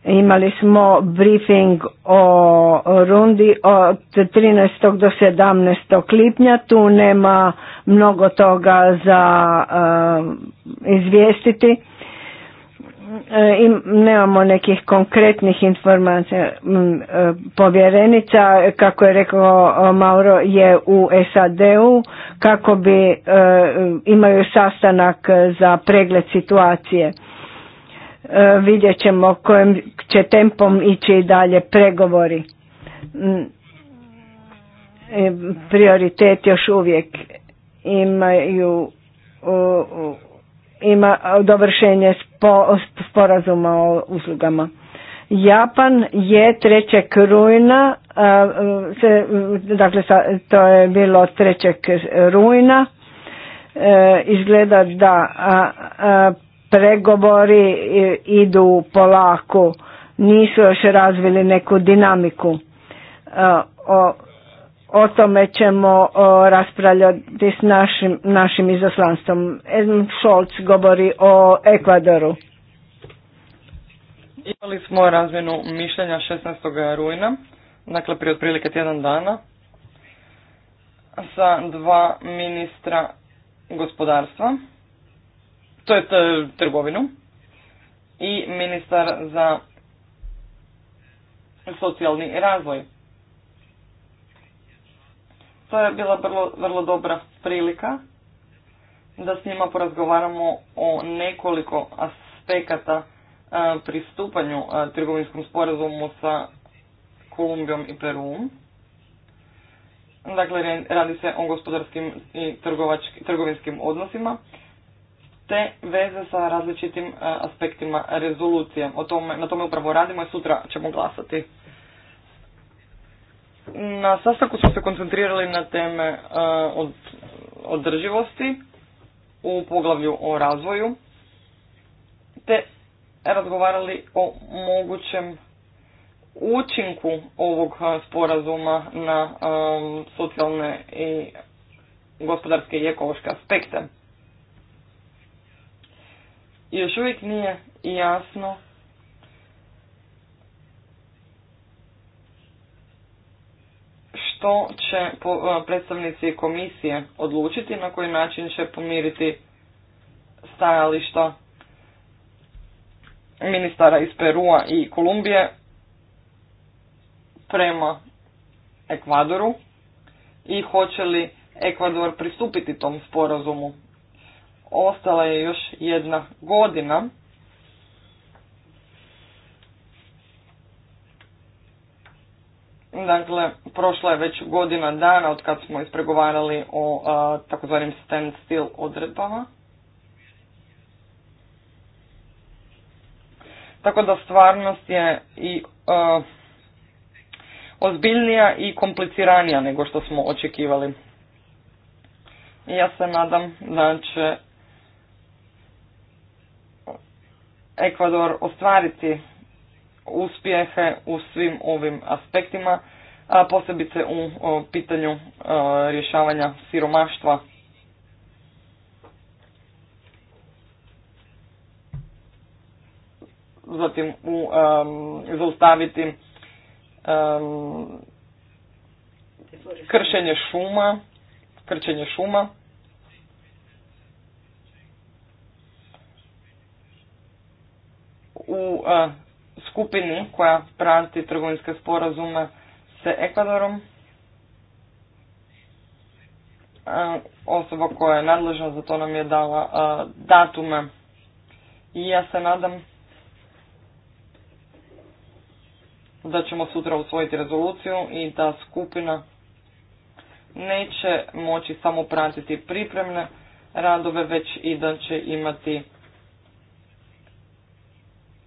Imali smo briefing o rundi od 13. do 17. lipnja. Tu nema mnogo toga za eh, izvijestiti. Eh, i nemamo nekih konkretnih informacija. Mm, eh, povjerenica, kako je rekao Mauro, je u SAD-u kako bi imaju sastanak za pregled situacije E, vidjet ćemo kojim će tempom ići i dalje pregovori. Mm. E, prioritet još uvijek imaju ima dovršenje sporazuma o uslugama. Japan je trećeg rujna, dakle to je bilo trećeg rujna, e, izgleda da pregovori e, idu polako, nisu još razvili neku dinamiku. E, o, tome ćemo raspravljati s našim, našim izaslanstvom. Edmund Scholz govori o Ekvadoru. Imali smo razmjenu mišljenja 16. rujna, dakle prije otprilike tjedan dana, sa dva ministra gospodarstva to je trgovinu i ministar za socijalni razvoj. To je bila vrlo, vrlo dobra prilika da s njima porazgovaramo o nekoliko aspekata e, pristupanju e, trgovinskom sporazumu sa Kolumbijom i Peruom. Dakle, radi se o gospodarskim i trgovinskim odnosima, te veze sa različitim e, aspektima rezolucije. O tome, na tome upravo radimo i sutra ćemo glasati. Na sastanku smo se koncentrirali na teme e, od, održivosti u poglavlju o razvoju te razgovarali o mogućem učinku ovog e, sporazuma na socijalne i gospodarske i ekološke aspekte još uvijek nije jasno što će predstavnici komisije odlučiti, na koji način će pomiriti stajališta ministara iz Perua i Kolumbije prema Ekvadoru i hoće li Ekvador pristupiti tom sporazumu Ostala je još jedna godina. Dakle, prošla je već godina dana od kad smo ispregovarali o takozvanim stand still odredbama. Tako da stvarnost je i ozbiljnija i kompliciranija nego što smo očekivali. ja se nadam da će Ekvador ostvariti uspjehe u svim ovim aspektima, a posebice u pitanju e, rješavanja siromaštva. Zatim u, zaustaviti kršenje šuma, krčenje šuma. u skupini koja prati trgovinske sporazume s Ekvadorom. Osoba koja je nadležna za to nam je dala datume i ja se nadam da ćemo sutra usvojiti rezoluciju i da skupina neće moći samo pratiti pripremne radove, već i da će imati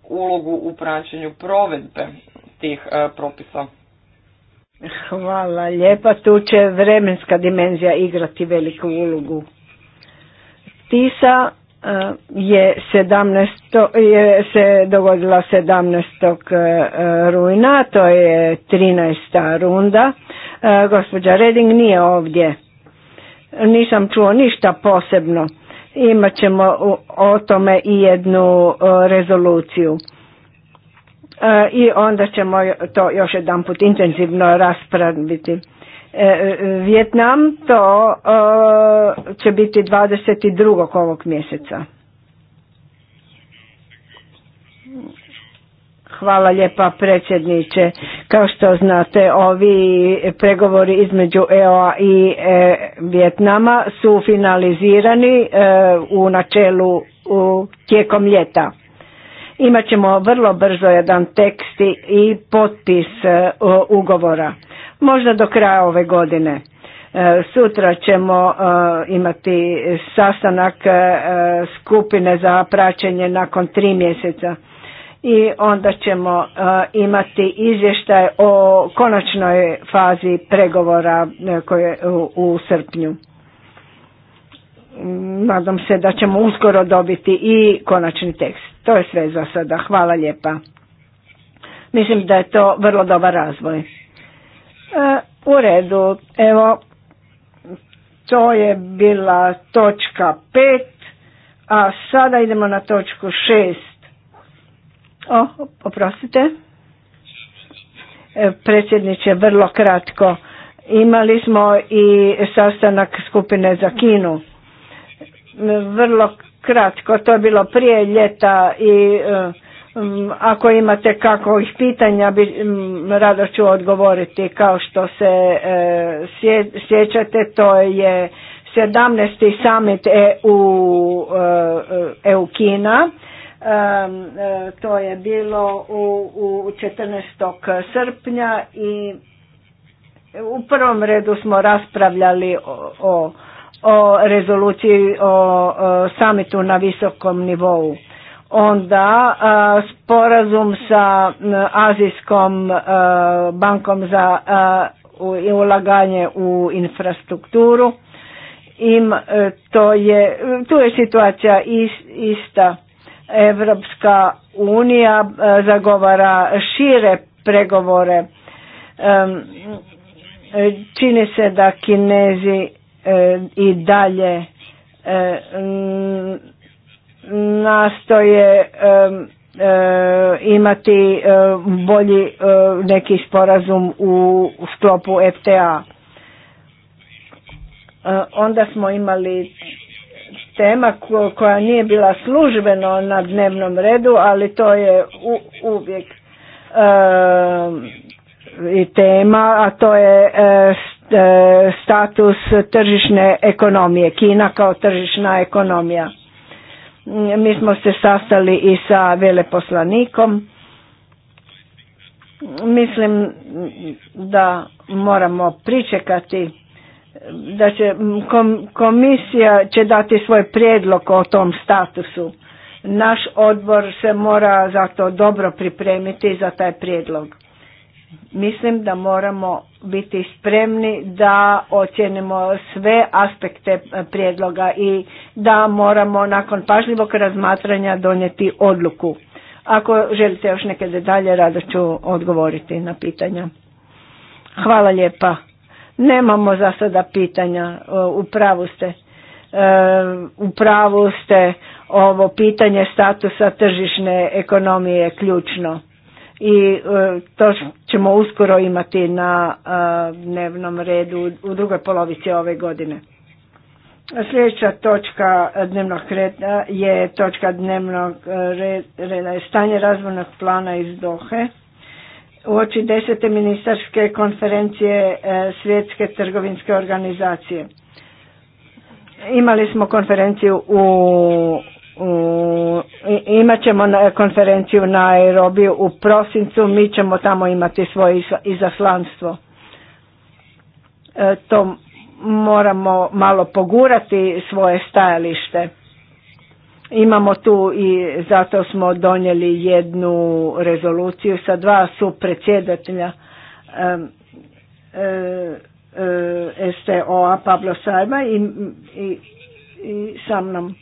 ulogu u praćenju provedbe tih e, propisa. Hvala lijepa, tu će vremenska dimenzija igrati veliku ulogu. TISA e, je, 17, je se dogodila 17. E, rujna, to je 13. runda. Gospođa Reding nije ovdje. Nisam čuo ništa posebno Imat ćemo o tome i jednu rezoluciju. E, I onda ćemo to još jedan put intenzivno raspraviti. E, Vjetnam to će biti 22. ovog mjeseca. Hvala lijepa predsjedniče. Kao što znate, ovi pregovori između EOA i e, Vijetnama Vjetnama su finalizirani e, u načelu u, tijekom ljeta. Imaćemo vrlo brzo jedan tekst i potpis e, ugovora. Možda do kraja ove godine. Sutra ćemo imati sastanak skupine za praćenje nakon tri mjeseca i onda ćemo e, imati izvještaj o konačnoj fazi pregovora e, koje u srpnju. Nadam se da ćemo uskoro dobiti i konačni tekst. To je sve za sada. Hvala lijepa. Mislim da je to vrlo dobar razvoj. E, u redu, evo, to je bila točka pet, a sada idemo na točku šest o, oprostite. E, predsjedniče, vrlo kratko. Imali smo i sastanak skupine za Kinu. Vrlo kratko, to je bilo prije ljeta i e, ako imate kako ih pitanja, rado ću odgovoriti. Kao što se e, sjećate, to je 17. summit EU, EU Kina E, to je bilo u, u 14. srpnja i u prvom redu smo raspravljali o, o, o rezoluciji o, samitu na visokom nivou. Onda sporazum sa Azijskom e, bankom za ulaganje u infrastrukturu. Im, e, to je, tu je situacija ista Evropska unija e, zagovara šire pregovore. Čini se da Kinezi e, i dalje e, nastoje imati bolji neki sporazum u sklopu FTA. Onda smo imali tema koja nije bila službeno na dnevnom redu, ali to je uvijek e, i tema, a to je e, e, status tržišne ekonomije, Kina kao tržišna ekonomija. Mi smo se sastali i sa veleposlanikom. Mislim da moramo pričekati da će komisija će dati svoj prijedlog o tom statusu. Naš odbor se mora zato dobro pripremiti za taj prijedlog. Mislim da moramo biti spremni da ocjenimo sve aspekte e, prijedloga i da moramo nakon pažljivog razmatranja donijeti odluku. Ako želite još neke detalje, rado ću odgovoriti na pitanja. Hvala lijepa. Nemamo za sada pitanja, e, u ste. E, u pravu ste, ovo pitanje statusa tržišne ekonomije je ključno i e, to ćemo uskoro imati na dnevnom redu u drugoj polovici ove godine. Sljedeća točka dnevnog reda je točka dnevnog reda je stanje razvojnog plana iz Dohe uoči desete ministarske konferencije e, svjetske trgovinske organizacije. Imali smo konferenciju u, u imat ćemo konferenciju na aerobiju u prosincu, mi ćemo tamo imati svoje izaslanstvo. E, to moramo malo pogurati svoje stajalište. Imamo tu i zato smo donijeli jednu rezoluciju sa dva su predsjedatelja e, e, STO-a Pablo Sajba i, i, i sa mnom.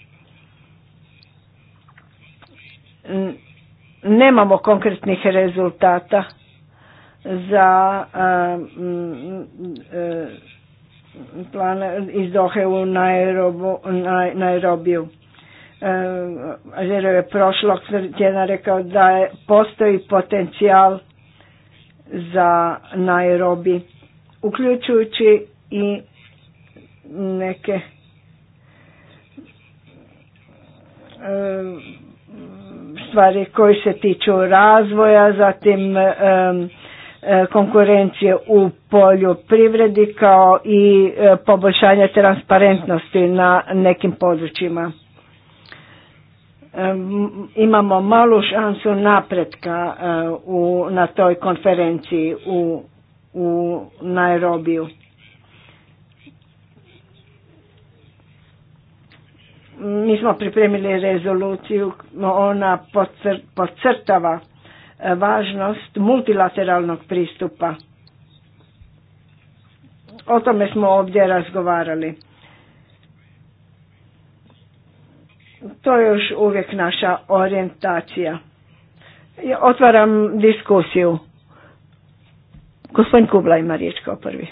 Nemamo konkretnih rezultata za e, plan iz Dohe u Nairobiju je prošlog tjedna rekao da je, postoji potencijal za Nairobi, uključujući i neke stvari koji se tiču razvoja, zatim e, konkurencije u polju privredi kao i e, poboljšanja transparentnosti na nekim područjima imamo malu šansu napretka eh, u, na toj konferenciji u, u Nairobiju. Mi smo pripremili rezoluciju, ona podcrtava eh, važnost multilateralnog pristupa. O tome smo ovdje razgovarali. To je još uvijek naša orijentacija. Otvaram diskusiju. Gospodin Kubla ima riječ kao prvi.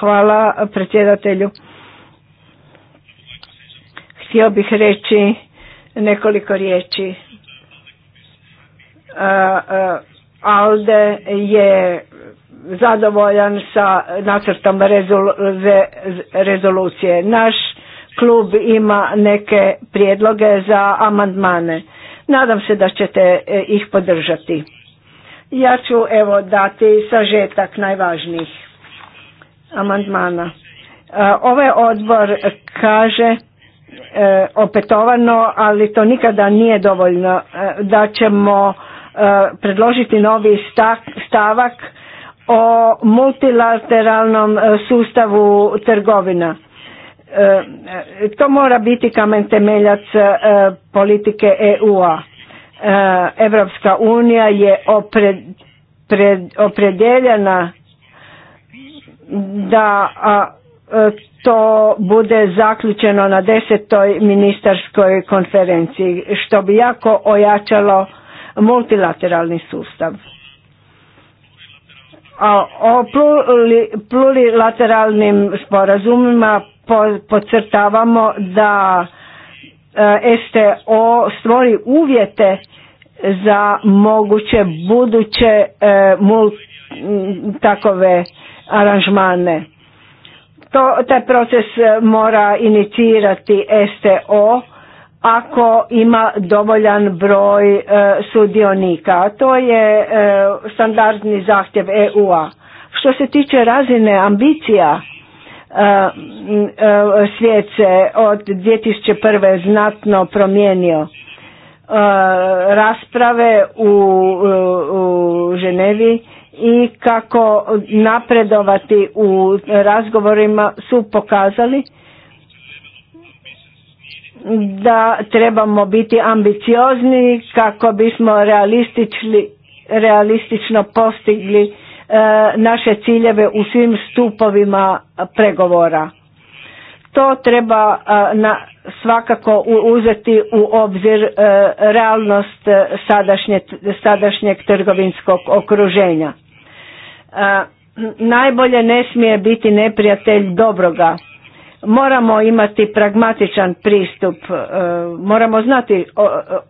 Hvala predsjedatelju. Htio bih reći nekoliko riječi. Alde je zadovoljan sa nacrtom rezolucije. Naš klub ima neke prijedloge za amandmane. Nadam se da ćete e, ih podržati. Ja ću evo dati sažetak najvažnijih amandmana. E, ovaj odbor kaže e, opetovano, ali to nikada nije dovoljno, da ćemo predložiti novi stavak o multilateralnom e, sustavu trgovina. E, e, to mora biti kamen temeljac politike EU-a. Evropska unija je opred, da to bude zaključeno na desetoj ministarskoj konferenciji, što bi jako ojačalo multilateralni sustav o plurilateralnim sporazumima podcrtavamo da e, STO stvori uvjete za moguće buduće e, takove aranžmane. taj proces e, mora inicirati STO ako ima dovoljan broj e, sudionika. To je e, standardni zahtjev EU-a. Što se tiče razine ambicija, e, svijet se od 2001. znatno promijenio. Rasprave u, u Ženevi i kako napredovati u razgovorima su pokazali da trebamo biti ambiciozni kako bismo realistično postigli e, naše ciljeve u svim stupovima pregovora. To treba e, svakako uzeti u obzir e, realnost sadašnjeg trgovinskog okruženja. Najbolje ne smije biti neprijatelj dobroga moramo imati pragmatičan pristup, e, moramo znati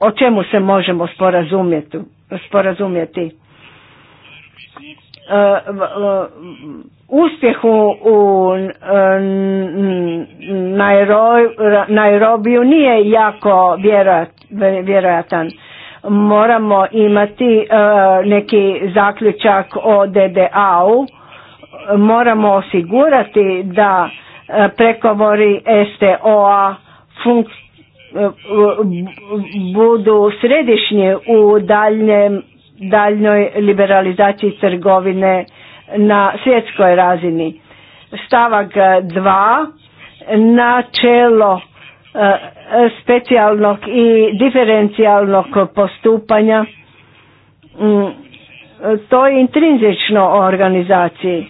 o, čemu se možemo sporazumjeti. sporazumjeti. Uspjehu u Nairobiju nije jako vjerojatan. Moramo imati e, neki zaključak o DDA-u, moramo osigurati da E, prekovori STO-a e, budu središnje u daljnoj liberalizaciji trgovine na svjetskoj razini. Stavak 2. Načelo e, specijalnog i diferencijalnog postupanja mm, to je intrinzično organizaciji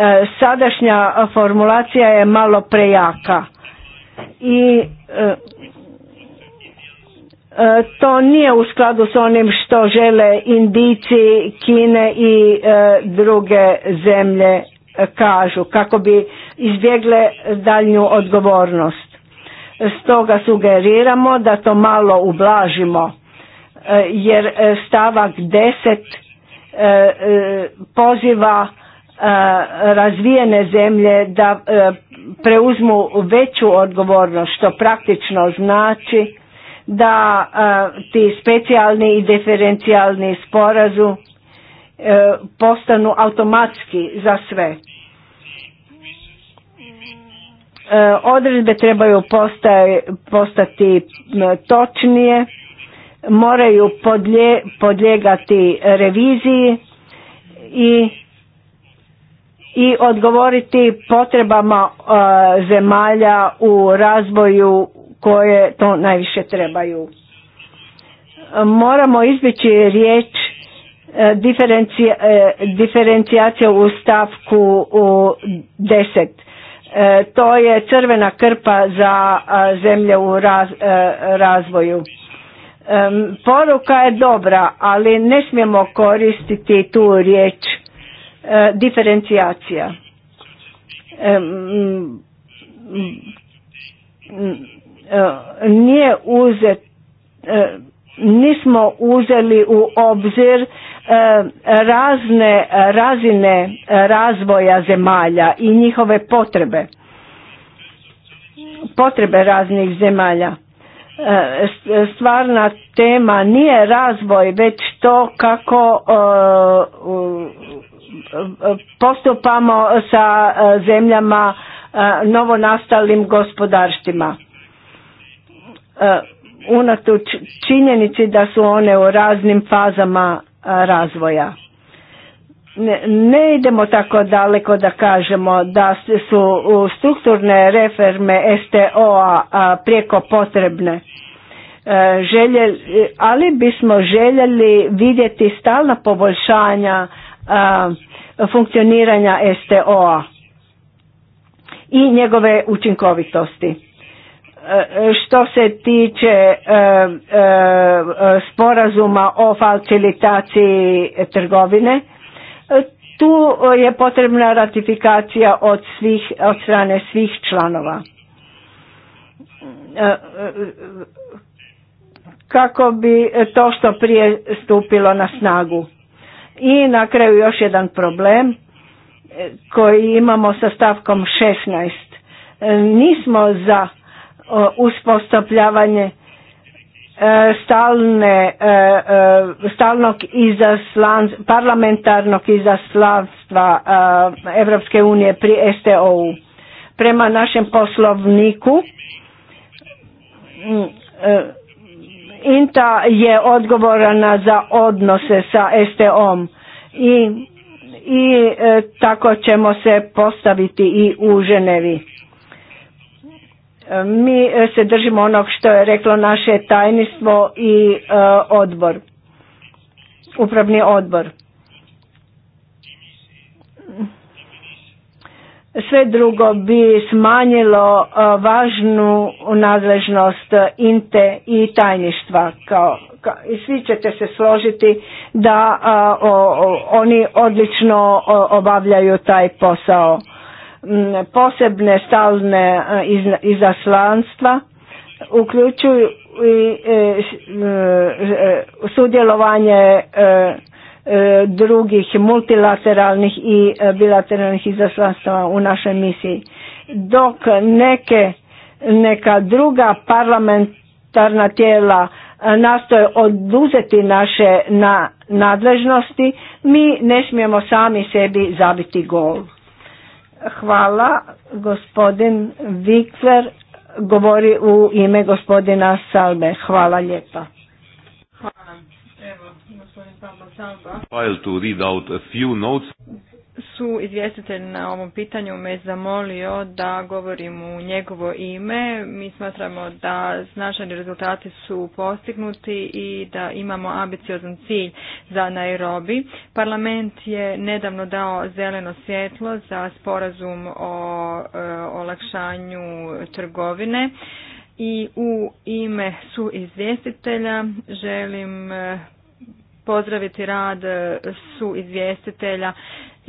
E, sadašnja formulacija je malo prejaka i e, e, to nije u skladu s onim što žele Indici, Kine i druge zemlje kažu kako bi izbjegle daljnju odgovornost. Stoga sugeriramo da to malo ublažimo jer stavak 10 poziva E, razvijene zemlje da e, preuzmu veću odgovornost što praktično znači da e, ti specijalni i diferencijalni sporazumi postanu automatski za sve. Odredbe trebaju postati točnije, moraju podlijegati reviziji i i odgovoriti potrebama e, zemalja u razvoju koje to najviše trebaju. Moramo izbjeći riječ e, diferencijaciju e, diferencijacija u stavku 10. To je crvena krpa za zemlje u razvoju. Poruka je dobra, ali ne smijemo koristiti tu riječ E, diferencijacija. E, e, nije uzet, nismo uzeli u obzir razne razine razvoja zemalja i njihove potrebe potrebe raznih zemalja. Stvarna tema nije razvoj, već to kako postupamo sa e, zemljama e, novonastalim gospodarstvima. E, unatoč činjenici da su one u raznim fazama razvoja. Ne, idemo tako daleko da kažemo da su strukturne reforme STO-a prijeko potrebne. ali bismo željeli vidjeti stalna poboljšanja funkcioniranja STO-a i njegove učinkovitosti e, što se tiče e, e, sporazuma o facilitaciji trgovine, tu je potrebna ratifikacija od, svih, od strane svih članova. kako bi to što prije stupilo na snagu. I na kraju još jedan problem e, koji imamo sa stavkom 16. E, nismo za uspostavljavanje e, stalne, stalnog izaslan, parlamentarnog izaslanstva Europske unije pri sto Prema našem poslovniku INTA je odgovorana za odnose sa STO-om i, i e, tako ćemo se postaviti i u Ženevi. E, mi e, se držimo onog što je reklo naše tajnistvo i odbor, upravni odbor. Sve drugo bi smanjilo e, važnu nadležnost e, INTE i tajništva. Kao, I svi ćete se složiti da oni odlično obavljaju taj posao. posebne stalne e, izaslanstva uključuju i sudjelovanje E, drugih multilateralnih i e, bilateralnih izaslanstava u našoj misiji. Dok neke, neka druga parlamentarna tijela e, nastoje oduzeti naše na nadležnosti, mi ne smijemo sami sebi zabiti gol. Hvala, gospodin Vikler govori u ime gospodina Salbe. Hvala lijepa. Su izvjestitelj na ovom pitanju me zamolio da govorim u njegovo ime. Mi smatramo da značajni rezultati su postignuti i da imamo ambiciozan cilj za Nairobi. Parlament je nedavno dao zeleno svjetlo za sporazum o e, olakšanju trgovine i u ime su izvjestitelja želim e, pozdraviti rad e, su izvjestitelja,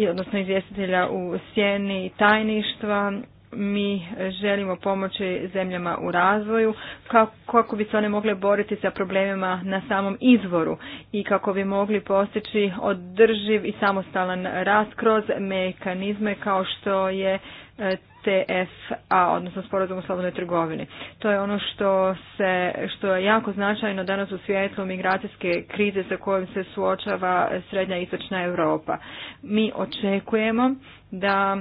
odnosno izvjestitelja u sjeni tajništva. Mi želimo pomoći zemljama u razvoju kako, kako bi se one mogle boriti sa problemima na samom izvoru i kako bi mogli postići održiv i samostalan rast kroz mekanizme kao što je e, TFA, odnosno sporazum u slobodnoj trgovini. To je ono što, se, što je jako značajno danas u svijetu migracijske krize sa kojom se suočava srednja i istočna Europa. Mi očekujemo da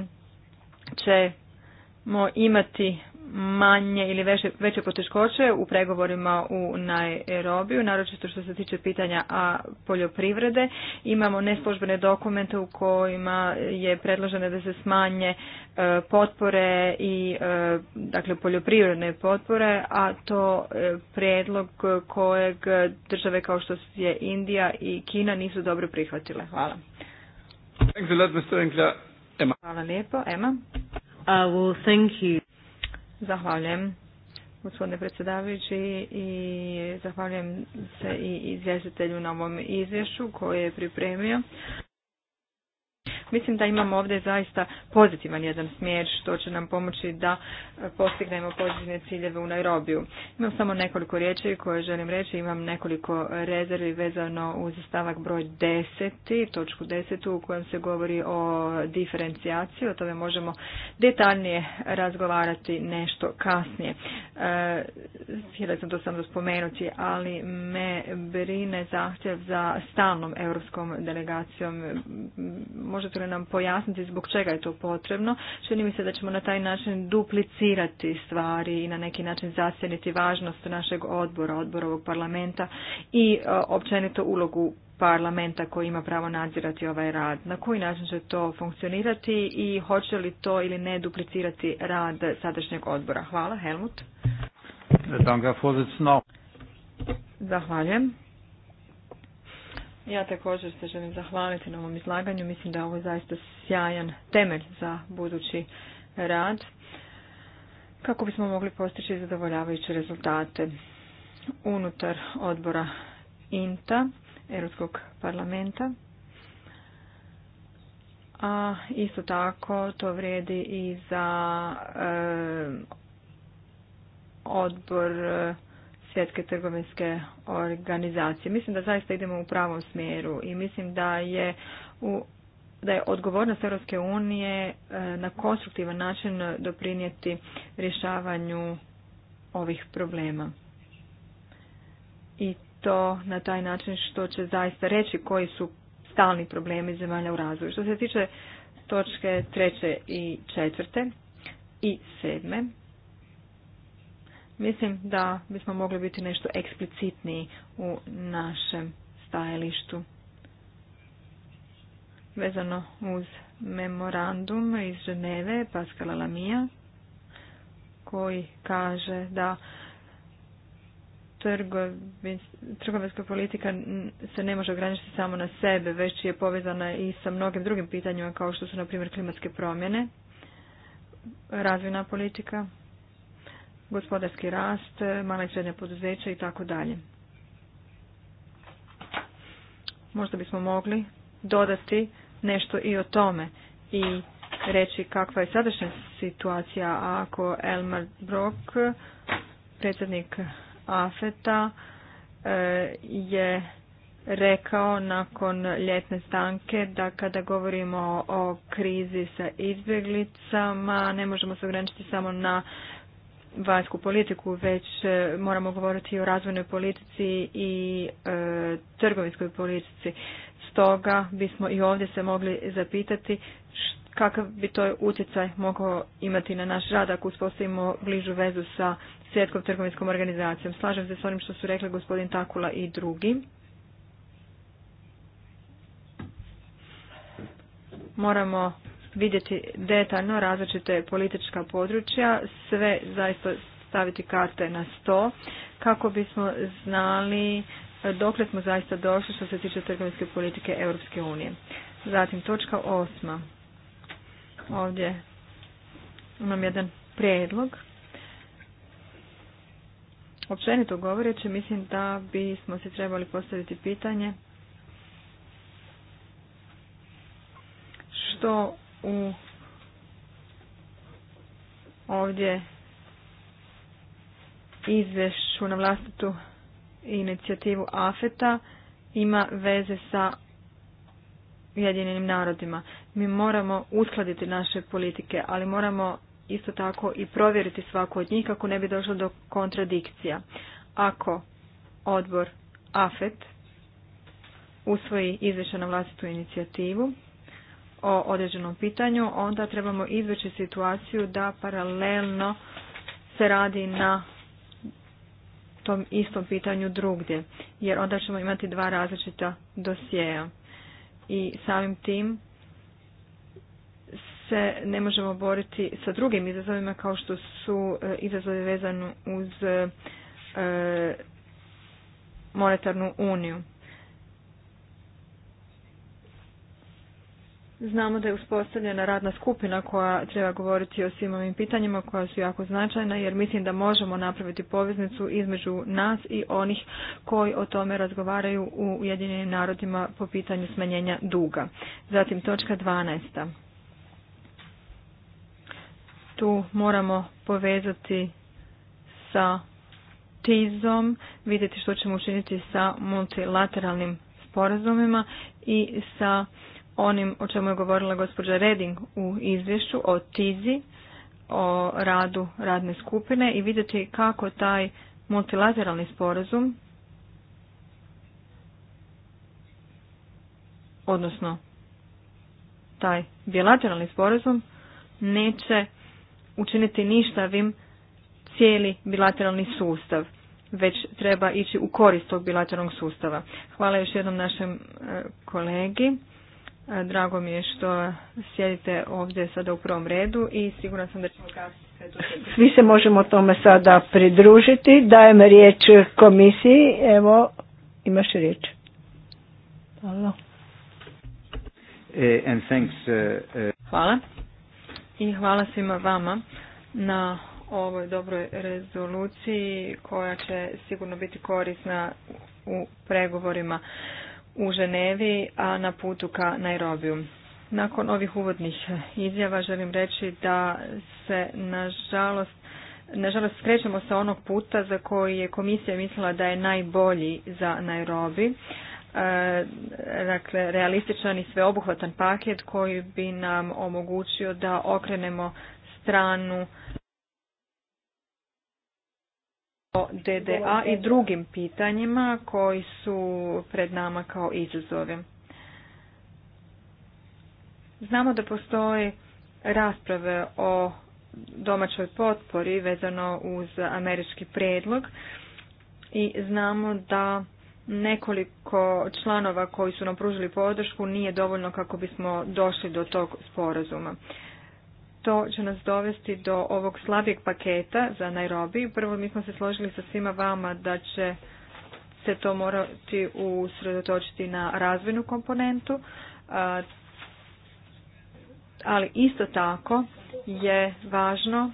ćemo imati manje ili veće, veće poteškoće u pregovorima u Nairobiju, naročito što se tiče pitanja a poljoprivrede. Imamo neslužbene dokumente u kojima je predloženo da se smanje e, potpore i e, dakle poljoprivredne potpore, a to e, predlog kojeg države kao što je Indija i Kina nisu dobro prihvatile. Hvala. Hvala lijepo. Ema. Uh, thank you. Zahvaljujem gospodine predsjedavajući i zahvaljujem se i izvjestitelju na ovom izvješću koje je pripremio. Mislim da imamo ovdje zaista pozitivan jedan smjer što će nam pomoći da postignemo pozitivne ciljeve u Nairobiju. Imam samo nekoliko riječi koje želim reći. Imam nekoliko rezervi vezano uz stavak broj 10, točku 10 u kojem se govori o diferencijaciji. O tome možemo detaljnije razgovarati nešto kasnije. E, htjela sam to samo spomenuti, ali me brine zahtjev za stalnom europskom delegacijom. Možete nam pojasniti zbog čega je to potrebno. Čini mi se da ćemo na taj način duplicirati stvari i na neki način zasjeniti važnost našeg odbora, odbora ovog parlamenta i e, općenito ulogu parlamenta koji ima pravo nadzirati ovaj rad. Na koji način će to funkcionirati i hoće li to ili ne duplicirati rad sadašnjeg odbora? Hvala, Helmut. Zahvaljujem. Ja također se želim zahvaliti na ovom izlaganju. Mislim da je ovo zaista sjajan temelj za budući rad kako bismo mogli postići zadovoljavajuće rezultate unutar odbora INTA, Europskog parlamenta. A isto tako to vrijedi i za odbor svjetske trgovinske organizacije. Mislim da zaista idemo u pravom smjeru i mislim da je u da je odgovornost Europske unije e, na konstruktivan način doprinijeti rješavanju ovih problema. I to na taj način što će zaista reći koji su stalni problemi zemalja u razvoju. Što se tiče točke treće i četvrte i sedme, Mislim da bismo mogli biti nešto eksplicitniji u našem stajalištu. Vezano uz memorandum iz Ženeve Pascala Lamija koji kaže da trgovinska politika se ne može ograničiti samo na sebe, već je povezana i sa mnogim drugim pitanjima kao što su na primjer klimatske promjene, razvojna politika, gospodarski rast, mala i srednja poduzeća i tako dalje. Možda bismo mogli dodati nešto i o tome i reći kakva je sadašnja situacija ako Elmer Brock, predsjednik AFETA, e, je rekao nakon ljetne stanke da kada govorimo o krizi sa izbjeglicama ne možemo se ograničiti samo na vanjsku politiku, već e, moramo govoriti o razvojnoj politici i e, trgovinskoj politici. Stoga bismo i ovdje se mogli zapitati kakav bi to utjecaj mogao imati na naš rad ako uspostavimo bližu vezu sa svjetskom trgovinskom organizacijom. Slažem se s onim što su rekli gospodin Takula i drugi. Moramo vidjeti detaljno različite politička područja, sve zaista staviti karte na sto kako bismo znali dokle smo zaista došli što se tiče trgovinske politike Europske unije. Zatim točka osma. Ovdje imam jedan prijedlog. Općenito govoreći, mislim da bismo se trebali postaviti pitanje što u ovdje izvješću na vlastitu inicijativu AFETA ima veze sa jedinim narodima. Mi moramo uskladiti naše politike, ali moramo isto tako i provjeriti svaku od njih kako ne bi došlo do kontradikcija. Ako odbor AFET usvoji izvješće na vlastitu inicijativu, o određenom pitanju, onda trebamo izveći situaciju da paralelno se radi na tom istom pitanju drugdje, jer onda ćemo imati dva različita dosjeja. I samim tim se ne možemo boriti sa drugim izazovima kao što su e, izazovi vezani uz e, e, monetarnu uniju. Znamo da je uspostavljena radna skupina koja treba govoriti o svim ovim pitanjima koja su jako značajna jer mislim da možemo napraviti poveznicu između nas i onih koji o tome razgovaraju u Ujedinjenim narodima po pitanju smanjenja duga. Zatim točka 12. Tu moramo povezati sa tizom, vidjeti što ćemo učiniti sa multilateralnim sporazumima i sa onim o čemu je govorila gospođa Reding u izvješću o TIZI, o radu radne skupine i vidjeti kako taj multilateralni sporazum, odnosno taj bilateralni sporazum, neće učiniti ništavim cijeli bilateralni sustav već treba ići u korist tog bilateralnog sustava. Hvala još jednom našem e, kolegi E, drago mi je što sjedite ovdje sada u prvom redu i sigurno sam da ćemo kasnije Svi se možemo tome sada pridružiti. Dajem riječ komisiji. Evo, imaš riječ. Hvala. E, e, hvala. I hvala svima vama na ovoj dobroj rezoluciji koja će sigurno biti korisna u pregovorima u Ženevi, a na putu ka Nairobiju. Nakon ovih uvodnih izjava želim reći da se nažalost Nažalost, skrećemo sa onog puta za koji je komisija mislila da je najbolji za Nairobi. E, dakle, realističan i sveobuhvatan paket koji bi nam omogućio da okrenemo stranu o DDA i drugim pitanjima koji su pred nama kao izazovi. Znamo da postoje rasprave o domaćoj potpori vezano uz američki predlog i znamo da nekoliko članova koji su nam pružili podršku nije dovoljno kako bismo došli do tog sporazuma to će nas dovesti do ovog slabijeg paketa za Nairobi. Prvo mi smo se složili sa svima vama da će se to morati usredotočiti na razvojnu komponentu, ali isto tako je važno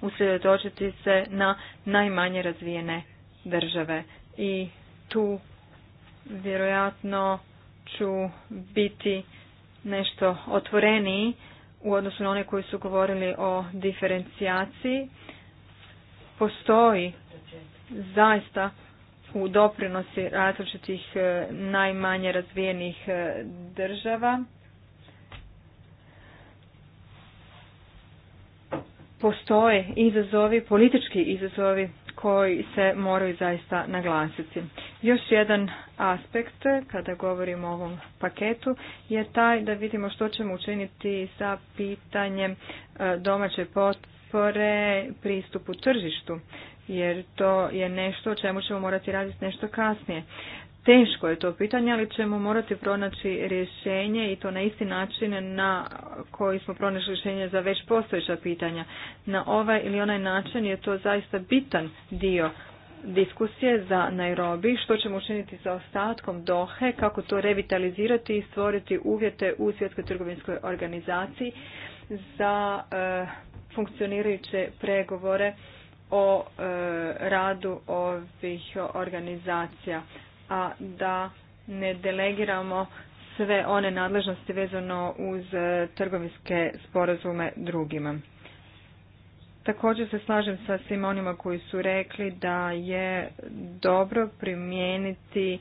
usredotočiti se na najmanje razvijene države i tu vjerojatno ću biti nešto otvoreniji u odnosu na one koji su govorili o diferencijaciji postoji zaista u doprinosi različitih e, najmanje razvijenih e, država. Postoje izazovi, politički izazovi koji se moraju zaista naglasiti. Još jedan aspekt kada govorimo o ovom paketu je taj da vidimo što ćemo učiniti sa pitanjem e, domaće potpore pristupu tržištu jer to je nešto o čemu ćemo morati raditi nešto kasnije. Teško je to pitanje, ali ćemo morati pronaći rješenje i to na isti način na koji smo pronašli rješenje za već postojeća pitanja. Na ovaj ili onaj način je to zaista bitan dio diskusije za Nairobi, što ćemo učiniti sa ostatkom Dohe, kako to revitalizirati i stvoriti uvjete u svjetskoj trgovinskoj organizaciji za e, funkcionirajuće pregovore o e, radu ovih organizacija a da ne delegiramo sve one nadležnosti vezano uz e, trgovinske sporazume drugima. Također se slažem sa svim onima koji su rekli da je dobro primijeniti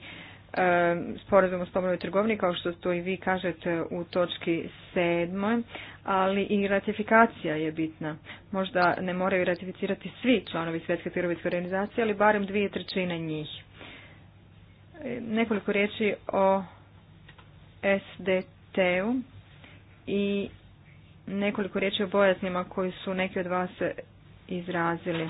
e, sporazum o slobodnoj trgovini kao što to i vi kažete u točki sedmoj, ali i ratifikacija je bitna. Možda ne moraju ratificirati svi članovi Svjetske trgovinske organizacije, ali barem dvije trećine njih. Nekoliko riječi o SDT-u i nekoliko riječi o bojaznima koji su neki od vas izrazili.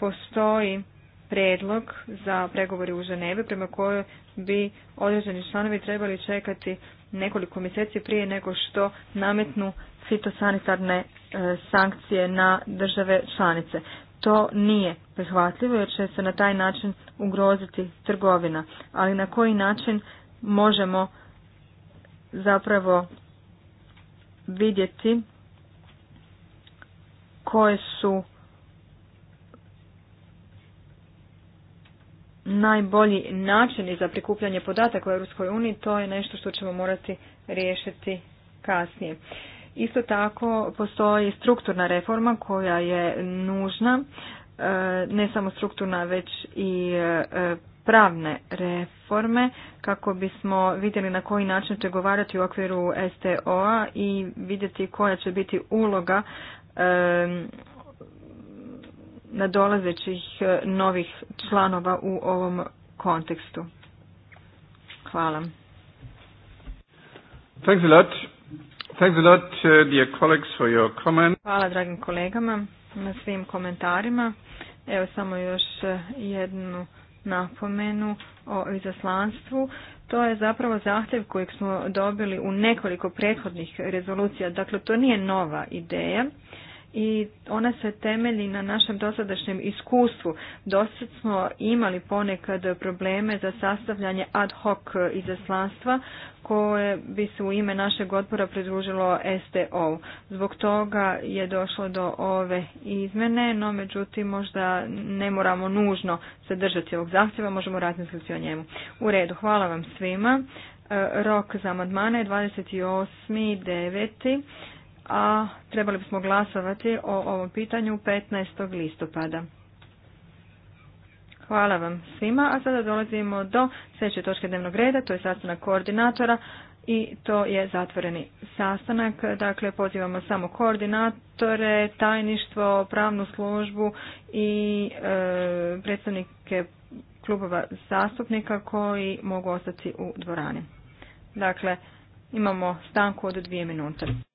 Postoji predlog za pregovori u Ženevi prema kojoj bi određeni članovi trebali čekati nekoliko mjeseci prije nego što nametnu fitosanitarne e, sankcije na države članice. To nije prihvatljivo jer će se na taj način ugroziti trgovina, ali na koji način možemo zapravo vidjeti koje su najbolji načini za prikupljanje podataka u Europskoj uniji, to je nešto što ćemo morati riješiti kasnije. Isto tako postoji strukturna reforma koja je nužna E, ne samo strukturna već i e, pravne reforme kako bismo vidjeli na koji način govarati u okviru STO-a i vidjeti koja će biti uloga e, nadolazećih novih članova u ovom kontekstu. Hvala. Uh, Hvala dragim kolegama na svim komentarima. Evo samo još e, jednu napomenu o izaslanstvu. To je zapravo zahtjev kojeg smo dobili u nekoliko prethodnih rezolucija. Dakle, to nije nova ideja i ona se temelji na našem dosadašnjem iskustvu. Dosad smo imali ponekad probleme za sastavljanje ad hoc izaslanstva koje bi se u ime našeg odbora pridružilo STO. Zbog toga je došlo do ove izmene, no međutim možda ne moramo nužno se držati ovog zahtjeva, možemo razmisliti o njemu. U redu, hvala vam svima. E, rok za amandmane je 28.9 a trebali bismo glasovati o ovom pitanju 15. listopada. Hvala vam svima, a sada dolazimo do sljedeće točke dnevnog reda, to je sastanak koordinatora i to je zatvoreni sastanak. Dakle, pozivamo samo koordinatore, tajništvo, pravnu službu i e, predstavnike klubova zastupnika koji mogu ostati u dvorani. Dakle, imamo stanku od dvije minute.